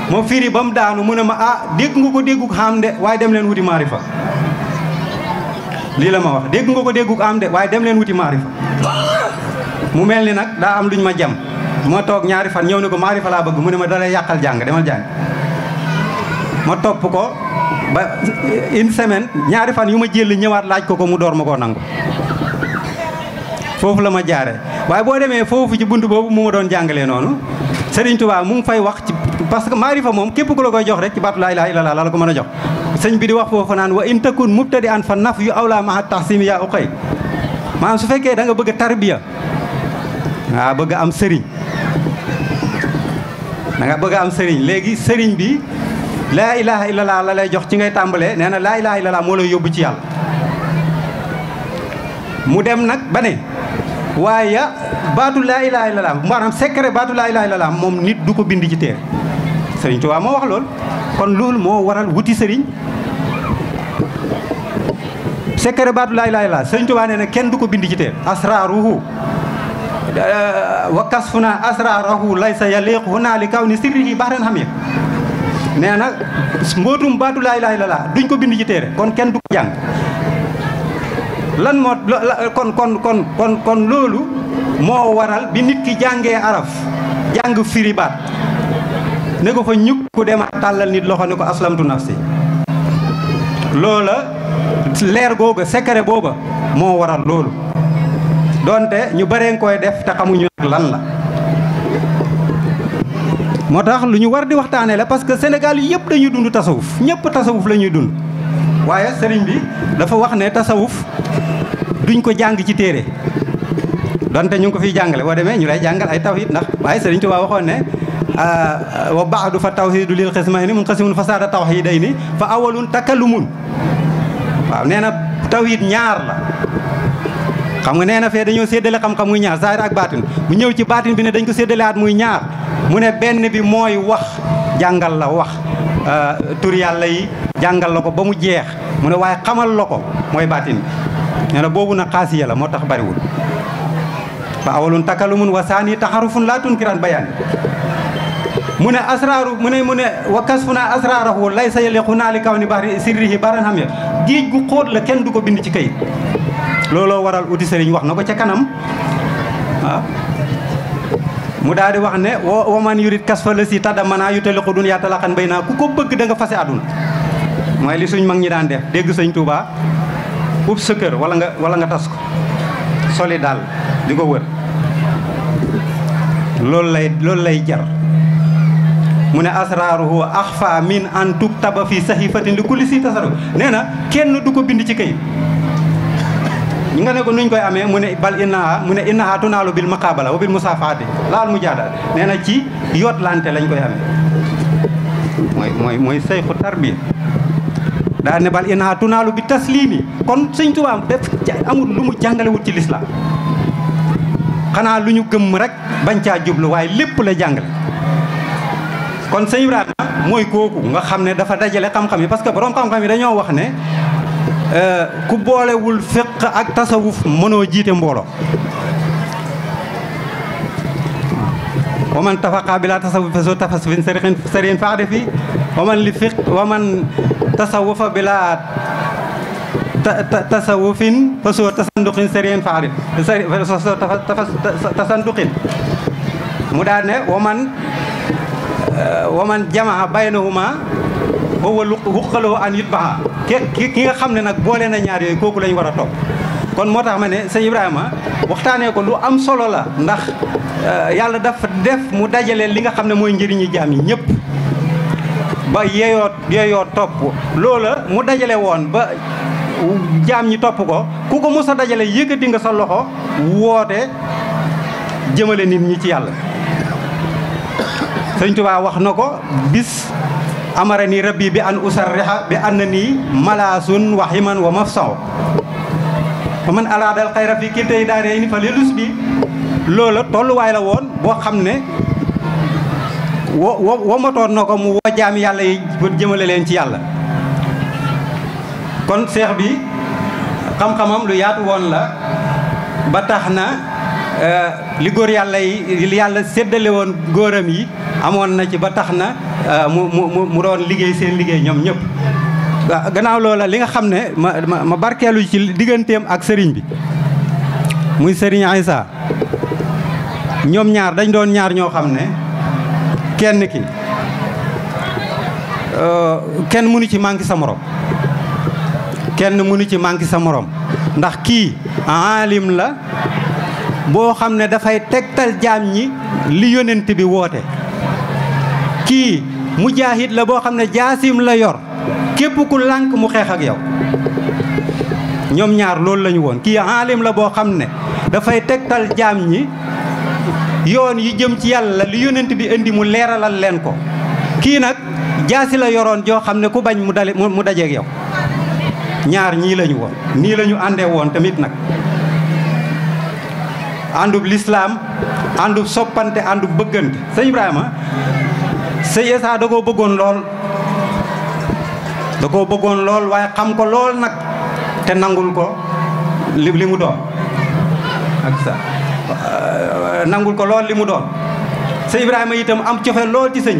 ma firi ba mu daanu mu ne ma ah dégg nga ko déggu xam de waaye dem leen wuti fa lii la ma wax dégg nga ko dégguk am waaye dem leen wuti maarifa mu mel ni nag daa am luñ ma jam moo toog ñaari fan ñëw ne ko maarifa laa bëgg mu ne ma dalay yàqal jàng demal jàng ma topp ko ba une semaine ñaari fan yu ma jël ñëwaat laaj ko ko mu door ma koo nangu foofu la ma jaare waaye boo demee foofu ci bunt boobu mu ma doon jàngalee noonu Serigne Touba mu ngi fay wax ci parce que fa moom képp ku la koy jox rek ci baatu laa ilaaha illallaah la la ko mën a jox sëñ bi di wax foofu naan wa in takun mubtadi an fa naf yu awlaa maha tahsimi yaa uqay maanaam su fekkee da nga bëgg tarbiya waa bëgg am sëriñ da nga bëgg am sëriñ léegi sëriñ bi laa ilaha illallah la lay jox ci ngay tàmbalee neena na laa ilaha moo lay yóbbu ci yàlla mu dem nag ba ne waaye baatu laa ilaha illallah maanaam secret baatu laa ilaha illallah moom nit du ko bind ci téere sëriñ Tuubaa moo wax lool kon loolu moo waral wuti sëriñ secret baatu laay laay illallah sëriñ Tuubaa nee kenn du ko bind ci téere asraaruhu wa kasfuna asrarahu laysa yaliq huna li kawni sirrihi bahran hamir nee na mbootum baatu laa ilaaha illallaah duñ ko bind ci téere kon kenn du ko jàng lan moo kon kon kon kon kon loolu moo waral bi nit ki jàngee araf jàng firi baat ne ko fa ñukk ku tàllal nit loxo ne ko aslamtu nafsi loola leer googa secret booba moo waral loolu donte ñu baree koy def te xamuñu lan la. moo tax lu ñu war di waxtaanee la parce que Sénégal yëpp dañuy dund tasawuf ñëpp tasawuf la ñuy dund waaye sëriñ bi dafa wax ne tasawuf duñ ko jàng ci téere donte ñu ngi ko fiy jàngale woo demee ñu lay jàngal ay tawhid ndax waaye sëriñ waa waxoon ne wa baadu fa tawhidu lil xismayni mun xasimun fa saada tawhidayni fa awalun takallumun waaw nee na tawhid ñaar la xam nga nee na fee dañoo séddale xam-xam muy ñaar zaahir ak baatin mu ñëw ci baatin bi ne dañ ko séddale at muy ñaar mu ne benn bi mooy wax jàngal la wax euh, tur yàlla yi jàngal la ko ba mu jeex mu ne waaye xamal la ko mooy baatin bi nee boobu na xaasiya la moo tax bariwul fa awalun takalumun wa saani taxarufun laa tunkiran bayaan mu ne asraaru mu ne mu ne wa kasfuna asraarahu laysa yaliqu naa li kaw ni bahri sirrihi baran xam ya géej gu xóot la kenn du ko bind ci kayit looloo waral uti sëriñ wax na ko ca kanam ah. mu daal di wax ne wa man yurit kas fa la si tadda manaa yu taliqu dun yaa talaxan bay naa ku ko bëgg da nga fase àdduna mooy li suñ mag ñi daan def dégg sëñ Touba ub sa kër wala nga wala nga tas ko soli daal di ko wër loolu lay loolu lay jar mu ne asraaruhu axfa min an tub taba fi saxifatin li kulli si tasaru nee na kenn du ko bind ci kayit yi nga ne ko nuñ koy amee mu ne bal innaha mu ne innaha tunaalu bil maqaabala wa bil musaafaati laal mu jaada nee na ci yootlante lañu koy amee mooy mooy mooy sayxu tarbiya daa ne bal innaha tunaalu bi tasliimi kon sëñ Tuubaa def amul lu mu jàngalewut ci lislaam xanaa lu ñu gëm rek bañ caa jublu waaye lépp la jàngale kon sëñ Ibrahima mooy kooku nga xam ne dafa dajale xam-xam yi parce que borom xam-xam yi dañoo wax ne Euh, ku boolewul fiq ak tasawuf mënoo jiite mbooloo wa man tafaqa bila tasawuf fa soo tafas fi faade fi wa man fa soo faade fa soo tasanduqin mu daal ne wa man euh, wa man jamaa baynahuma huwa wuqaloo an yutbaha ki ki nga xam ne nag boole na ñaar yooyu kooku lañ war a topp kon moo tax ma ne sëñ Ibrahima waxtaanee ko lu am solo la ndax euh, yàlla dafa def mu dajale li nga xam ne mooy njëriñu jaam yi ñëpp ba yeeyoo yeeyoo topp loola mu dajale woon ba jaam ñi topp ko ku ko mos a dajale yëkkati nga sa loxo woote jëmale nit ñi ci yàlla sëñ Tuubaa wax na ko bis amara ni rabbi bi an usarriha bi anna nii malaasun wa himan wa mafsaw fa man alaadal xayra fi kiltay daaree ni fa li lus bi loola tolluwaay la woon boo xam ne wo wo womatoon na ko mu woo jaam yàlla yi jëmale leen ci yàlla kon seex bi xam-xamam lu yaatu woon la ba tax na euh, li góor yàlla yi li yàlla séddale woon góoram yi amoon na ci ba tax na Euh, mu mu mu doon liggéey seen liggéey ñoom ñëpp. gannaaw loola li nga xam ne ma ma barkeelu ci digganteem ak sëriñ bi muy sëriñ Aïssa ñoom ñaar dañ doon ñaar ñoo xam ne kenn ki euh, kenn mënu ci manqué sa morom kenn mënu ci manqué sa morom ndax kii aalim la boo xam ne dafay tegtal jaam ñi li yonent bi woote kii mujaahid la boo xam ne jaasim la yor képp ku lànk mu xeex ak yow ñoom ñaar loolu lañu woon kii aalim la boo xam ne dafay tegtal jaam ñi yoon yi jëm ci yàlla li yónnent bi indi mu leeralal leen ko kii nag jaasi la yoroon joo xam ne ku bañ mu dale mu dajeeg yow ñaar ñii lañu woon nii lañu àndee woon tamit nag àndub lislaam àndub soppante àndub bëggante sëñ Ibrahima sëñ Issa da koo bëggoon lool da koo bëggoon lool waaye xam ko lool nag te nangul ko li li mu doon ak euh, nangul ko lool li mu doon sëñ Ibrahima itam am coxe lool ci sëñ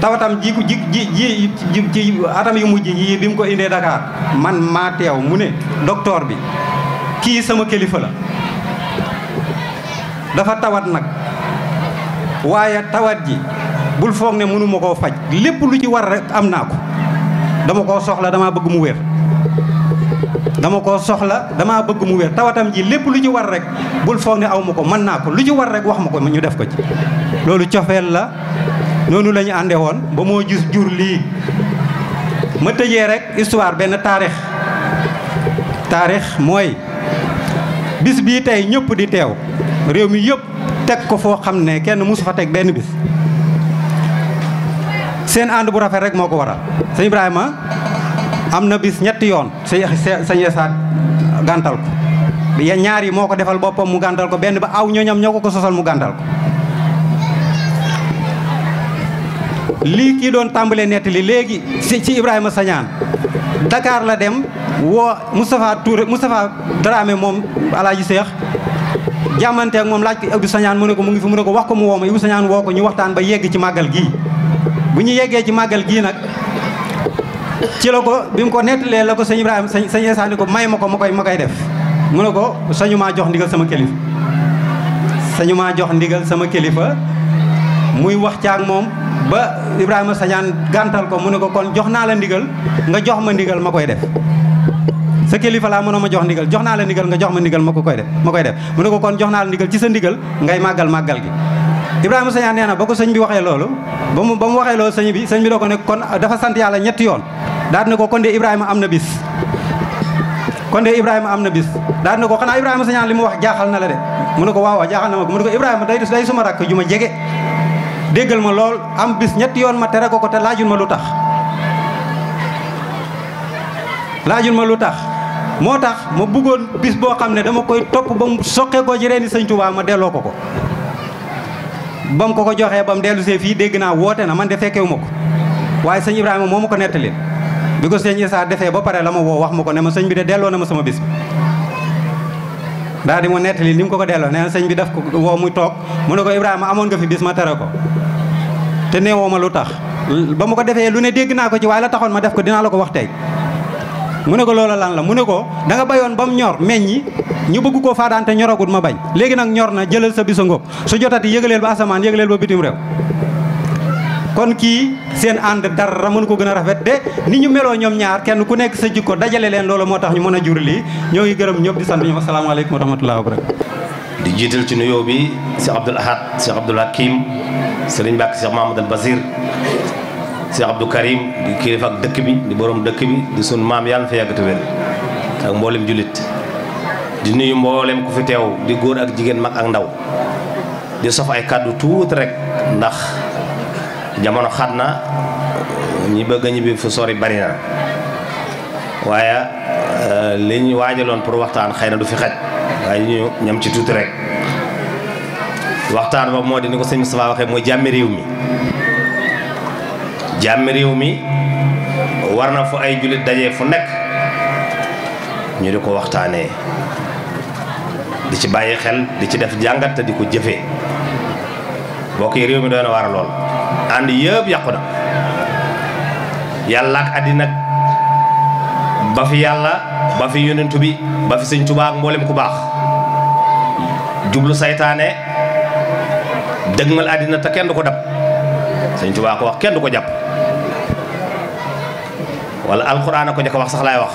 tawatam ji ji ji ji ji atam yu mujj yi bi mu ko indee Dakar man maa teew mu ne docteur bi kii sama kilifa la dafa tawat nag waaye tawat ji bul foog ne mënuma koo faj lépp lu ci war rek am naa ko dama koo soxla damaa bëgg mu wér dama koo soxla damaa bëgg mu wér tawatam ji lépp lu ci war rek bul foog ne aw ma ko mën naa ko lu ci war rek wax ma ko ñu def ko ci loolu cofeel la noonu la àndee woon ba moo gis jur lii ma tëjee rek histoire benn taarix taarix mooy bis bii tey ñëpp di teew réew mi yëpp teg ko foo xam ne kenn mësu fa teg benn bis seen ànd bu rafet rek moo ko waral sëñ Ibrahima am na bis ñetti yoon sëñ sëñ Saat gàntal ko ya ñaar yi moo ko defal boppam mu gàntal ko benn ba aw ñooñam ñoo ko ko sosal mu gàntal ko lii kii doon tàmbalee nettali léegi ci ci Ibrahima Sañaan Dakar la dem woo Moustapha Touré Moustapha Dramé moom Alaaji Seex jàmmante moom laaj ko Abdou Sañaan mu ne ko mu ngi fi mu ne ko wax ko mu woo ma Ibou Sañaan woo ko ñu waxtaan ba yegg ci màggal gii bu ñu yeggee ci màggal gii nag ci la ko bi mu ko nettalee la ko sëñ Ibrahima sëñ sëñ Esaani ko may ma ko ma koy ma koy def mu ne ko sañu maa jox ndigal sama kilifa sañu maa jox ndigal sama kilifa muy wax ca moom ba Ibrahima Sañaan gàntal ko mu ne ko kon jox naa la ndigal nga jox ma ndigal ma koy def sa kilifa laa mënoo ma jox ndigal jox naa la ndigal nga jox ma ndigal ma ko koy def ma koy def mu ne ko kon jox naa la ndigal ci sa ndigal ngay màggal màggal gi Ibrahima Sagnane nee na ba ko sëñ bi waxee loolu ba mu ba mu waxee loolu sëñ bi sëñ bi doo ko ne kon dafa sant yàlla ñetti yoon daa ne ko kon de Ibrahima am na bis kon de Ibrahima am na bis daal ne ko xanaa Ibrahima Sagnane li mu wax jaaxal na la de mu ne ko waaw waaw jaaxal na ma ko mu ne ko Ibrahima day day suma rakk ju ma jege déggal ma lool am bis ñetti yoon ma tere ko ko te laajul ma lu tax ma lu tax moo tax ma buggoon bis boo xam ne dama koy topp ba mu soqeekoo ci reeni sëñ Tuubaa ma delloo ko ko ba mu ko ko joxee ba mu dellusee fii dégg naa woote na man de fekkewu ma ko waaye sëñ Ibrahima moo ma ko nettali bi ko sëñ Issa defee ba pare la ma woo wax ma ko ne ma sëñ bi de delloo na ma sama bis bi daal di ma nettali ni mu ko ko delloo nee na sëñ bi def ko woo mu toog mu ne ko Ibrahima amoon nga fi bis ma tere ko te neewoo ma lu tax ba ma ko defee lu ne dégg naa ko ci waaye la taxoon ma def ko dinaa la ko wax tey mu ne ko loola lan la mu ne ko da bayoon ba mu ñor meññ ñu bëgg ko faadaan te ñoragut ma bañ léegi nag ñor na jëlal sa bisango su jotati yëgaleel ba asamaan yëgaleel ba bitim réew kon kii seen ànd dara mënu ko gën a rafet de ni ñu meloo ñoom ñaar kenn ku nekk sa jikko dajale leen loolu moo tax ñu mën a jur lii ñoo ngi gërëm ñëpp di sant ñoom asalaamaaleykum wa rahmatulah wa barakatu di jiital ci nuyoo bi Cheikh Abdoul Ahad Cheikh Abdoul Hakim Serigne Mbacke Cheikh Mahamadou Al Basir Cheikh Abdou Karim di kilifa dëkk bi di borom dëkk bi di sun maam yàlla na fa yàggatu wér ak mboolem jullit di nuyu mboolem ku fi teew di góor ak jigéen mag ak ndaw di sof ay kàddu tuut rek ndax jamono xat na ñi bëgg a ñibbi fu sori bari na waaye eh, li ñu waajaloon pour waxtaan xëy na du fi xaj waaye ñu ñam ci tuuti rek waxtaan ba moo di ni ko sëñ Moustapha waxee mooy jàmmi réew mi jàmmi réew mi war na fu ay jullit daje fu nekk ñu di ko waxtaanee di ci bàyyi xel di ci def jàngat di ko jëfe mbokk yi réew mi doy na war a lool ànd yépp yàqu na yàlla àddina ba fi yàlla ba fi yonentu bi ba fi sëñ Tuubaa ak mboolem ku baax jublu saytaane dëgmal àddina te kenn du ko dab sëñ Tuubaa ko wax kenn du ko jàpp wala alquran a ko njëkk wax sax laay wax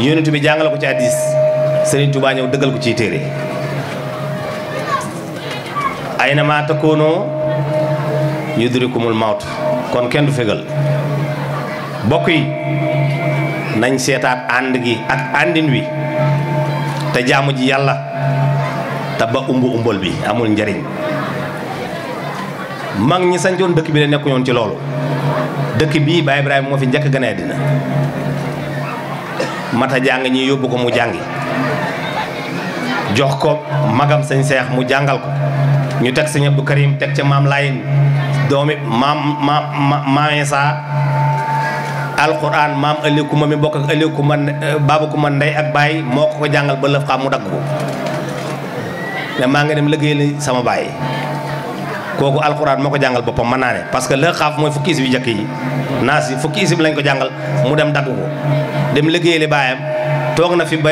yonent bi jàngale ko ci hadis Serigne Touba ñëw dëggal ko ciy téere ay na maa takkoonoo yudrikumul mawt kon kenn du fégal bokk yi nañ seetaan ànd ak àndin wi te jaamu ji yàlla te ba umb umbal bi amul njariñ mag ñi sañcoon dëkk bi la nekkuñoon ci loolu dëkk bii Baye Ibrahima moo fi njëkk gane àddina mata jàng ñi yóbbu ko mu jàngi jox ko magam sëñ seex mu jàngal ko ñu teg sëñ Abdou Karim teg ca maam Layen doomi maam maam maam saa alquran maam Aliou Kouma mi bokk ak Aliou Kouma Baba Kouma ndey ak baay moo ko ko jàngal ba lëf xam mu dagg ko mais maa ngi dem liggéeyal sama baay kooku alxuraan moo ko jàngal boppam mën naa ne parce que la xaaf mooy fukki isib yu njëkk yi naas yi fukki isib lañ ko jàngal mu dem dagg ko dem liggéeyale baayam toog na fi ba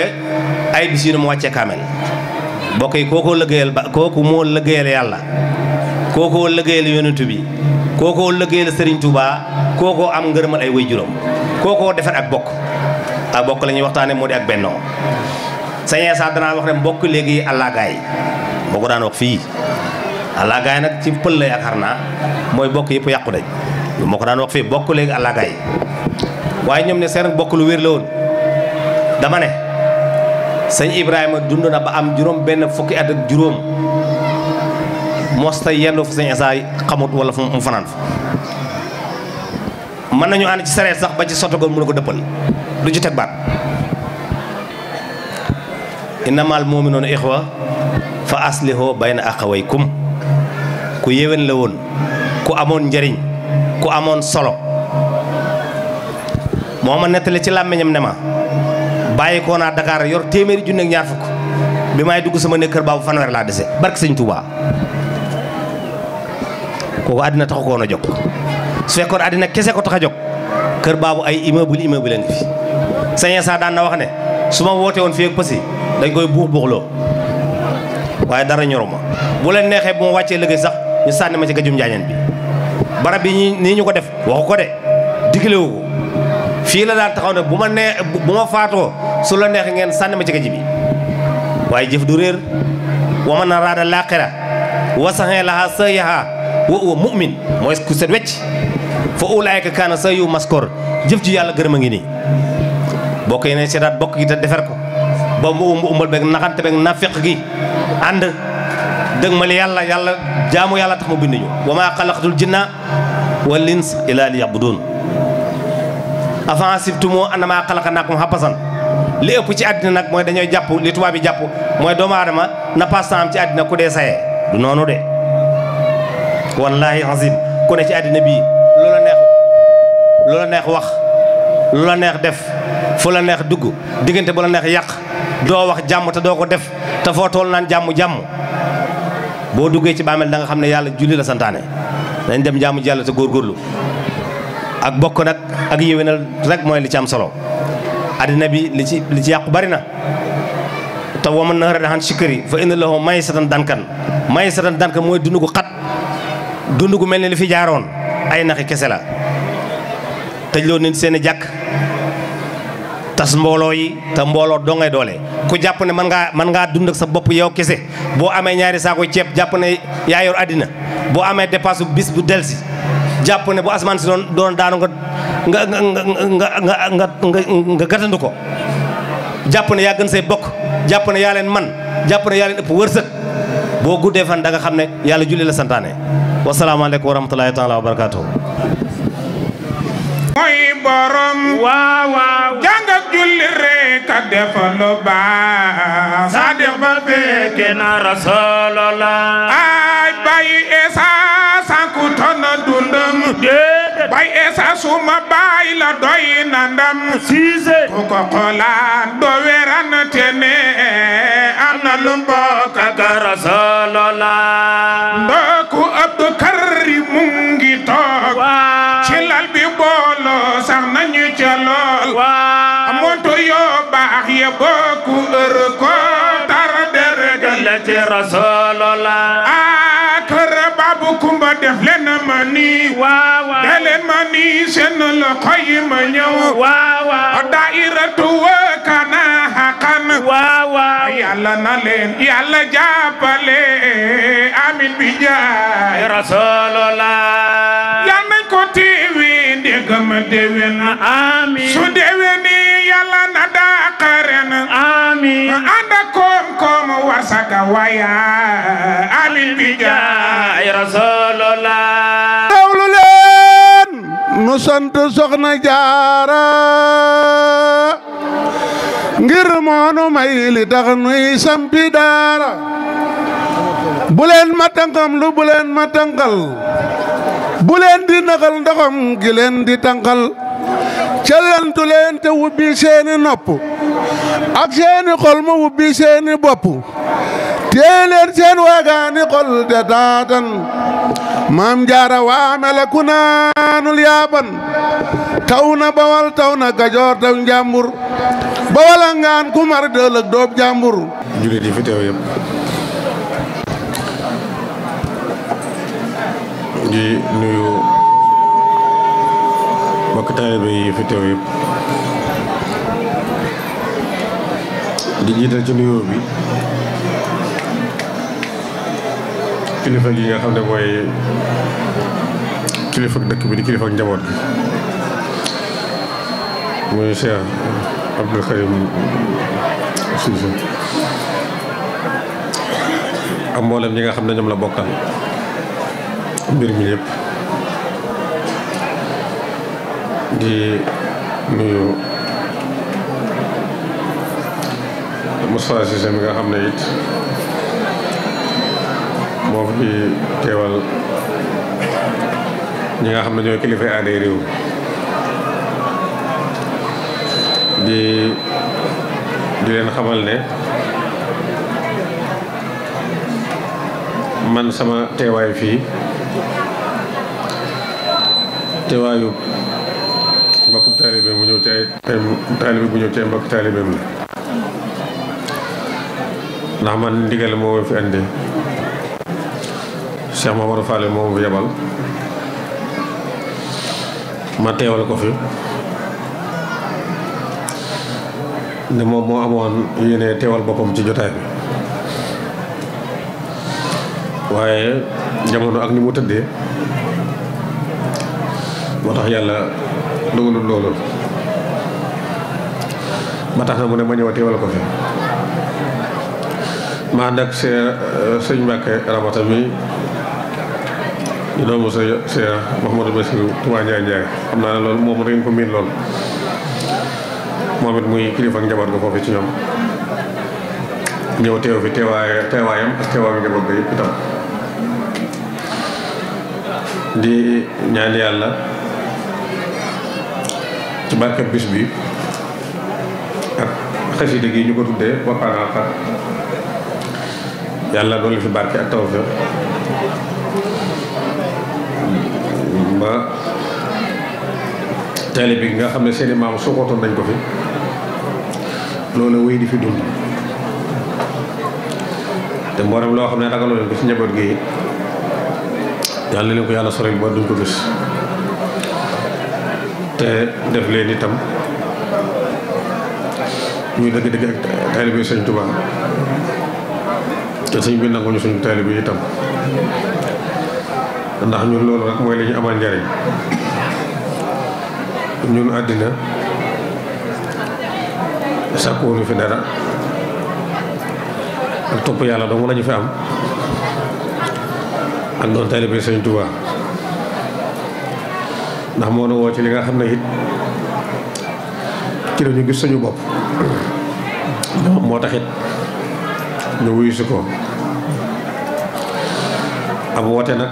ay bis yu ne mu wàccee kaamel mbokk yi ba kooku moo liggéeyal yàlla kookoo liggéeyal yonent bi kookoo liggéeyal Serigne Touba kookoo am ngërëmal ay way juróom kookoo defar ak bokk ak bokk lañuy ñuy waxtaane moo di ak bennoo sañee sa danaa wax ne mbokk léegi àllaagaay moo ko daan wax fii allagaay nag ci pël la yaakaar naa mooy bokk yépp yàqu dañ lu moo ko daan wax fii bokk léegi allagaay waaye ñoom ne seen bokk lu wér la woon dama ne sëñ Ibrahima dund na ba am juróom benn fukki at ak juróom mosta yendu fa sëñ Isaa xamut wala fu mu fanaan fa mën nañu ànd ci sareet sax ba ci sotogoon mu ne ko dëppal du ci teg baat innamal mu'minuuna ixwa fa aslihoo bayna axawaykum ku la woon ku amoon njëriñ ku amoon solo moo ma nettali ci làmmiñam ne ma bàyyi koo naa Dakar yor téeméeri junne ak ñaar fukk dugg sama nekk kër baabu fanweer laa dese barke sëñ Touba kooku àddina taxu ko a jóg su fekkoon àddina kese ko tax a jóg kër baabu ay immeuble immeuble a ngi fi sañee saa daan na wax ne su ma woote woon fii pësi dañ koy buux buuxloo waaye dara ñoruma bu leen neexee bu ma wàccee liggéey sax ñu sànni ma ci gajum njaañeen bi barab bi nii ñu ko def waxu ko de diglewu ko fii la daan taxaw ne bu ma nee bu ma faatoo su la neex ngeen sànni ma ci gaji bi waaye jëf du réer wa man araada laaxira wa saxee sa sayyahaa wa huwa mu'min mooy ku set wecc fa ulaayka kaana sayyu maskoor jëf ji yàlla gërëm a ngi nii bokk yi ne seetaat bokk gi te defer ko ba mu umbal beeg naxante beeg nafiq gi ànd ma dëgmal yàlla yàlla jaamu yàlla tax mu bind ñu wa maa xalaqtul jinna wal insa illaa liya'buduun afa hasibtum annamaa xalaqnaakum abasan li ëpp ci àddina nag mooy dañooy jàpp li tubaab yi jàpp mooy doomu aadama na passe am ci àddina ku dee sayee du noonu de wallaahi azim ku ne ci àddina bii lu neex wax lu neex def fu la neex dugg diggante bu la neex yàq doo wax jàmm te doo ko def te foo tool naan jàmm jàmm boo duggee ci bàmmeel danga xam ne yàlla julli la santaane dañ dem jaamu yàlla te góorgóorlu ak bokk nag ak yéwénal rek mooy li ci am solo addina bi li ci li ci yàqu bari na te wa man arada an shukri fa inna lahu maysatan dankan maysatan dankan mooy dund gu xat dund gu mel ni li fi jaaroon ay naxi kese la tëj loo nit seeni i jàkk tas mbooloo yi te mbooloo doo ngay doole ku jàpp ne mën ngaa man ngaa dund sa bopp yow kese boo amee ñaari saako ceeb jàpp ne yaa yor àddina boo amee dépasse bu bis bu delsi jàpp ne bu asmaan si doon doon daanu nga nga nga nga nga nga nga gàttandu ko jàpp ne yaa gën say bokk jàpp ne yaa leen man jàpp ne yaa leen ëpp wërsëg boo guddee fan da nga xam ne yàlla julli la santaane wasalaamaaleykum wa rahmatulahi taala wa barakaatuhu mooy borom waaw julli rek a def lu baax sadiq ba fekke na rasulullah ay bay esa sanku ton dundam bay esa suma bay la doy na ndam ku ko xolaan do weran tene am na lu mbokk ak rasulullah rasulullah a babu kumba def leen ma nii waaw waaw def leen seen loxo yi ma ñëw waaw waaw dairatu kana haqan waaw na leen yàlla jàppale amin bi jaay rasulullah yal nañ ko amiin anda koom koom wasaka waya amiin bi jaay rasulullah nu sant soxna jaara ngir moonu may li nuy sampi daara bu ma tànkam lu bu ma tànkal bu di naxal ndoxam gi leen di tànkal cellantu leen te wubbi seeni nopp ak seeni xol mu wubbi seeni bopp tee leen seen waagaani xol de taatan maam jaara waame la ku yaa Tiwaawan taw na bawal taw na Kajoor taw njàmbur bawal a ngaan ku mar dëlëg doob njàmbur fi teew yëpp di nuyu mbokk taalibe fi teew yëpp di jiital ci nuyoo bi kilifa gi nga xam ne mooy kilifa dëkk bi di kilifa ak njaboot gi muy Cheikh Abdoul Karim Cissé ak mboolem ñi nga xam ne ñoom la bokkal mbir mi yëpp di nuyu Moustapha Cissé mi nga xam ne it moo fi teewal ñi nga xam ne ñooy kilifa aaday réew di di leen xamal ne man sama teewaay fii teewaayu mbokku taalibe ñëw ci ay bu ñëw ci ay taalibeem la ndax man ndigal moo fi andi Cheikh Mamadou Fall moom yabal ma teewal ko fi ne moom moo amoon yéene teewal boppam ci jotaay bi waaye jamono ak ni mu tëddee moo tax yàlla dogalul loolu ba tax na mu ne ma ñëw teewal ko fi maa ànd ak sëñ Mbàkke Ramata mi di doomu sa sa Mouhamadou Bassirou Touba Ndiaye Ndiaye xam naa loolu moom da ngeen ko miin lool moom it muy kilifa ak njaboot ga foofu ci ñoom ñëw teew fi teewaayam ak teewaayu njaboot ga yëpp itam di ñaan yàlla ci barke bis bi ak xasida gi ñu ko tuddee waqaana xat yàlla doon fi barke ak tawfeex taalibe bi nga xam ne seeni maam suuxatoon nañ ko fi loolu wéy di fi dund te mboolem loo xam ne ragaloo leen ko ci njaboot gi yàlla leen ko yàlla soril ba duñ ko gis te def leen itam ñuy dëgg-dëgg ak taalibe bi sëñ Tuubaa te sëñ bi nanguñu suñu taalibe bi itam ndax ñun loolu rek mooy li amal njariñ ñun àddina sàkkuwuñu fi dara ak topp yàlla dong lañu fi am ak doon taalibe Sëñ Tuubaa ndax moo na woo ci li nga xam ne it ci lañu gis suñu bopp moo taxit ñu wuyu ko ab woote nag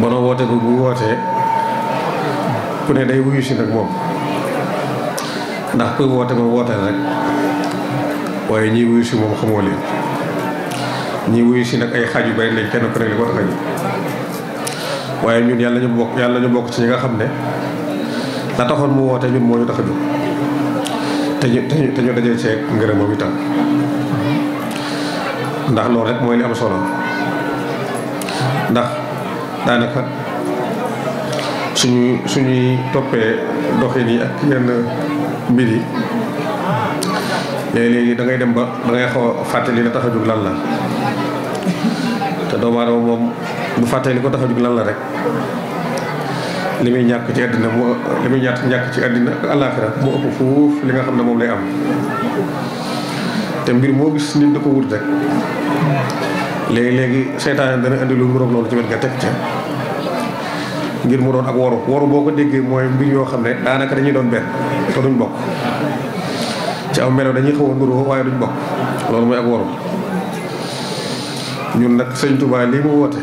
bono woote bu bu wootee ku ne day wuyu si nag moom ndax kuy woote ba woote rek waaye ñii wuyu si moom xamoo li ñii wuyu si nag ay xaaj yu bari lañ kenn ku ne li ko tax ñu waaye ñun yàlla bokk yàlla ñu bokk ci ñi nga xam ne la mu woote ñun moo ñu tax te ñu te ñu te moom itam ndax loolu rek mooy li am solo ndax daanaka. suñu suñuy toppee doxin yi ak yenn mbir yi léegi-léegi da ngay dem ba da ngay xaw a fàttali la tax jóg lan la te doomu aadama moom bu fàttali ko tax jóg lan la rek li muy ñàkk ci àddina mu li muy ñàkk ñàkk ci àddina ak àllaaxira mu ëpp fuuf li nga xam ne moom lay am te mbir moo gis nit da ko wut rek léegi-léegi seytaane dana indi lu loolu ci wet nga teg ca ngir mu doon ak waru waru boo ko déggee mooy mbir yoo xam ne daanaka dañuy doon benn te duñ bokk ci aw melo dañuy xaw a nuroo waaye duñ bokk loolu mooy ak waru ñun nag sëñ Touba lii mu woote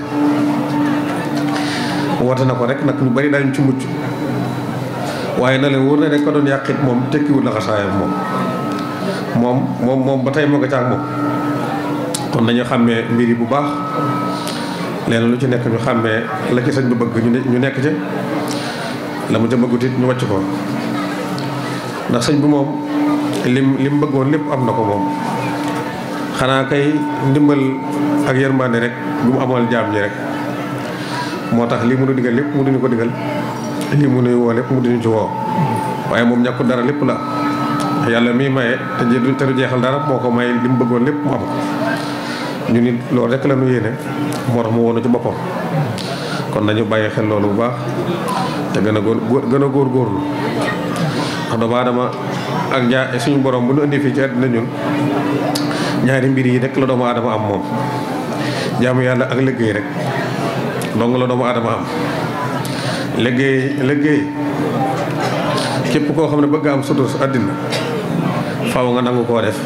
woote na ko rek nag ñu bari daañu ci mucc waaye na leen wóor na rek ko doon yàqit moom tekkiwul la xasaayam moom moom moom moom ba tey moo ko caag moom kon nañu xàmmee mbir yi bu baax nee lu ci nekk ñu xàmmee la ci sëñ bi bëgg ñu nekk ca la mu ca bëggut it ñu wàcc ko ndax sëñ bi moom lim lim bëggoon lépp am na ko moom xanaa kay ndimbal ak yërmande rek bu mu amal jaam ñi rek moo tax lii mënu digal lépp mu duñu ko digal lii mu nuy woo lépp mu duñu ci woo waaye moom ñàkkul dara lépp la yàlla mi maye te du jeexal dara moo ko may li mu bëggoon lépp mu am ko ñu nit loolu rekk la ñu yéene moo tax mu woonu ci boppam kon nañu bàyyi xel loolu bu baax te gën a góor gën a góorgóorlu ndax doomu aadama ak ñaar suñu borom bu ñu indi fii ci àddina ñaari mbir yi rek la doomu aadama am moom jaamu yàlla ak liggéey rek dong la doomu aadama am liggéey liggéey képp koo xam ne bëgg am sutur àddina faw nga nangu koo def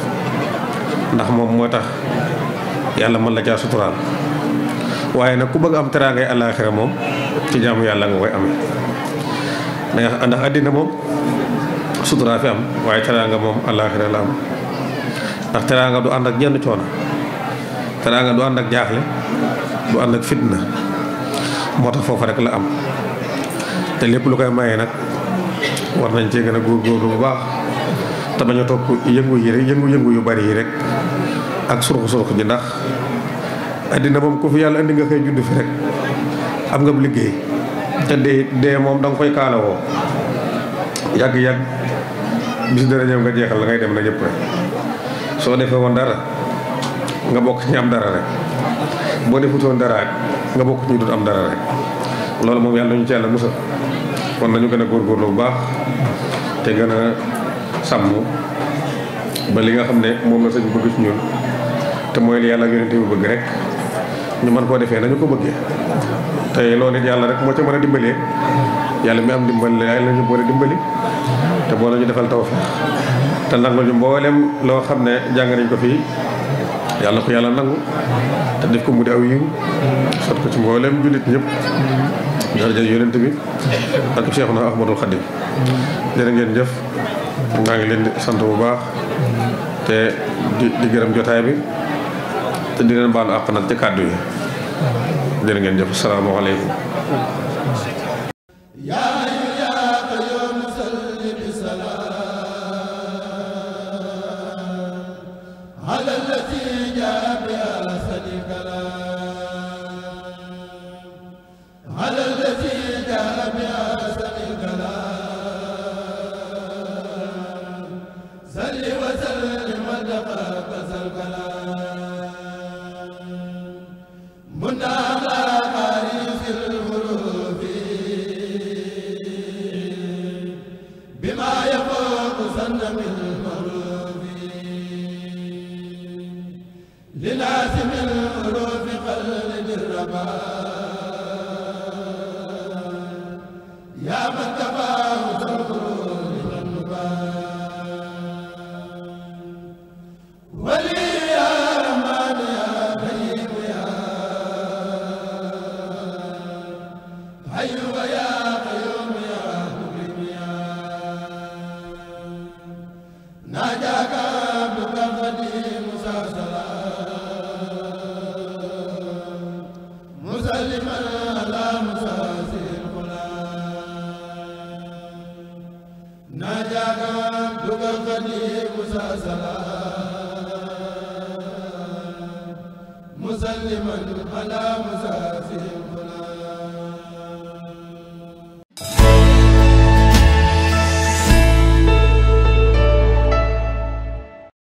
ndax moom moo tax yàlla mën la caa suturaal waaye nag ku bëgg am teraangay àllaaxira moom ci jaamu yàlla nga koy amee ndax ndax àddina moom sutura fi am waaye teraanga moom àllaaxira la am ndax teraanga du ànd ak jenn coono teraanga du ànd ak jaaxle du ànd ak fitna moo tax foofu rek la am te lépp lu koy maye nag war nañ cee gën a góorgóorlu bu baax te bañ a topp yëngu yi rek yëngu-yëngu yu bari yi rek ak surux surux ji ndax addina moom ku fi yàlla indi nga koy judd fi rek am nga liggéey te dee dee moom danga nga koy kaalawoo yàgg yàgg bis dana ñëw nga jeexal la ngay dem na ñëpp rek soo defee woon dara nga bokk ci ñu am dara rek boo defutoon dara nga bokk ci ñu dut am dara rek loolu moom yàlla ñu ci yàlla musal kon nañu gën a góorlu bu baax te gën a sàmm ba li nga xam ne moom la sëñ bëgg ci ñuul te mooy yàlla yonente bi bëgg rek ñu mën koo defee nañu ko bëggee tey loolu it yàlla rek moo ca mën a dimbalee yàlla mi am dimbal yàlla ñu boole dimbali te boo ñu defal tawfeex te nangu ñu loo xam ne jàng nañ ko fii yàlla ko yàlla nangu te def ko mu di aw yiw sot ko ci mboolem jullit ñëpp daraja yonent bi ak Cheikhuna Ahmadul Xadim jërë ngeen jëf maa ngi leen sant bu baax te di di gërëm jotaay bi te di leen baalu àq nag ci kàddu yi jërë ngeen jëf salaamaaleykum